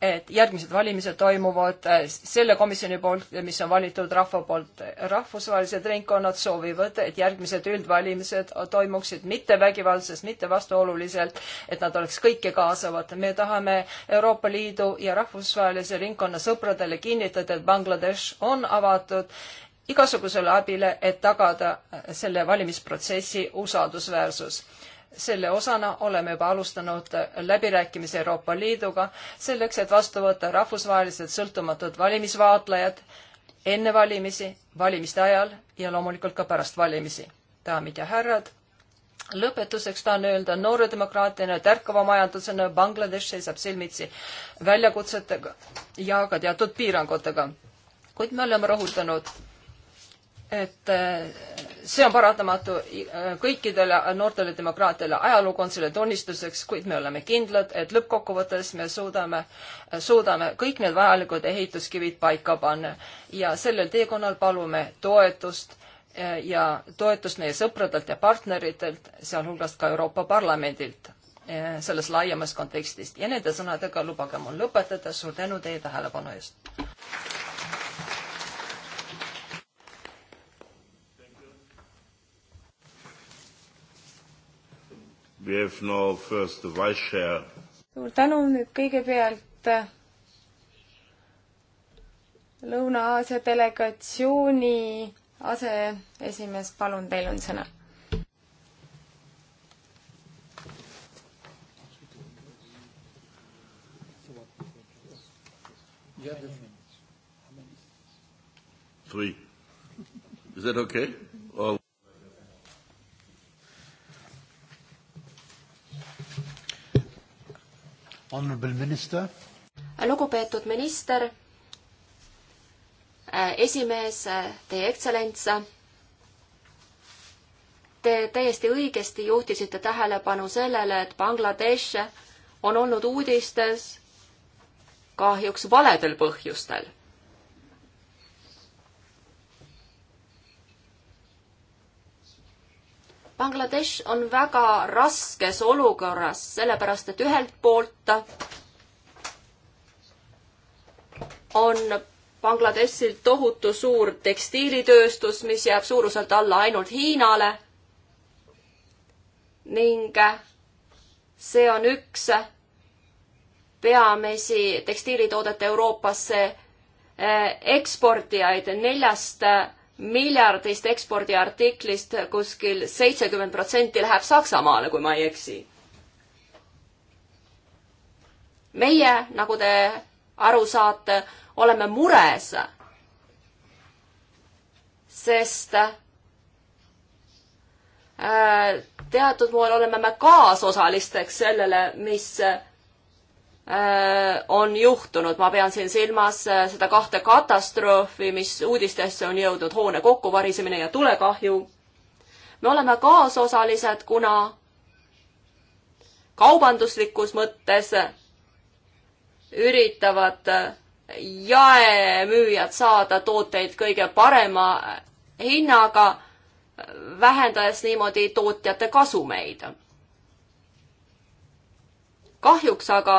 et järgmised valimised toimuvad äh, selle komisjoni poolt, mis on valitud rahva poolt. Äh, rahvusvahelised ringkonnad soovivad, et järgmised üldvalimised toimuksid mitte vägivaldselt, mitte vastuoluliselt, et nad oleks kõike kaasavad. me tahame Euroopa Liidu ja rahvusvahelise ringkonna sõpradele kinnitada, et Bangladesh on avatud igasugusele abile, et tagada äh, selle valimisprotsessi usaldusväärsus selle osana oleme juba alustanud läbirääkimisi Euroopa Liiduga selleks, et vastu võtta rahvusvahelised sõltumatud valimisvaatlejad enne valimisi, valimiste ajal ja loomulikult ka pärast valimisi. daamid ja härrad, lõpetuseks tahan öelda noore demokraatiana, tärkava majandusena Bangladesh seisab silmitsi väljakutsetega ja ka teatud piirangutega. kuid me oleme rõhutanud et äh, see on paratamatu äh, kõikidele noortele demokraatiale. ajalugu on selle tunnistuseks, kuid me oleme kindlad, et lõppkokkuvõttes me suudame, suudame kõik need vajalikud ehituskivid paika panna ja sellel teekonnal palume toetust äh, ja toetust meie sõpradelt ja partneritelt, sealhulgas ka Euroopa Parlamendilt selles laiemas kontekstis. ja nende sõnadega lubage mul lõpetada. suur tänu teie tähelepanu eest! We have now first the vice chair. suur tänu, nüüd kõigepealt äh, Lõuna-Aasia delegatsiooni aseesimees, palun, teil on sõna. Three. Is that okay? lugupeetud minister, äh, esimees, äh, teie ekstsellents, te täiesti õigesti juhtisite tähelepanu sellele, et Bangladesh on olnud uudistes kahjuks valedel põhjustel Bangladesh on väga raskes olukorras, sellepärast et ühelt poolt on Bangladeshil tohutu suur tekstiilitööstus, mis jääb suuruselt alla ainult Hiinale ning see on üks peamisi tekstiilitoodete Euroopasse eh, eksportijaid neljast eh, miljardist ekspordiartiklist kuskil seitsekümmend protsenti läheb Saksamaale, kui ma ei eksi. meie, nagu te aru saate, oleme mures, sest äh, teatud moel oleme me kaasosalisteks sellele, mis Äh, on juhtunud, ma pean siin silmas äh, seda kahte katastroofi, mis uudistesse on jõudnud, hoone kokkuvarisemine ja tulekahju. me oleme kaasosalised, kuna kaubanduslikus mõttes üritavad äh, jaemüüjad saada tooteid kõige parema hinnaga, vähendades niimoodi tootjate kasumeid. kahjuks aga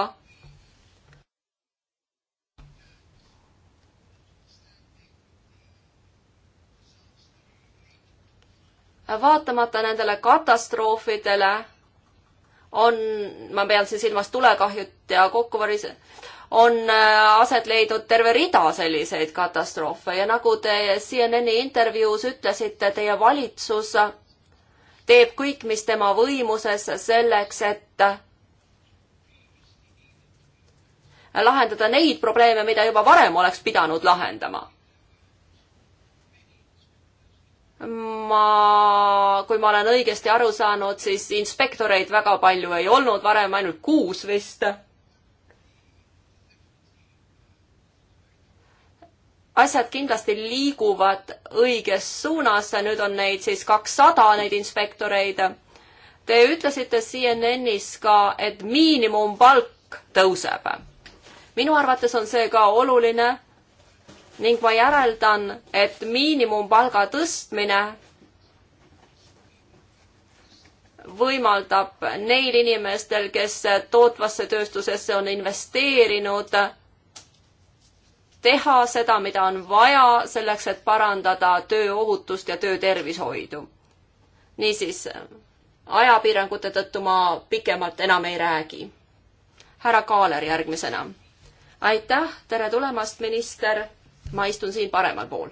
vaatamata nendele katastroofidele on, ma pean siin silmas tulekahjut ja kokkuvõris, on äh, aset leidnud terve rida selliseid katastroofe ja nagu te CNN-i intervjuus ütlesite, teie valitsus teeb kõik, mis tema võimuses selleks, et lahendada neid probleeme, mida juba varem oleks pidanud lahendama ma, kui ma olen õigesti aru saanud, siis inspektoreid väga palju ei olnud, varem ainult kuus vist. asjad kindlasti liiguvad õiges suunas, nüüd on neid siis kakssada, neid inspektoreid. Te ütlesite CNN-is ka, et miinimumpalk tõuseb. minu arvates on see ka oluline ning ma järeldan, et miinimumpalga tõstmine võimaldab neil inimestel, kes tootvasse tööstusesse on investeerinud, teha seda, mida on vaja selleks, et parandada tööohutust ja töötervishoidu. niisiis, ajapiirangute tõttu ma pikemalt enam ei räägi. härra Kaaler järgmisena. aitäh, tere tulemast, minister ma istun siin paremal pool.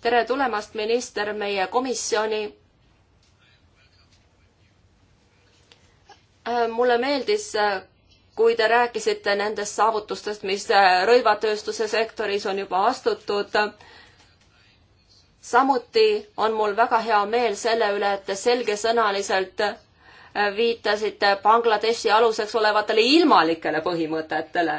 tere tulemast, minister, meie komisjoni. Äh, mulle meeldis, äh, kui te rääkisite nendest saavutustest, mis äh, rõivatööstuse sektoris on juba astutud samuti on mul väga hea meel selle üle, et te selgesõnaliselt viitasite Bangladeshi aluseks olevatele ilmalikele põhimõtetele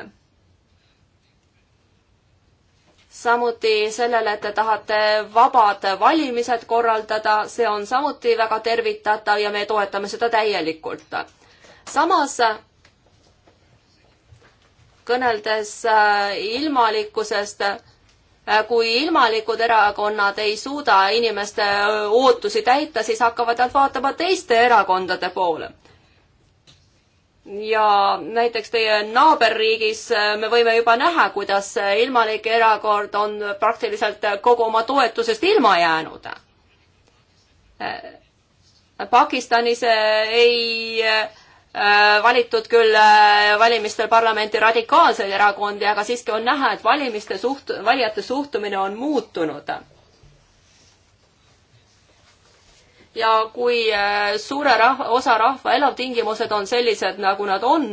samuti sellele, et te tahate vabad valimised korraldada, see on samuti väga tervitatav ja me toetame seda täielikult. samas kõneldes äh, ilmalikkusest, äh, kui ilmalikud erakonnad ei suuda inimeste äh, ootusi täita, siis hakkavad nad vaatama teiste erakondade poole ja näiteks teie naaberriigis äh, me võime juba näha, kuidas äh, ilmalik erakord on praktiliselt äh, kogu oma toetusest ilma jäänud. Pakistanis ei valitud küll valimistel parlamenti radikaalseid erakondi, aga siiski on näha, et valimiste suht-, valijate suhtumine on muutunud ja kui äh, suure rahva, osa rahva elutingimused on sellised, nagu nad on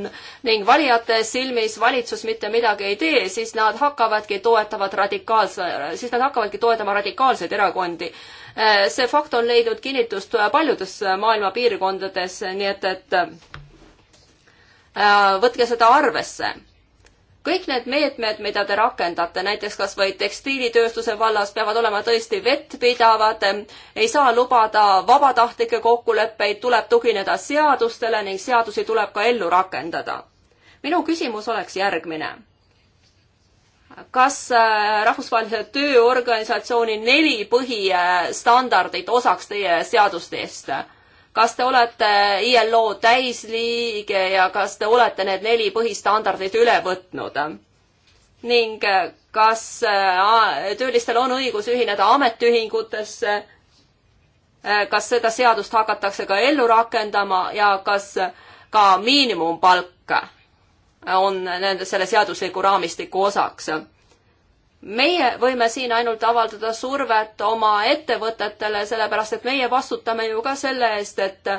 ning valijate silmis valitsus mitte midagi ei tee, siis nad hakkavadki toetavad radikaalse, siis nad hakkavadki toetama radikaalseid erakondi. Äh, see fakt on leidnud kinnitust paljudes maailma piirkondades, nii et, et äh, võtke seda arvesse kõik need meetmed, mida te rakendate, näiteks kas või tekstiilitööstuse vallas, peavad olema tõesti vettpidavad, ei saa lubada vabatahtlikke kokkuleppeid, tuleb tugineda seadustele ning seadusi tuleb ka ellu rakendada. minu küsimus oleks järgmine. kas äh, Rahvusvahelise Tööorganisatsiooni neli põhistandardit osaks teie seadustest? kas te olete ILO täisliige ja kas te olete need neli põhistandardit üle võtnud? ning äh, kas äh, töölistel on õigus ühineda ametiühingutesse? Äh, kas seda seadust hakatakse ka ellu rakendama ja kas ka miinimumpalk on nende, selle seadusliku raamistiku osaks? meie võime siin ainult avaldada survet oma ettevõtetele, sellepärast et meie vastutame ju ka selle eest, et,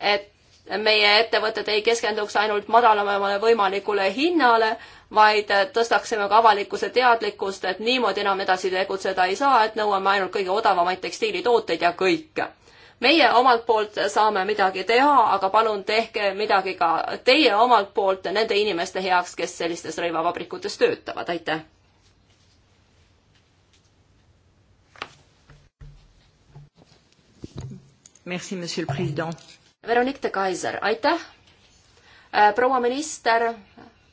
et meie ettevõtted ei keskenduks ainult madalamale võimalikule hinnale, vaid tõstaksime ka avalikkuse teadlikkust, et niimoodi enam edasi tegutseda ei saa, et nõuame ainult kõige odavamaid tekstiilitooteid ja kõike meie omalt poolt saame midagi teha, aga palun tehke midagi ka teie omalt poolt nende inimeste heaks, kes sellistes rõivavabrikutes töötavad, aitäh. Merci, monsieur le president. Veronique de Kaiser, aitäh. Äh, proua minister,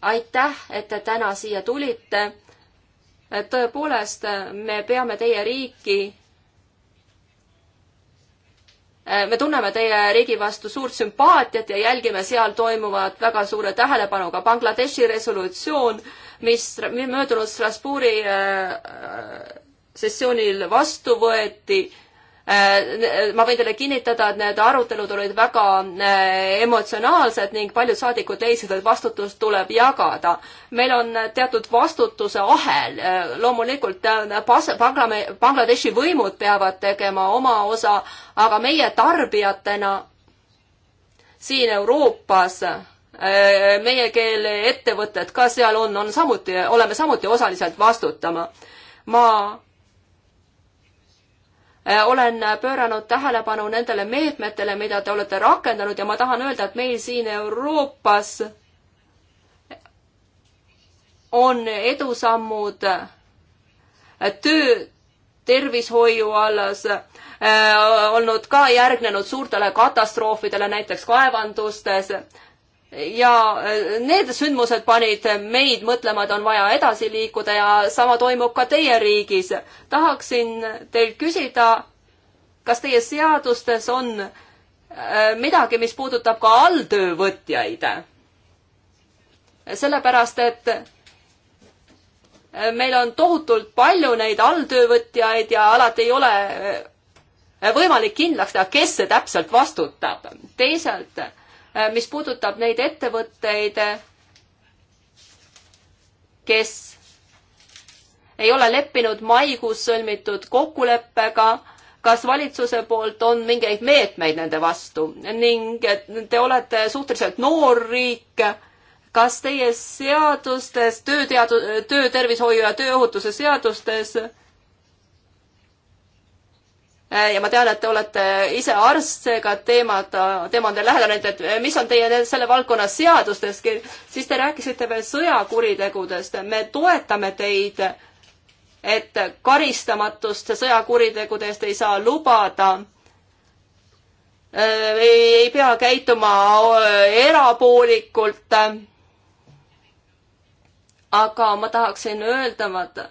aitäh, et te täna siia tulite. Äh, tõepoolest, me peame teie riiki Äh, me tunneme teie riigi vastu suurt sümpaatiat ja jälgime seal toimuvat väga suure tähelepanuga. Bangladeshi resolutsioon, mis möödunud Strasbourgi äh, äh, sessioonil vastu võeti, Äh, ma võin teile kinnitada, et need arutelud olid väga äh, emotsionaalsed ning paljud saadikud leidsid, et vastutust tuleb jagada. meil on teatud vastutuse ahel, äh, loomulikult Bangladeshi võimud peavad tegema oma osa, aga meie tarbijatena siin Euroopas meie keele ettevõtted ka seal on, on samuti, oleme samuti osaliselt vastutama. ma Äh, olen pööranud tähelepanu nendele meetmetele, mida te olete rakendanud ja ma tahan öelda, et meil siin Euroopas on edusammud äh, töö, tervishoiu alles äh, olnud ka järgnenud suurtele katastroofidele, näiteks kaevandustes äh, ja äh, need sündmused panid meid mõtlema, et on vaja edasi liikuda ja sama toimub ka teie riigis. tahaksin teilt küsida, kas teie seadustes on äh, midagi, mis puudutab ka alltöövõtjaid? sellepärast, et äh, meil on tohutult palju neid alltöövõtjaid ja alati ei ole võimalik kindlaks teha, kes see täpselt vastutab. teisalt Äh, mis puudutab neid ettevõtteid, kes ei ole leppinud maikuus sõlmitud kokkuleppega, kas valitsuse poolt on mingeid meetmeid nende vastu ning te olete suhteliselt noor riik. kas teie seadustes, tööteadu-, töötervishoiu ja tööohutuse seadustes äh, Äh, ja ma tean, et te olete ise arst, seega teemad, teema on teil lähedal, et, et mis on teie selle valdkonna seadustes, siis te rääkisite veel sõjakuritegudest, me toetame teid, et karistamatust sõjakuritegude eest ei saa lubada äh, ei pea käituma äh, erapoolikult. aga ma tahaksin öelda, et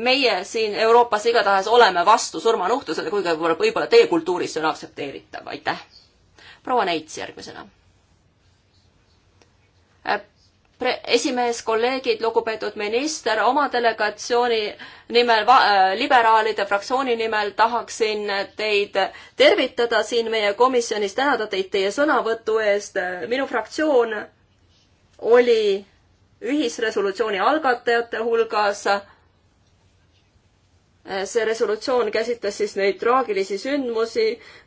meie siin Euroopas igatahes oleme vastu surmanuhtlusele, kuigi võib-olla teie kultuuris see on aktsepteeritav, aitäh. proua Neits järgmisena. Äh, pre-, esimees, kolleegid, lugupeetud minister, oma delegatsiooni nimel, äh, liberaalide fraktsiooni nimel tahaksin teid tervitada siin meie komisjonis, tänada teid teie sõnavõtu eest. minu fraktsioon oli ühisresolutsiooni algatajate hulgas Eh, see resolutsioon käsitles siis neid traagilisi sündmusi,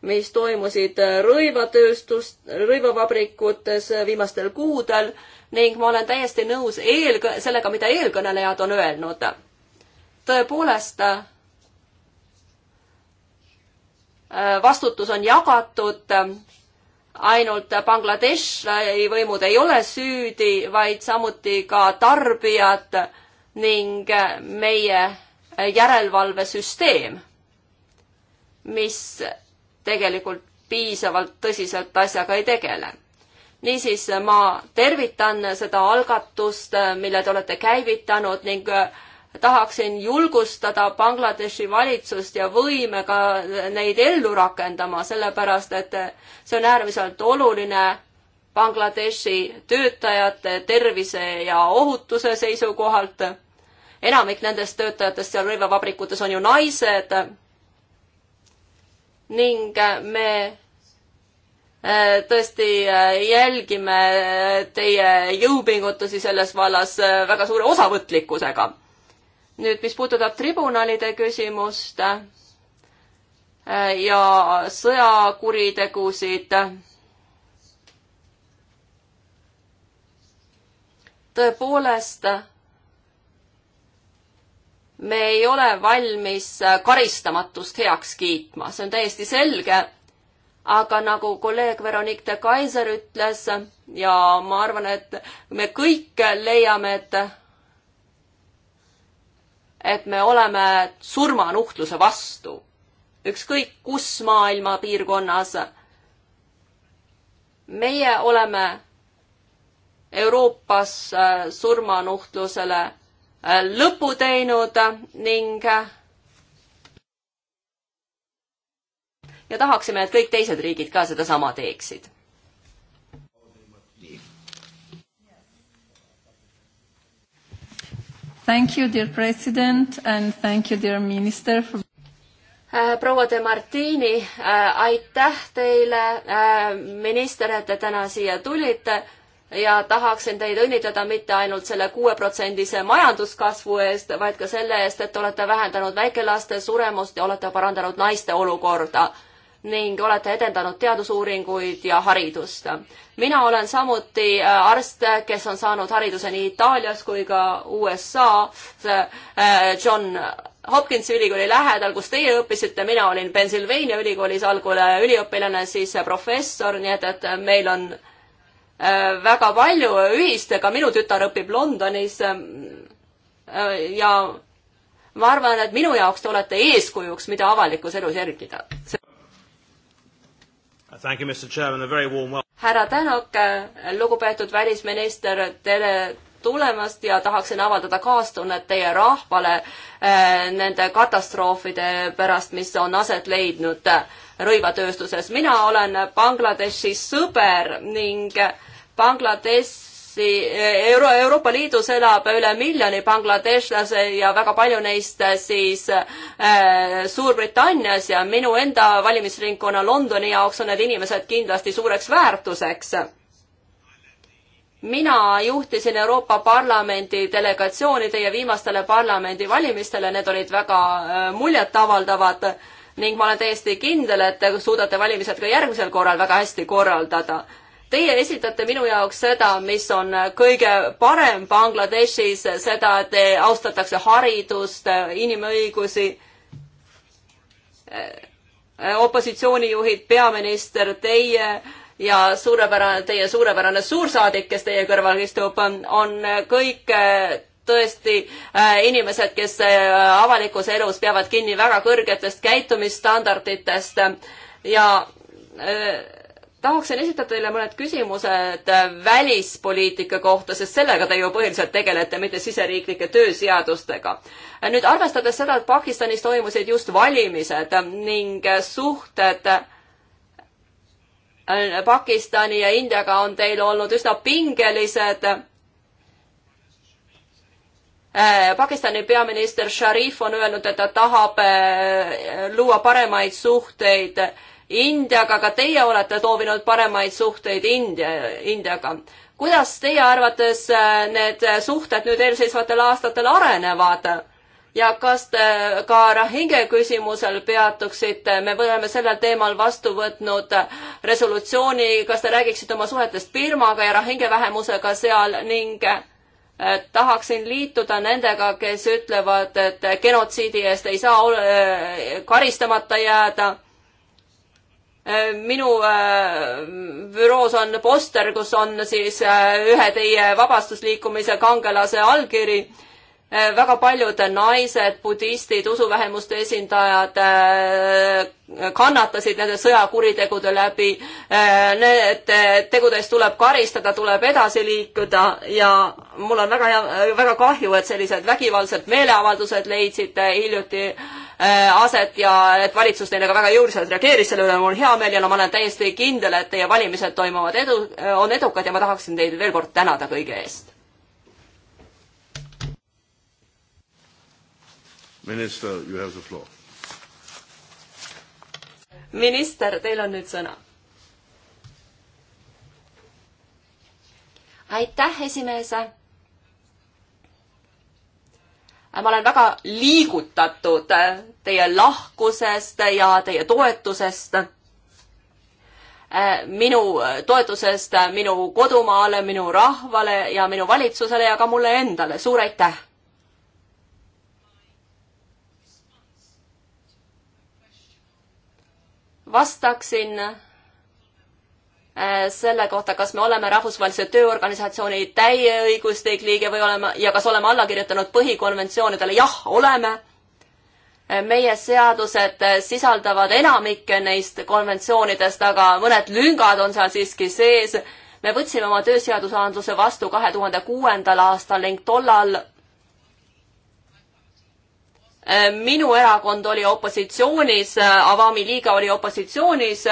mis toimusid eh, rõivatööstus, rõivavabrikutes eh, viimastel kuudel ning ma olen täiesti nõus eel, sellega, mida eelkõnelejad on öelnud. tõepoolest, vastutus on jagatud, ainult Bangladeshi võimud ei ole süüdi, vaid samuti ka tarbijad ning meie järelevalvesüsteem, mis tegelikult piisavalt tõsiselt asjaga ei tegele. niisiis, ma tervitan seda algatust, mille te olete käivitanud ning tahaksin julgustada Bangladeshi valitsust ja võime ka neid ellu rakendama, sellepärast et see on äärmiselt oluline Bangladeshi töötajate tervise ja ohutuse seisukohalt enamik nendest töötajatest seal rõivavabrikutes on ju naised. ning äh, me äh, tõesti äh, jälgime teie jõupingutusi selles vallas väga suure osavõtlikkusega. nüüd, mis puudutab tribunalide küsimust ja sõjakuritegusid. tõepoolest me ei ole valmis äh, karistamatust heaks kiitma, see on täiesti selge. aga nagu kolleeg Veronique de Kaiser ütles ja ma arvan, et me kõik leiame, et et me oleme surmanuhtluse vastu. ükskõik kus maailma piirkonnas. meie oleme Euroopas äh, surmanuhtlusele Äh, lõpu teinud ning äh, ja tahaksime, et kõik teised riigid ka sedasama teeksid. Thank you, dear president and thank you, dear minister for äh, proua De Martini, aitäh teile, minister, et te täna siia tulite ja tahaksin teid õnnitleda mitte ainult selle kuueprotsendise majanduskasvu eest, vaid ka selle eest, et olete vähendanud väikelaste suremust ja olete parandanud naiste olukorda ning olete edendanud teadusuuringuid ja haridust. mina olen samuti äh, arst, kes on saanud hariduse nii Itaalias kui ka USA-s äh, John Hopkinsi ülikooli lähedal, kus teie õppisite, mina olin Pennsylvania ülikoolis algul äh, üliõpilane, siis professor, nii et, et meil on äh, Äh, väga palju ühist, ka minu tütar õpib Londonis. Ähm, äh, ja ma arvan, et minu jaoks te olete eeskujuks, mida avalikus elus järgida. härra Tänok, äh, lugupeetud välisminister, tere tulemast ja tahaksin avaldada kaastunnet teie rahvale eh, nende katastroofide pärast, mis on aset leidnud eh, rõivatööstuses. mina olen Bangladeshi sõber ning Bangladeshi eh, Euro, Euroopa Liidus elab üle miljoni bangladeshlase ja väga palju neist siis äh, Suurbritannias ja minu enda valimisringkonna Londoni jaoks on need inimesed kindlasti suureks väärtuseks mina juhtisin Euroopa Parlamendi delegatsiooni teie viimastele parlamendivalimistele, need olid väga äh, muljetavaldavad ning ma olen täiesti kindel, et te suudate valimised ka järgmisel korral väga hästi korraldada. Teie esitate minu jaoks seda, mis on kõige parem Bangladeshis, seda, et austatakse haridust, inimõigusi äh, äh, opositsioonijuhid, peaminister, teie ja suurepärane, teie suurepärane suursaadik, kes teie kõrval istub, on kõik äh, tõesti äh, inimesed, kes äh, avalikus elus peavad kinni väga kõrgetest käitumisstandarditest ja tahaksin esitada teile mõned küsimused välispoliitika kohta, sest sellega te ju põhiliselt tegelete, mitte siseriiklike tööseadustega. nüüd arvestades seda, et Pakistanis toimusid just valimised ning suhted Äh, Pakistani ja Indiaga on teil olnud üsna pingelised. Äh, Pakistani peaminister Sharif on öelnud, et ta tahab äh, luua paremaid suhteid Indiaga, aga teie olete soovinud paremaid suhteid India, Indiaga. kuidas teie arvates need suhted nüüd eelseisvatel aastatel arenevad? ja kas te ka Rahinge küsimusel peatuksite, me oleme sellel teemal vastu võtnud resolutsiooni, kas te räägiksite oma suhetest Birmaga ja Rahinge vähemusega seal ning äh, tahaksin liituda nendega, kes ütlevad, et genotsiidi eest ei saa äh, karistamata jääda äh, minu büroos on poster, kus on siis ühe teie vabastusliikumise kangelase allkiri väga paljud naised, budistid, usuvähemuste esindajad äh, kannatasid nende sõjakuritegude läbi. Äh, need tegudest tuleb karistada, tuleb edasi liikuda ja mul on väga hea, väga kahju, et sellised vägivaldsed meeleavaldused leidsid hiljuti äh, aset ja et valitsus neile ka väga jõuliselt reageeris, selle üle mul on hea meel ja no ma olen täiesti kindel, et teie valimised toimuvad edu, on edukad ja ma tahaksin teid veel kord tänada kõige eest Minister, you have the floor. minister, teil on nüüd sõna. aitäh, esimees. ma olen väga liigutatud teie lahkusest ja teie toetusest minu toetusest minu kodumaale, minu rahvale ja minu valitsusele ja ka mulle endale. suur aitäh! vastaksin äh, selle kohta, kas me oleme Rahvusvahelise Tööorganisatsiooni täieõiguslik liige või oleme ja kas oleme alla kirjutanud põhikonventsioonidele, jah, oleme. Äh, meie seadused äh, sisaldavad enamikke neist konventsioonidest, aga mõned lüngad on seal siiski sees. me võtsime oma tööseadusandluse vastu kahe tuhande kuuendal aastal ning tollal Äh, minu erakond oli opositsioonis, äh, Avami liiga oli opositsioonis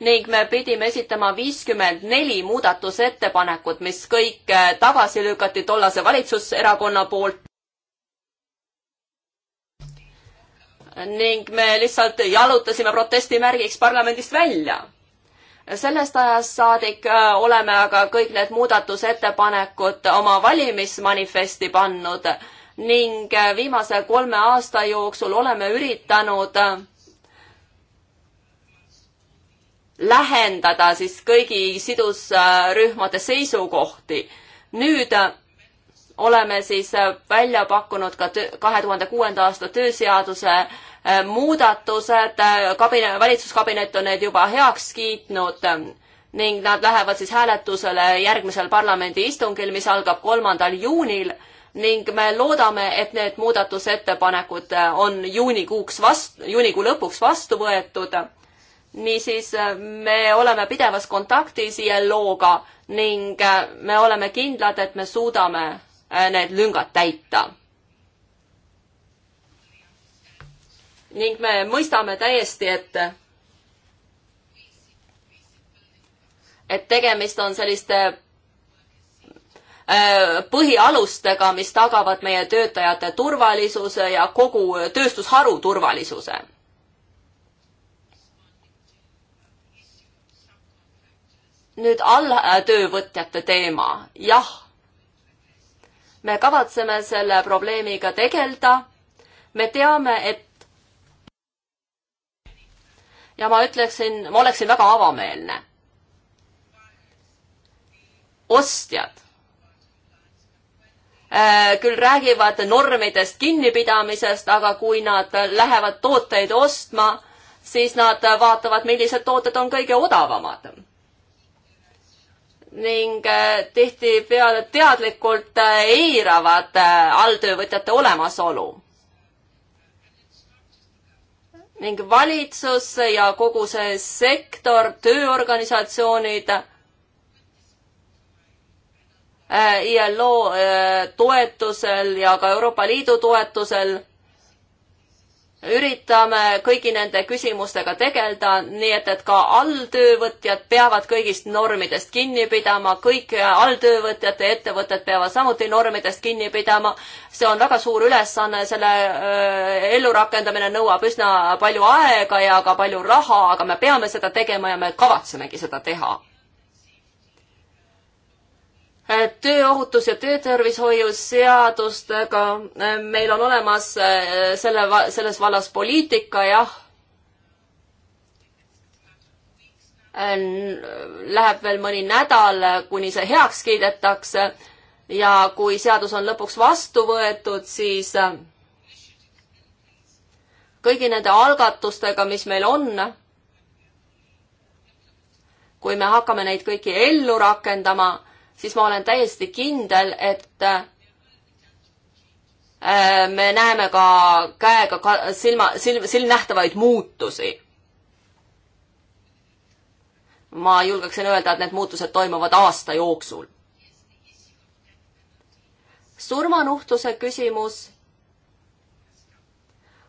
ning me pidime esitama viiskümmend neli muudatusettepanekut, mis kõik äh, tagasi lükati tollase valitsuserakonna poolt. ning me lihtsalt jalutasime protestimärgiks parlamendist välja. sellest ajast saadik oleme aga kõik need muudatusettepanekud oma valimismanifesti pannud ning äh, viimase kolme aasta jooksul oleme üritanud äh, lähendada siis kõigi sidusrühmade seisukohti. nüüd äh, oleme siis välja pakkunud ka kahe tuhande kuuenda aasta tööseaduse muudatused, kabine-, valitsuskabinet on need juba heaks kiitnud ning nad lähevad siis hääletusele järgmisel parlamendi istungil, mis algab kolmandal juunil ning me loodame, et need muudatusettepanekud äh, on juunikuuks vastu, juunikuu lõpuks vastu võetud. niisiis äh, me oleme pidevas kontaktis ILO-ga ning äh, me oleme kindlad, et me suudame need lüngad täita. ning me mõistame täiesti, et et tegemist on selliste Äh, põhialustega, mis tagavad meie töötajate turvalisuse ja kogu tööstusharu turvalisuse. nüüd alltöövõtjate teema, jah. me kavatseme selle probleemiga tegeleda. me teame, et ja ma ütleksin, ma oleksin väga avameelne. ostjad Äh, küll räägivad normidest kinnipidamisest, aga kui nad lähevad tooteid ostma, siis nad vaatavad, millised tooted on kõige odavamad. ning äh, tihtipeale teadlikult äh, eiravad alltöövõtjate olemasolu ning valitsus ja kogu see sektor, tööorganisatsioonid Äh, ILO äh, toetusel ja ka Euroopa Liidu toetusel üritame kõigi nende küsimustega tegeleda, nii et, et ka alltöövõtjad peavad kõigist normidest kinni pidama, kõik alltöövõtjate ettevõtted peavad samuti normidest kinni pidama. see on väga suur ülesanne, selle äh, ellurakendamine nõuab üsna palju aega ja ka palju raha, aga me peame seda tegema ja me kavatsemegi seda teha Eh, tööohutus- ja töötervishoiuseadustega, eh, meil on olemas eh, selle, selles vallas poliitika, jah. Läheb veel mõni nädal, kuni see heaks kiidetakse ja kui seadus on lõpuks vastu võetud, siis kõigi nende algatustega, mis meil on, kui me hakkame neid kõiki ellu rakendama siis ma olen täiesti kindel, et äh, me näeme ka käega ka, silma, silm, silmnähtavaid muutusi. ma julgeksin öelda, et need muutused toimuvad aasta jooksul. surmanuhtluse küsimus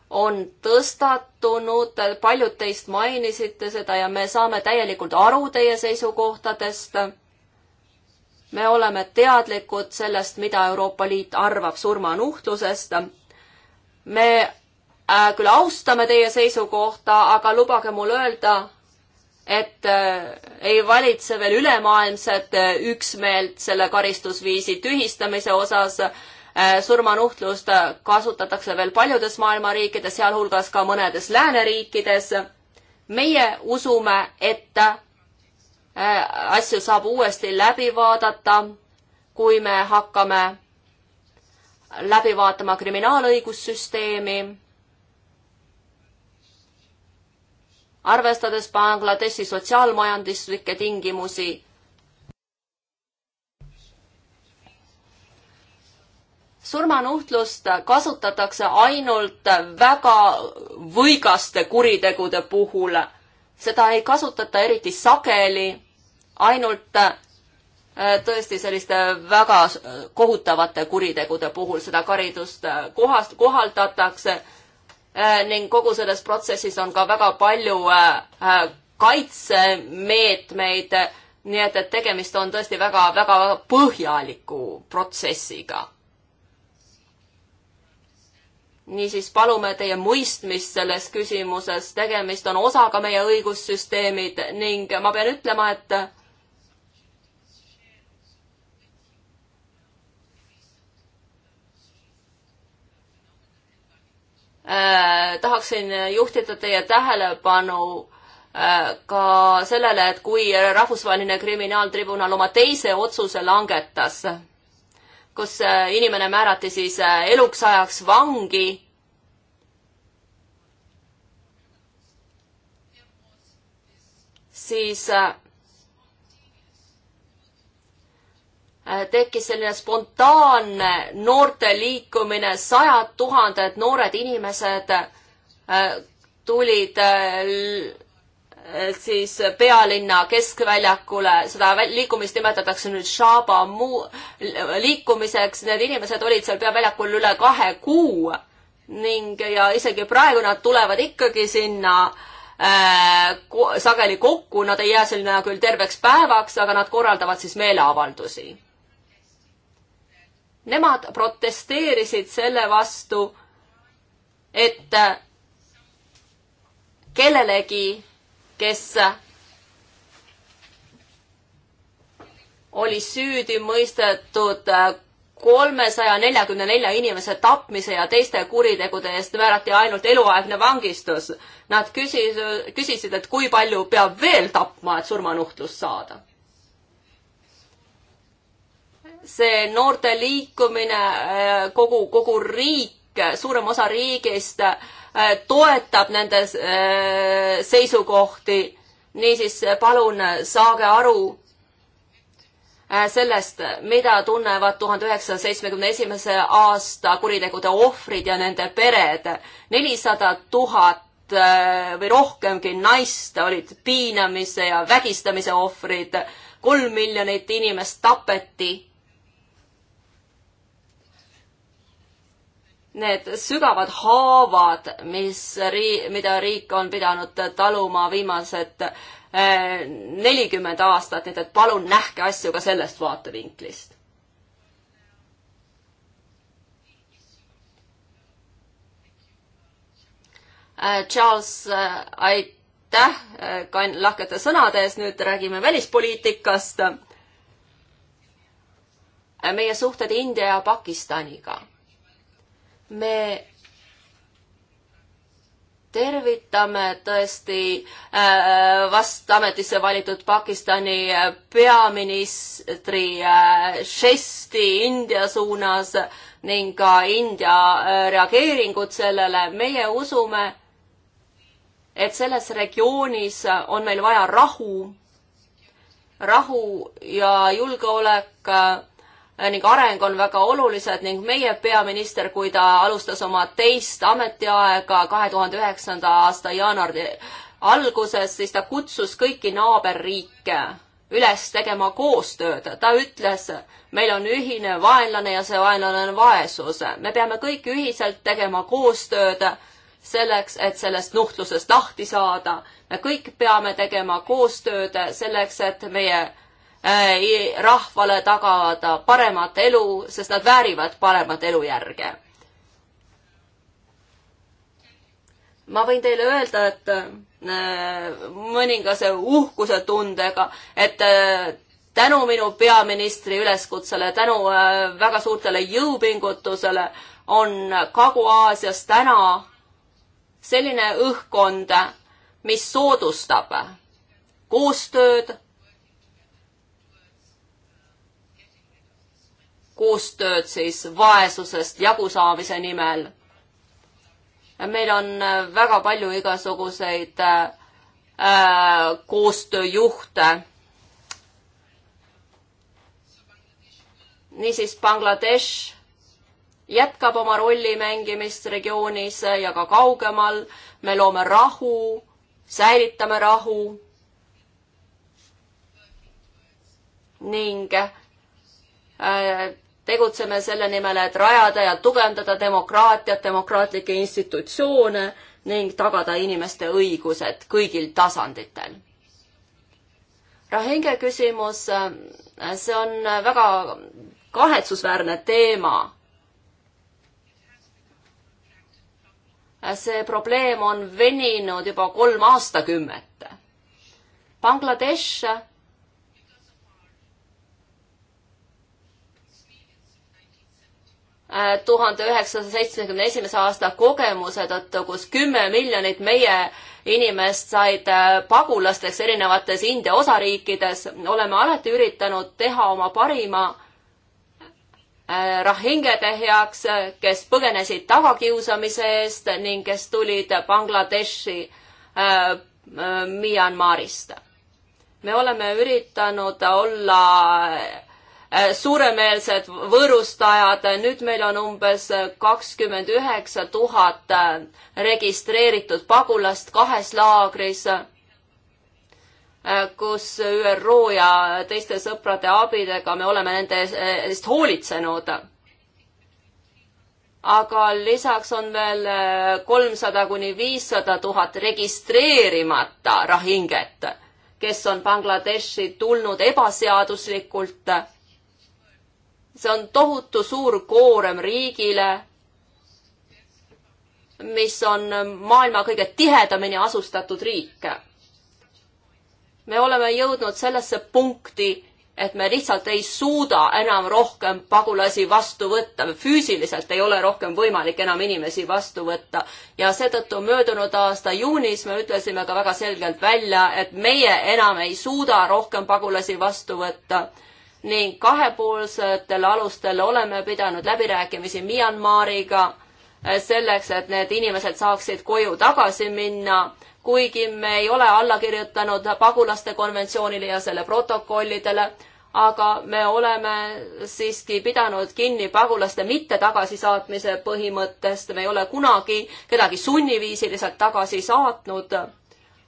on tõstatunud, paljud teist mainisite seda ja me saame täielikult aru teie seisukohtadest me oleme teadlikud sellest, mida Euroopa Liit arvab surmanuhtlusest. me äh, küll austame teie seisukohta, aga lubage mul öelda, et äh, ei valitse veel ülemaailmset äh, üksmeelt selle karistusviisi tühistamise osas. surmanuhtlust kasutatakse veel paljudes maailma riikides, sealhulgas ka mõnedes lääneriikides. meie usume, et Äh, asju saab uuesti läbi vaadata, kui me hakkame läbi vaatama kriminaalõigussüsteemi. arvestades Bangladeshi sotsiaalmajanduslikke tingimusi. surmanuhtlust kasutatakse ainult väga võigaste kuritegude puhul seda ei kasutata eriti sageli, ainult äh, tõesti selliste väga äh, kohutavate kuritegude puhul seda karidust äh, kohast, kohaldatakse ning kogu selles protsessis on ka väga palju kaitsemeetmeid, nii et, et tegemist on tõesti väga, väga põhjaliku protsessiga niisiis palume teie mõistmist selles küsimuses, tegemist on osaga meie õigussüsteemid ning ma pean ütlema, et äh, tahaksin juhtida teie tähelepanu äh, ka sellele, et kui rahvusvaheline kriminaaltribunal oma teise otsuse langetas äh,, kus äh, inimene määrati siis äh, eluks ajaks vangi. siis äh, tekkis selline spontaanne noorte liikumine, sajad tuhanded noored inimesed tulid siis pealinna keskväljakule, seda liikumist nimetatakse nüüd Shaba muu liikumiseks, need inimesed olid seal peaväljakul üle kahe kuu ning, ja isegi praegu nad tulevad ikkagi sinna äh, sageli kokku, nad ei jää sinna küll terveks päevaks, aga nad korraldavad siis meeleavaldusi. Nemad protesteerisid selle vastu, et kellelegi kes oli süüdi mõistetud kolmesaja neljakümne nelja inimese tapmise ja teiste kuritegude eest määrati ainult eluaegne vangistus. Nad küsis, küsisid, et kui palju peab veel tapma, et surmanuhtlust saada. see noorte liikumine, eh, kogu, kogu riik, suurem osa riigist äh, Äh, toetab nende äh, seisukohti. niisiis äh, palun saage aru sellest, mida tunnevad tuhande üheksasaja seitsmekümne esimese aasta kuritegude ohvrid ja nende pered. nelisada tuhat või rohkemgi naist olid piinamise ja vägistamise ohvrid, kolm miljonit inimest tapeti need sügavad haavad, mis rii-, mida riik on pidanud taluma viimased eh, nelikümmend aastat, nii et palun nähke asju ka sellest vaatevinklist. Eh, Charles, eh, aitäh kain-, lahkete sõnade eest, nüüd räägime välispoliitikast. meie suhted India ja Pakistaniga me tervitame tõesti äh, vast ametisse valitud Pakistani äh, peaministri äh, žesti India suunas ning ka India reageeringut sellele. meie usume, et selles regioonis on meil vaja rahu, rahu ja julgeolek ning areng on väga olulised ning meie peaminister, kui ta alustas oma teist ametiaega kahe tuhande üheksanda aasta jaanuari alguses, siis ta kutsus kõiki naaberriike üles tegema koostööd. ta ütles, meil on ühine vaenlane ja see vaenlane on vaesus. me peame kõik ühiselt tegema koostööd selleks, et sellest nuhtlusest lahti saada. me kõik peame tegema koostööd selleks, et meie Äh, rahvale tagada paremat elu, sest nad väärivad paremat elujärge. ma võin teile öelda, et äh, mõningase uhkuse tundega, et äh, tänu minu peaministri üleskutsele, tänu väga suurtele jõupingutusele on Kagu-Aasias täna selline õhkkond, mis soodustab koostööd koostööd siis vaesusest jagusaamise nimel. meil on äh, väga palju igasuguseid äh, äh, koostööjuhte. niisiis Bangladesh jätkab oma rolli mängimist regioonis ja ka kaugemal. me loome rahu, säilitame rahu ning äh, tegutseme selle nimel, et rajada ja tugevdada demokraatiat, demokraatlikke institutsioone ning tagada inimeste õigused kõigil tasanditel. Rahinge küsimus, see on väga kahetsusväärne teema. see probleem on veninud juba kolm aastakümmet. Bangladesh tuhande üheksasaja seitsmekümne esimese aasta kogemuse tõttu, kus kümme miljonit meie inimest said äh, pagulasteks erinevates India osariikides, oleme alati üritanud teha oma parima äh, rahingede heaks, kes põgenesid tagakiusamise eest ning kes tulid Bangladeshi äh, äh Myanmarist. me oleme üritanud olla Äh, suuremeelsed võõrustajad, nüüd meil on umbes kakskümmend üheksa tuhat äh, registreeritud pagulast kahes laagris, äh, kus ÜRO ja teiste sõprade abidega me oleme nende eest hoolitsenud. aga lisaks on veel kolmsada kuni viissada tuhat registreerimata rahinget, kes on Bangladeshi tulnud ebaseaduslikult see on tohutu suur koorem riigile, mis on maailma kõige tihedamini asustatud riik. me oleme jõudnud sellesse punkti, et me lihtsalt ei suuda enam rohkem pagulasi vastu võtta, füüsiliselt ei ole rohkem võimalik enam inimesi vastu võtta ja seetõttu möödunud aasta juunis me ütlesime ka väga selgelt välja, et meie enam ei suuda rohkem pagulasi vastu võtta ning kahepoolsetel alustel oleme pidanud läbirääkimisi Myanmariga eh, selleks, et need inimesed saaksid koju tagasi minna, kuigi me ei ole alla kirjutanud pagulaste konventsioonile ja selle protokollidele, aga me oleme siiski pidanud kinni pagulaste mitte tagasisaatmise põhimõttest, me ei ole kunagi kedagi sunniviisiliselt tagasi saatnud,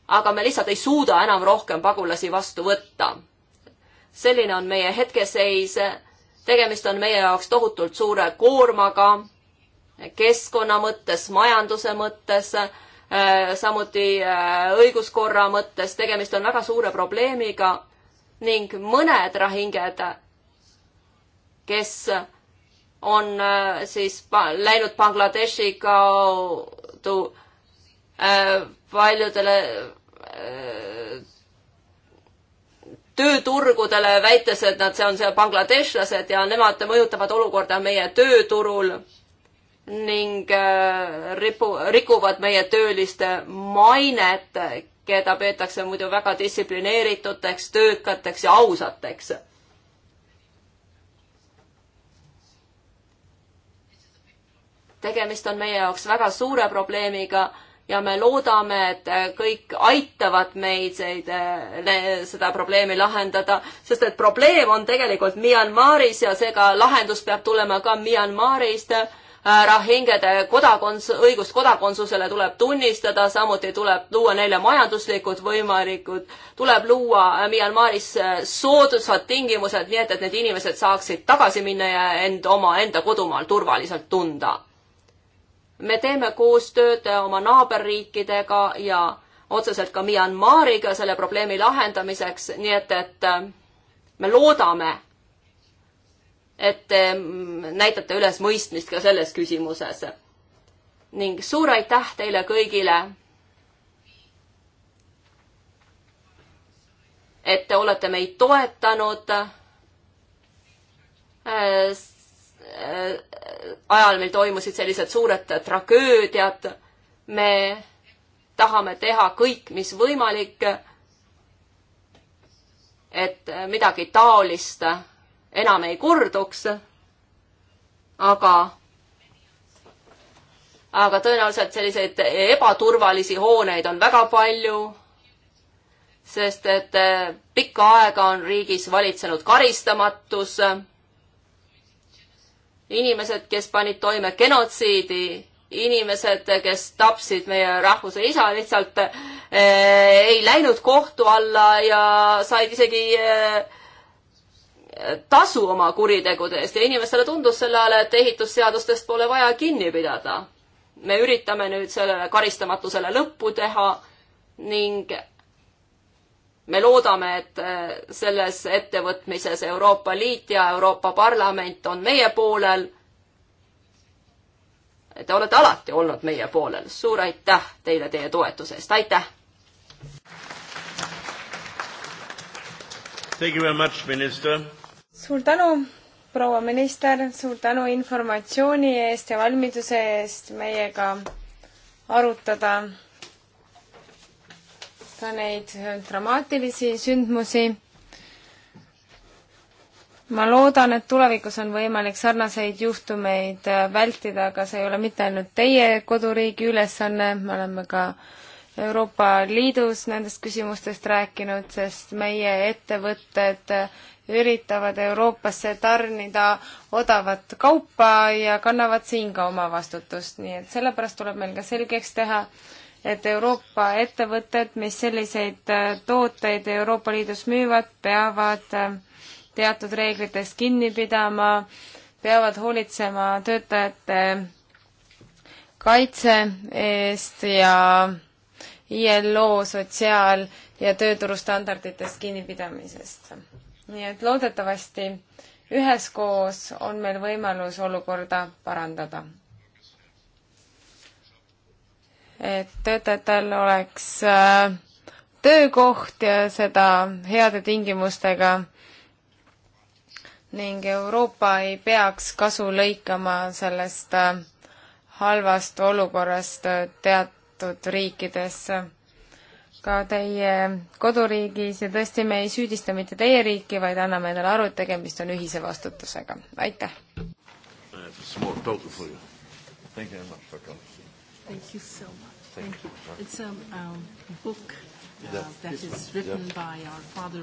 aga me lihtsalt ei suuda enam rohkem pagulasi vastu võtta selline on meie hetkeseis. tegemist on meie jaoks tohutult suure koormaga keskkonna mõttes, majanduse mõttes, äh, samuti äh, õiguskorra mõttes, tegemist on väga suure probleemiga ning mõned rahinged, kes on äh, siis läinud Bangladeshi kaudu paljudele tööturgudele, väites, et nad, see on see bangladeshlased ja nemad mõjutavad olukorda meie tööturul ning äh, ripu, rikuvad meie tööliste mainet, keda peetakse muidu väga distsiplineerituteks, töökateks ja ausateks. tegemist on meie jaoks väga suure probleemiga ja me loodame, et äh, kõik aitavad meid seid, äh, seda probleemi lahendada, sest et probleem on tegelikult Myanmaris ja seega lahendus peab tulema ka Myanmarist. Äh, Rahingede kodakons-, õigust kodakondsusele tuleb tunnistada, samuti tuleb luua neile majanduslikud võimalikud, tuleb luua Myanmaris soodusad tingimused, nii et, et need inimesed saaksid tagasi minna ja end oma, enda kodumaal turvaliselt tunda me teeme koostööd oma naaberriikidega ja otseselt ka Myanmariga selle probleemi lahendamiseks, nii et, et äh, me loodame, et te mm, näitate üles mõistmist ka selles küsimuses. ning suur aitäh teile kõigile. et te olete meid toetanud äh, Äh, ajal meil toimusid sellised suured tragöödiad. me tahame teha kõik, mis võimalik, et midagi taolist enam ei korduks. aga, aga tõenäoliselt selliseid ebaturvalisi hooneid on väga palju sest et pikka aega on riigis valitsenud karistamatus inimesed, kes panid toime genotsiidi, inimesed, kes tapsid meie rahvuse isa, lihtsalt eh, ei läinud kohtu alla ja said isegi eh, tasu oma kuritegude eest ja inimestele tundus sel ajal, et ehitusseadustest pole vaja kinni pidada. me üritame nüüd sellele karistamatusele lõppu teha ning me loodame, et äh, selles ettevõtmises Euroopa Liit ja Euroopa Parlament on meie poolel. Te olete alati olnud meie poolel, suur aitäh teile teie toetuse eest, aitäh! suur tänu, proua minister, suur tänu informatsiooni eest ja valmiduse eest meiega arutada ka neid äh, dramaatilisi sündmusi. ma loodan, et tulevikus on võimalik sarnaseid juhtumeid äh, vältida, aga see ei ole mitte ainult teie koduriigi ülesanne, me oleme ka Euroopa Liidus nendest küsimustest rääkinud, sest meie ettevõtted äh, üritavad Euroopasse tarnida odavat kaupa ja kannavad siin ka oma vastutust, nii et sellepärast tuleb meil ka selgeks teha, et Euroopa ettevõtted, mis selliseid äh, tooteid Euroopa Liidus müüvad, peavad äh, teatud reeglitest kinni pidama, peavad hoolitsema töötajate kaitse eest ja ILO sotsiaal- ja tööturustandarditest kinnipidamisest. nii et loodetavasti üheskoos on meil võimalus olukorda parandada et töötajatel oleks äh, töökoht ja seda heade tingimustega ning Euroopa ei peaks kasu lõikama sellest äh, halvast olukorrast äh, teatud riikides ka teie koduriigis ja tõesti, me ei süüdista mitte teie riiki, vaid anname endale aru, et tegemist on ühise vastutusega. aitäh! Thank you so much. Thank you. It's a um, book uh, yes. that is written yeah. by our father.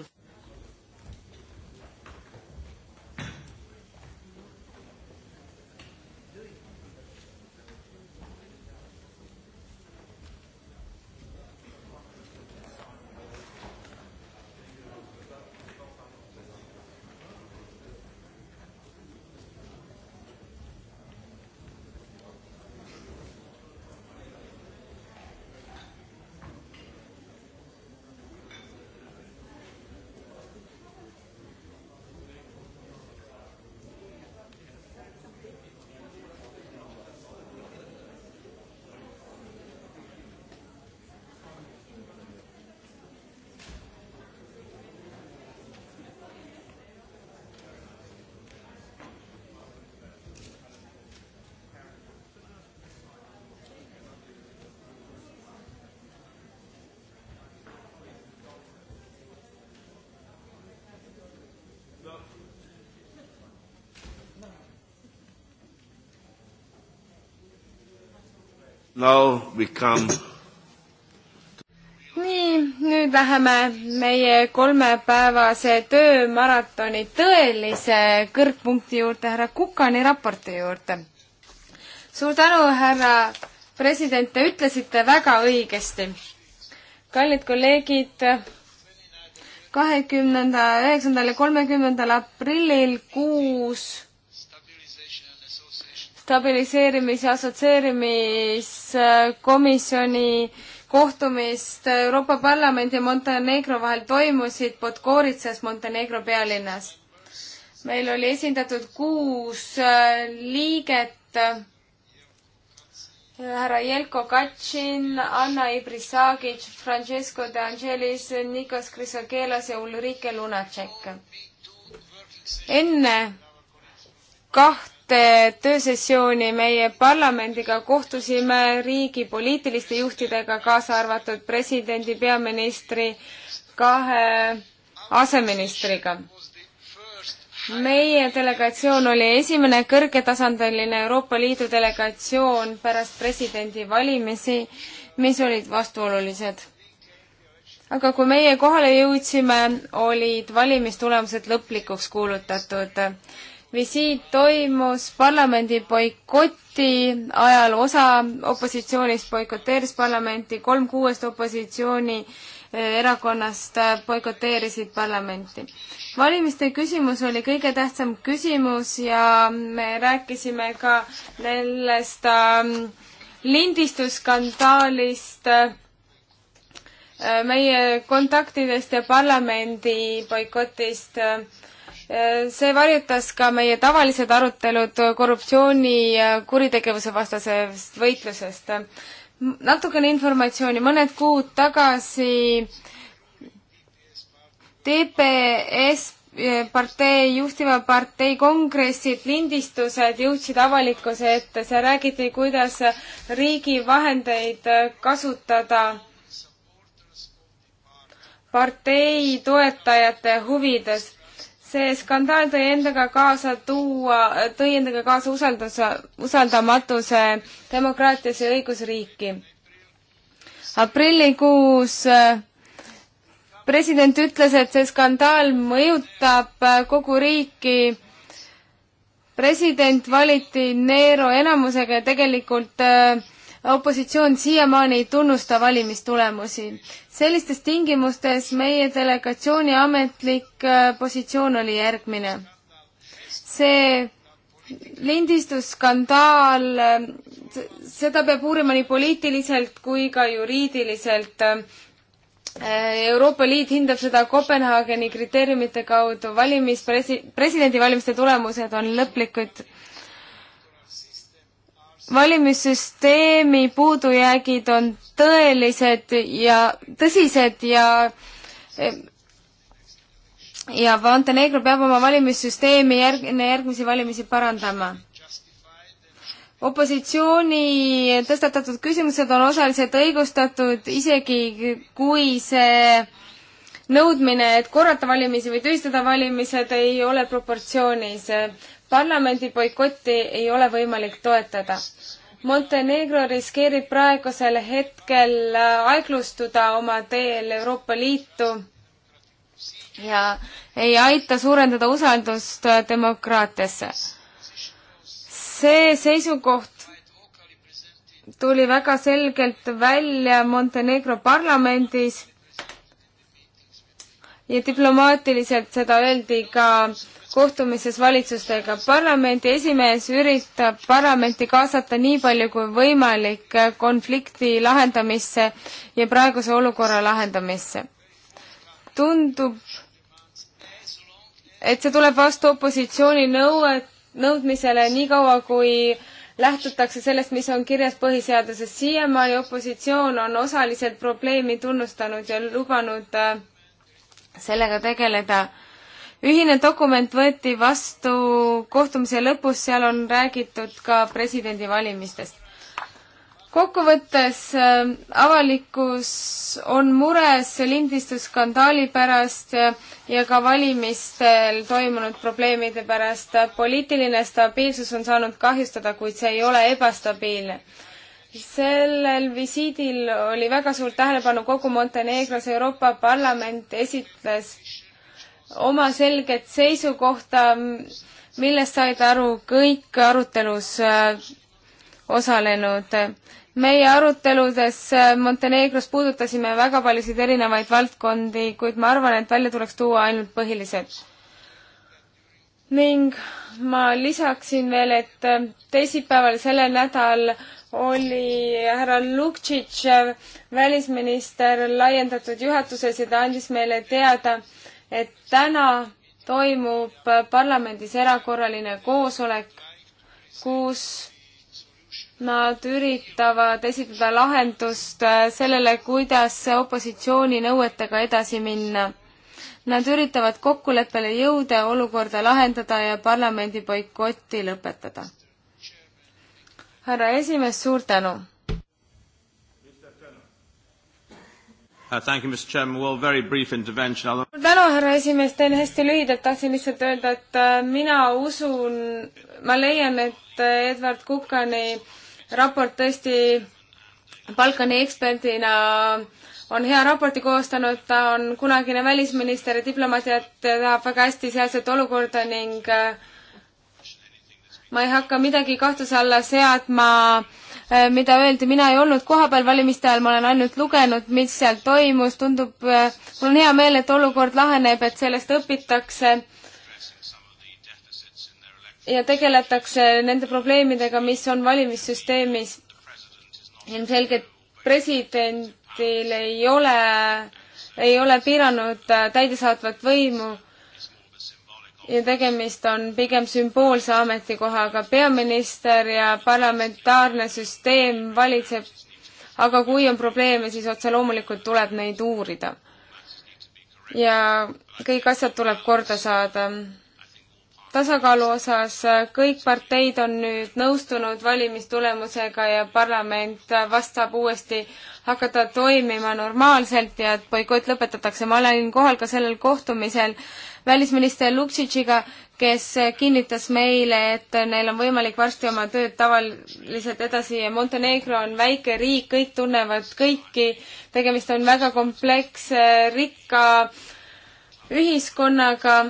Now we come nii, nüüd läheme meie kolmepäevase töömaratoni tõelise kõrgpunkti juurde, härra Kukani raporti juurde. suur tänu, härra president, te ütlesite väga õigesti. kallid kolleegid, kahekümnenda, üheksandal ja kolmekümnendal aprillil kuus stabiliseerimis- ja assotsieerimiskomisjoni kohtumist Euroopa Parlamendi ja Montenegro vahel toimusid Podgoritsas Montenegro pealinnas. meil oli esindatud kuus äh, liiget, härra Jelko Katšin, Anna Ibrisagic, Francesco De Angelis, Nikos Krisokelas ja Ulrike Lunacek. enne kaht töösessiooni meie parlamendiga kohtusime riigi poliitiliste juhtidega, kaasa arvatud presidendi, peaministri, kahe aseministriga. meie delegatsioon oli esimene kõrgetasandiline Euroopa Liidu delegatsioon pärast presidendivalimisi, mis olid vastuolulised. aga kui meie kohale jõudsime, olid valimistulemused lõplikuks kuulutatud visiit toimus parlamendi boikoti ajal, osa opositsioonist boikoteeris parlamenti, kolm kuuest opositsiooni eh, erakonnast eh, boikoteerisid parlamenti. valimiste küsimus oli kõige tähtsam küsimus ja me rääkisime ka sellest ähm, lindistusskandaalist, äh, meie kontaktidest ja parlamendi boikotist äh, see varjutas ka meie tavalised arutelud korruptsiooni ja kuritegevuse vastasest võitlusest. natukene informatsiooni, mõned kuud tagasi TPS eh, partei, juhtiva partei kongressid, lindistused jõudsid avalikkuse ette, seal räägiti, kuidas riigi vahendeid kasutada partei toetajate huvides see skandaal tõi endaga kaasa tuua, tõi endaga kaasa usalduse, usaldamatuse demokraatiasse ja õigusriiki. aprillikuus äh, president ütles, et see skandaal mõjutab äh, kogu riiki. president valiti Neero enamusega ja tegelikult äh, opositsioon siiamaani ei tunnusta valimistulemusi. sellistes tingimustes meie delegatsiooni ametlik äh, positsioon oli järgmine. see lindistusskandaal, äh, seda peab uurima nii poliitiliselt kui ka juriidiliselt. Äh, Euroopa Liit hindab seda Kopenhaageni kriteeriumite kaudu, valimis, presi-, presidendivalimiste tulemused on lõplikud valimissüsteemi puudujäägid on tõelised ja tõsised ja ja Montenegro peab oma valimissüsteemi järg-, enne järgmisi valimisi parandama. opositsiooni tõstatatud küsimused on osaliselt õigustatud, isegi kui see nõudmine, et korrata valimisi või tühistada valimised, ei ole proportsioonis parlamendi boikotti ei ole võimalik toetada. Montenegro riskeerib praegusel hetkel äh, aeglustuda oma teel Euroopa Liitu ja ei aita suurendada usaldust äh, demokraatiasse. see seisukoht tuli väga selgelt välja Montenegro parlamendis ja diplomaatiliselt seda öeldi ka kohtumises valitsustega. parlamendi esimees üritab parlamenti kaasata nii palju kui võimalik konflikti lahendamisse ja praeguse olukorra lahendamisse. tundub, et see tuleb vastu opositsiooni nõue, nõudmisele niikaua, kui lähtutakse sellest, mis on kirjas põhiseaduses. siiamaani opositsioon on osaliselt probleemi tunnustanud ja lubanud äh, sellega tegeleda. ühine dokument võeti vastu kohtumise lõpus, seal on räägitud ka presidendivalimistest. kokkuvõttes äh, avalikkus on mures lindistusskandaali pärast ja ka valimistel toimunud probleemide pärast. poliitiline stabiilsus on saanud kahjustada, kuid see ei ole ebastabiilne sellel visiidil oli väga suurt tähelepanu kogu Montenegros, Euroopa Parlament esitles oma selget seisukohta, millest said aru kõik arutelus äh, osalenud. meie aruteludes äh, Montenegros puudutasime väga paljusid erinevaid valdkondi, kuid ma arvan, et välja tuleks tuua ainult põhilised. ning ma lisaksin veel, et äh, teisipäeval sellel nädal oli härra Luktšitš, välisminister, laiendatud juhatuses ja ta andis meile teada, et täna toimub parlamendis erakorraline koosolek, kus nad üritavad esitada lahendust äh, sellele, kuidas opositsiooni nõuetega edasi minna. Nad üritavad kokkuleppele jõuda, olukorda lahendada ja parlamendi boikotti lõpetada härra esimees, suur tänu! Uh, suur tänu, härra esimees, teen hästi lühidalt, tahtsin lihtsalt öelda, et äh, mina usun, ma leian, et äh, Edward Kukani raport tõesti Balkani eksperdina on hea raporti koostanud, ta on kunagine välisminister ja diplomaat ja teab väga hästi sealset olukorda ning äh, ma ei hakka midagi kahtluse alla seadma, eh, mida öeldi, mina ei olnud kohapeal valimiste ajal, ma olen ainult lugenud, mis seal toimus, tundub, eh, mul on hea meel, et olukord laheneb, et sellest õpitakse ja tegeletakse nende probleemidega, mis on valimissüsteemis. ilmselgelt presidendil ei ole, ei ole piiranud eh, täidesaatvat võimu ja tegemist on pigem sümboolse ametikohaga. peaminister ja parlamentaarne süsteem valitseb, aga kui on probleeme, siis otse loomulikult tuleb neid uurida. ja kõik asjad tuleb korda saada tasakaalu osas kõik parteid on nüüd nõustunud valimistulemusega ja parlament vastab uuesti hakata toimima normaalselt ja et boikott lõpetatakse. ma olin kohal ka sellel kohtumisel välisminister Luksitšiga, kes kinnitas meile, et neil on võimalik varsti oma tööd tavaliselt edasi ja Montenegro on väike riik, kõik tunnevad kõiki, tegemist on väga kompleksse, rikka ühiskonnaga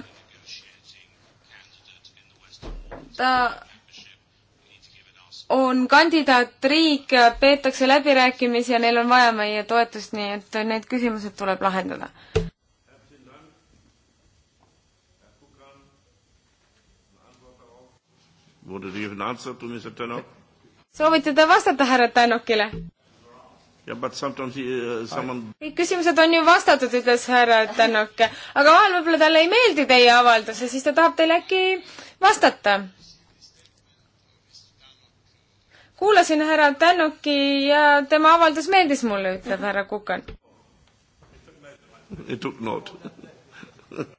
ta on kandidaatriik, peetakse läbirääkimisi ja neil on vaja meie toetust, nii et need küsimused tuleb lahendada. soovite te vastata härra Tänokile? Uh, kõik küsimused on ju vastatud, ütles härra Tänok, aga vahel võib-olla talle ei meeldi teie avaldus ja siis ta tahab teile äkki vastata kuulasin härra Tännuki ja tema avaldus meeldis mulle, ütleb härra Kukan.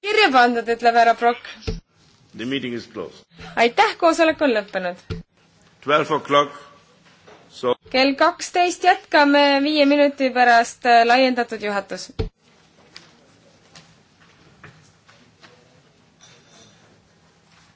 kirja pandud, ütleb härra Brock. aitäh, koosolek on lõppenud. So... kell kaksteist jätkame viie minuti pärast laiendatud juhatus.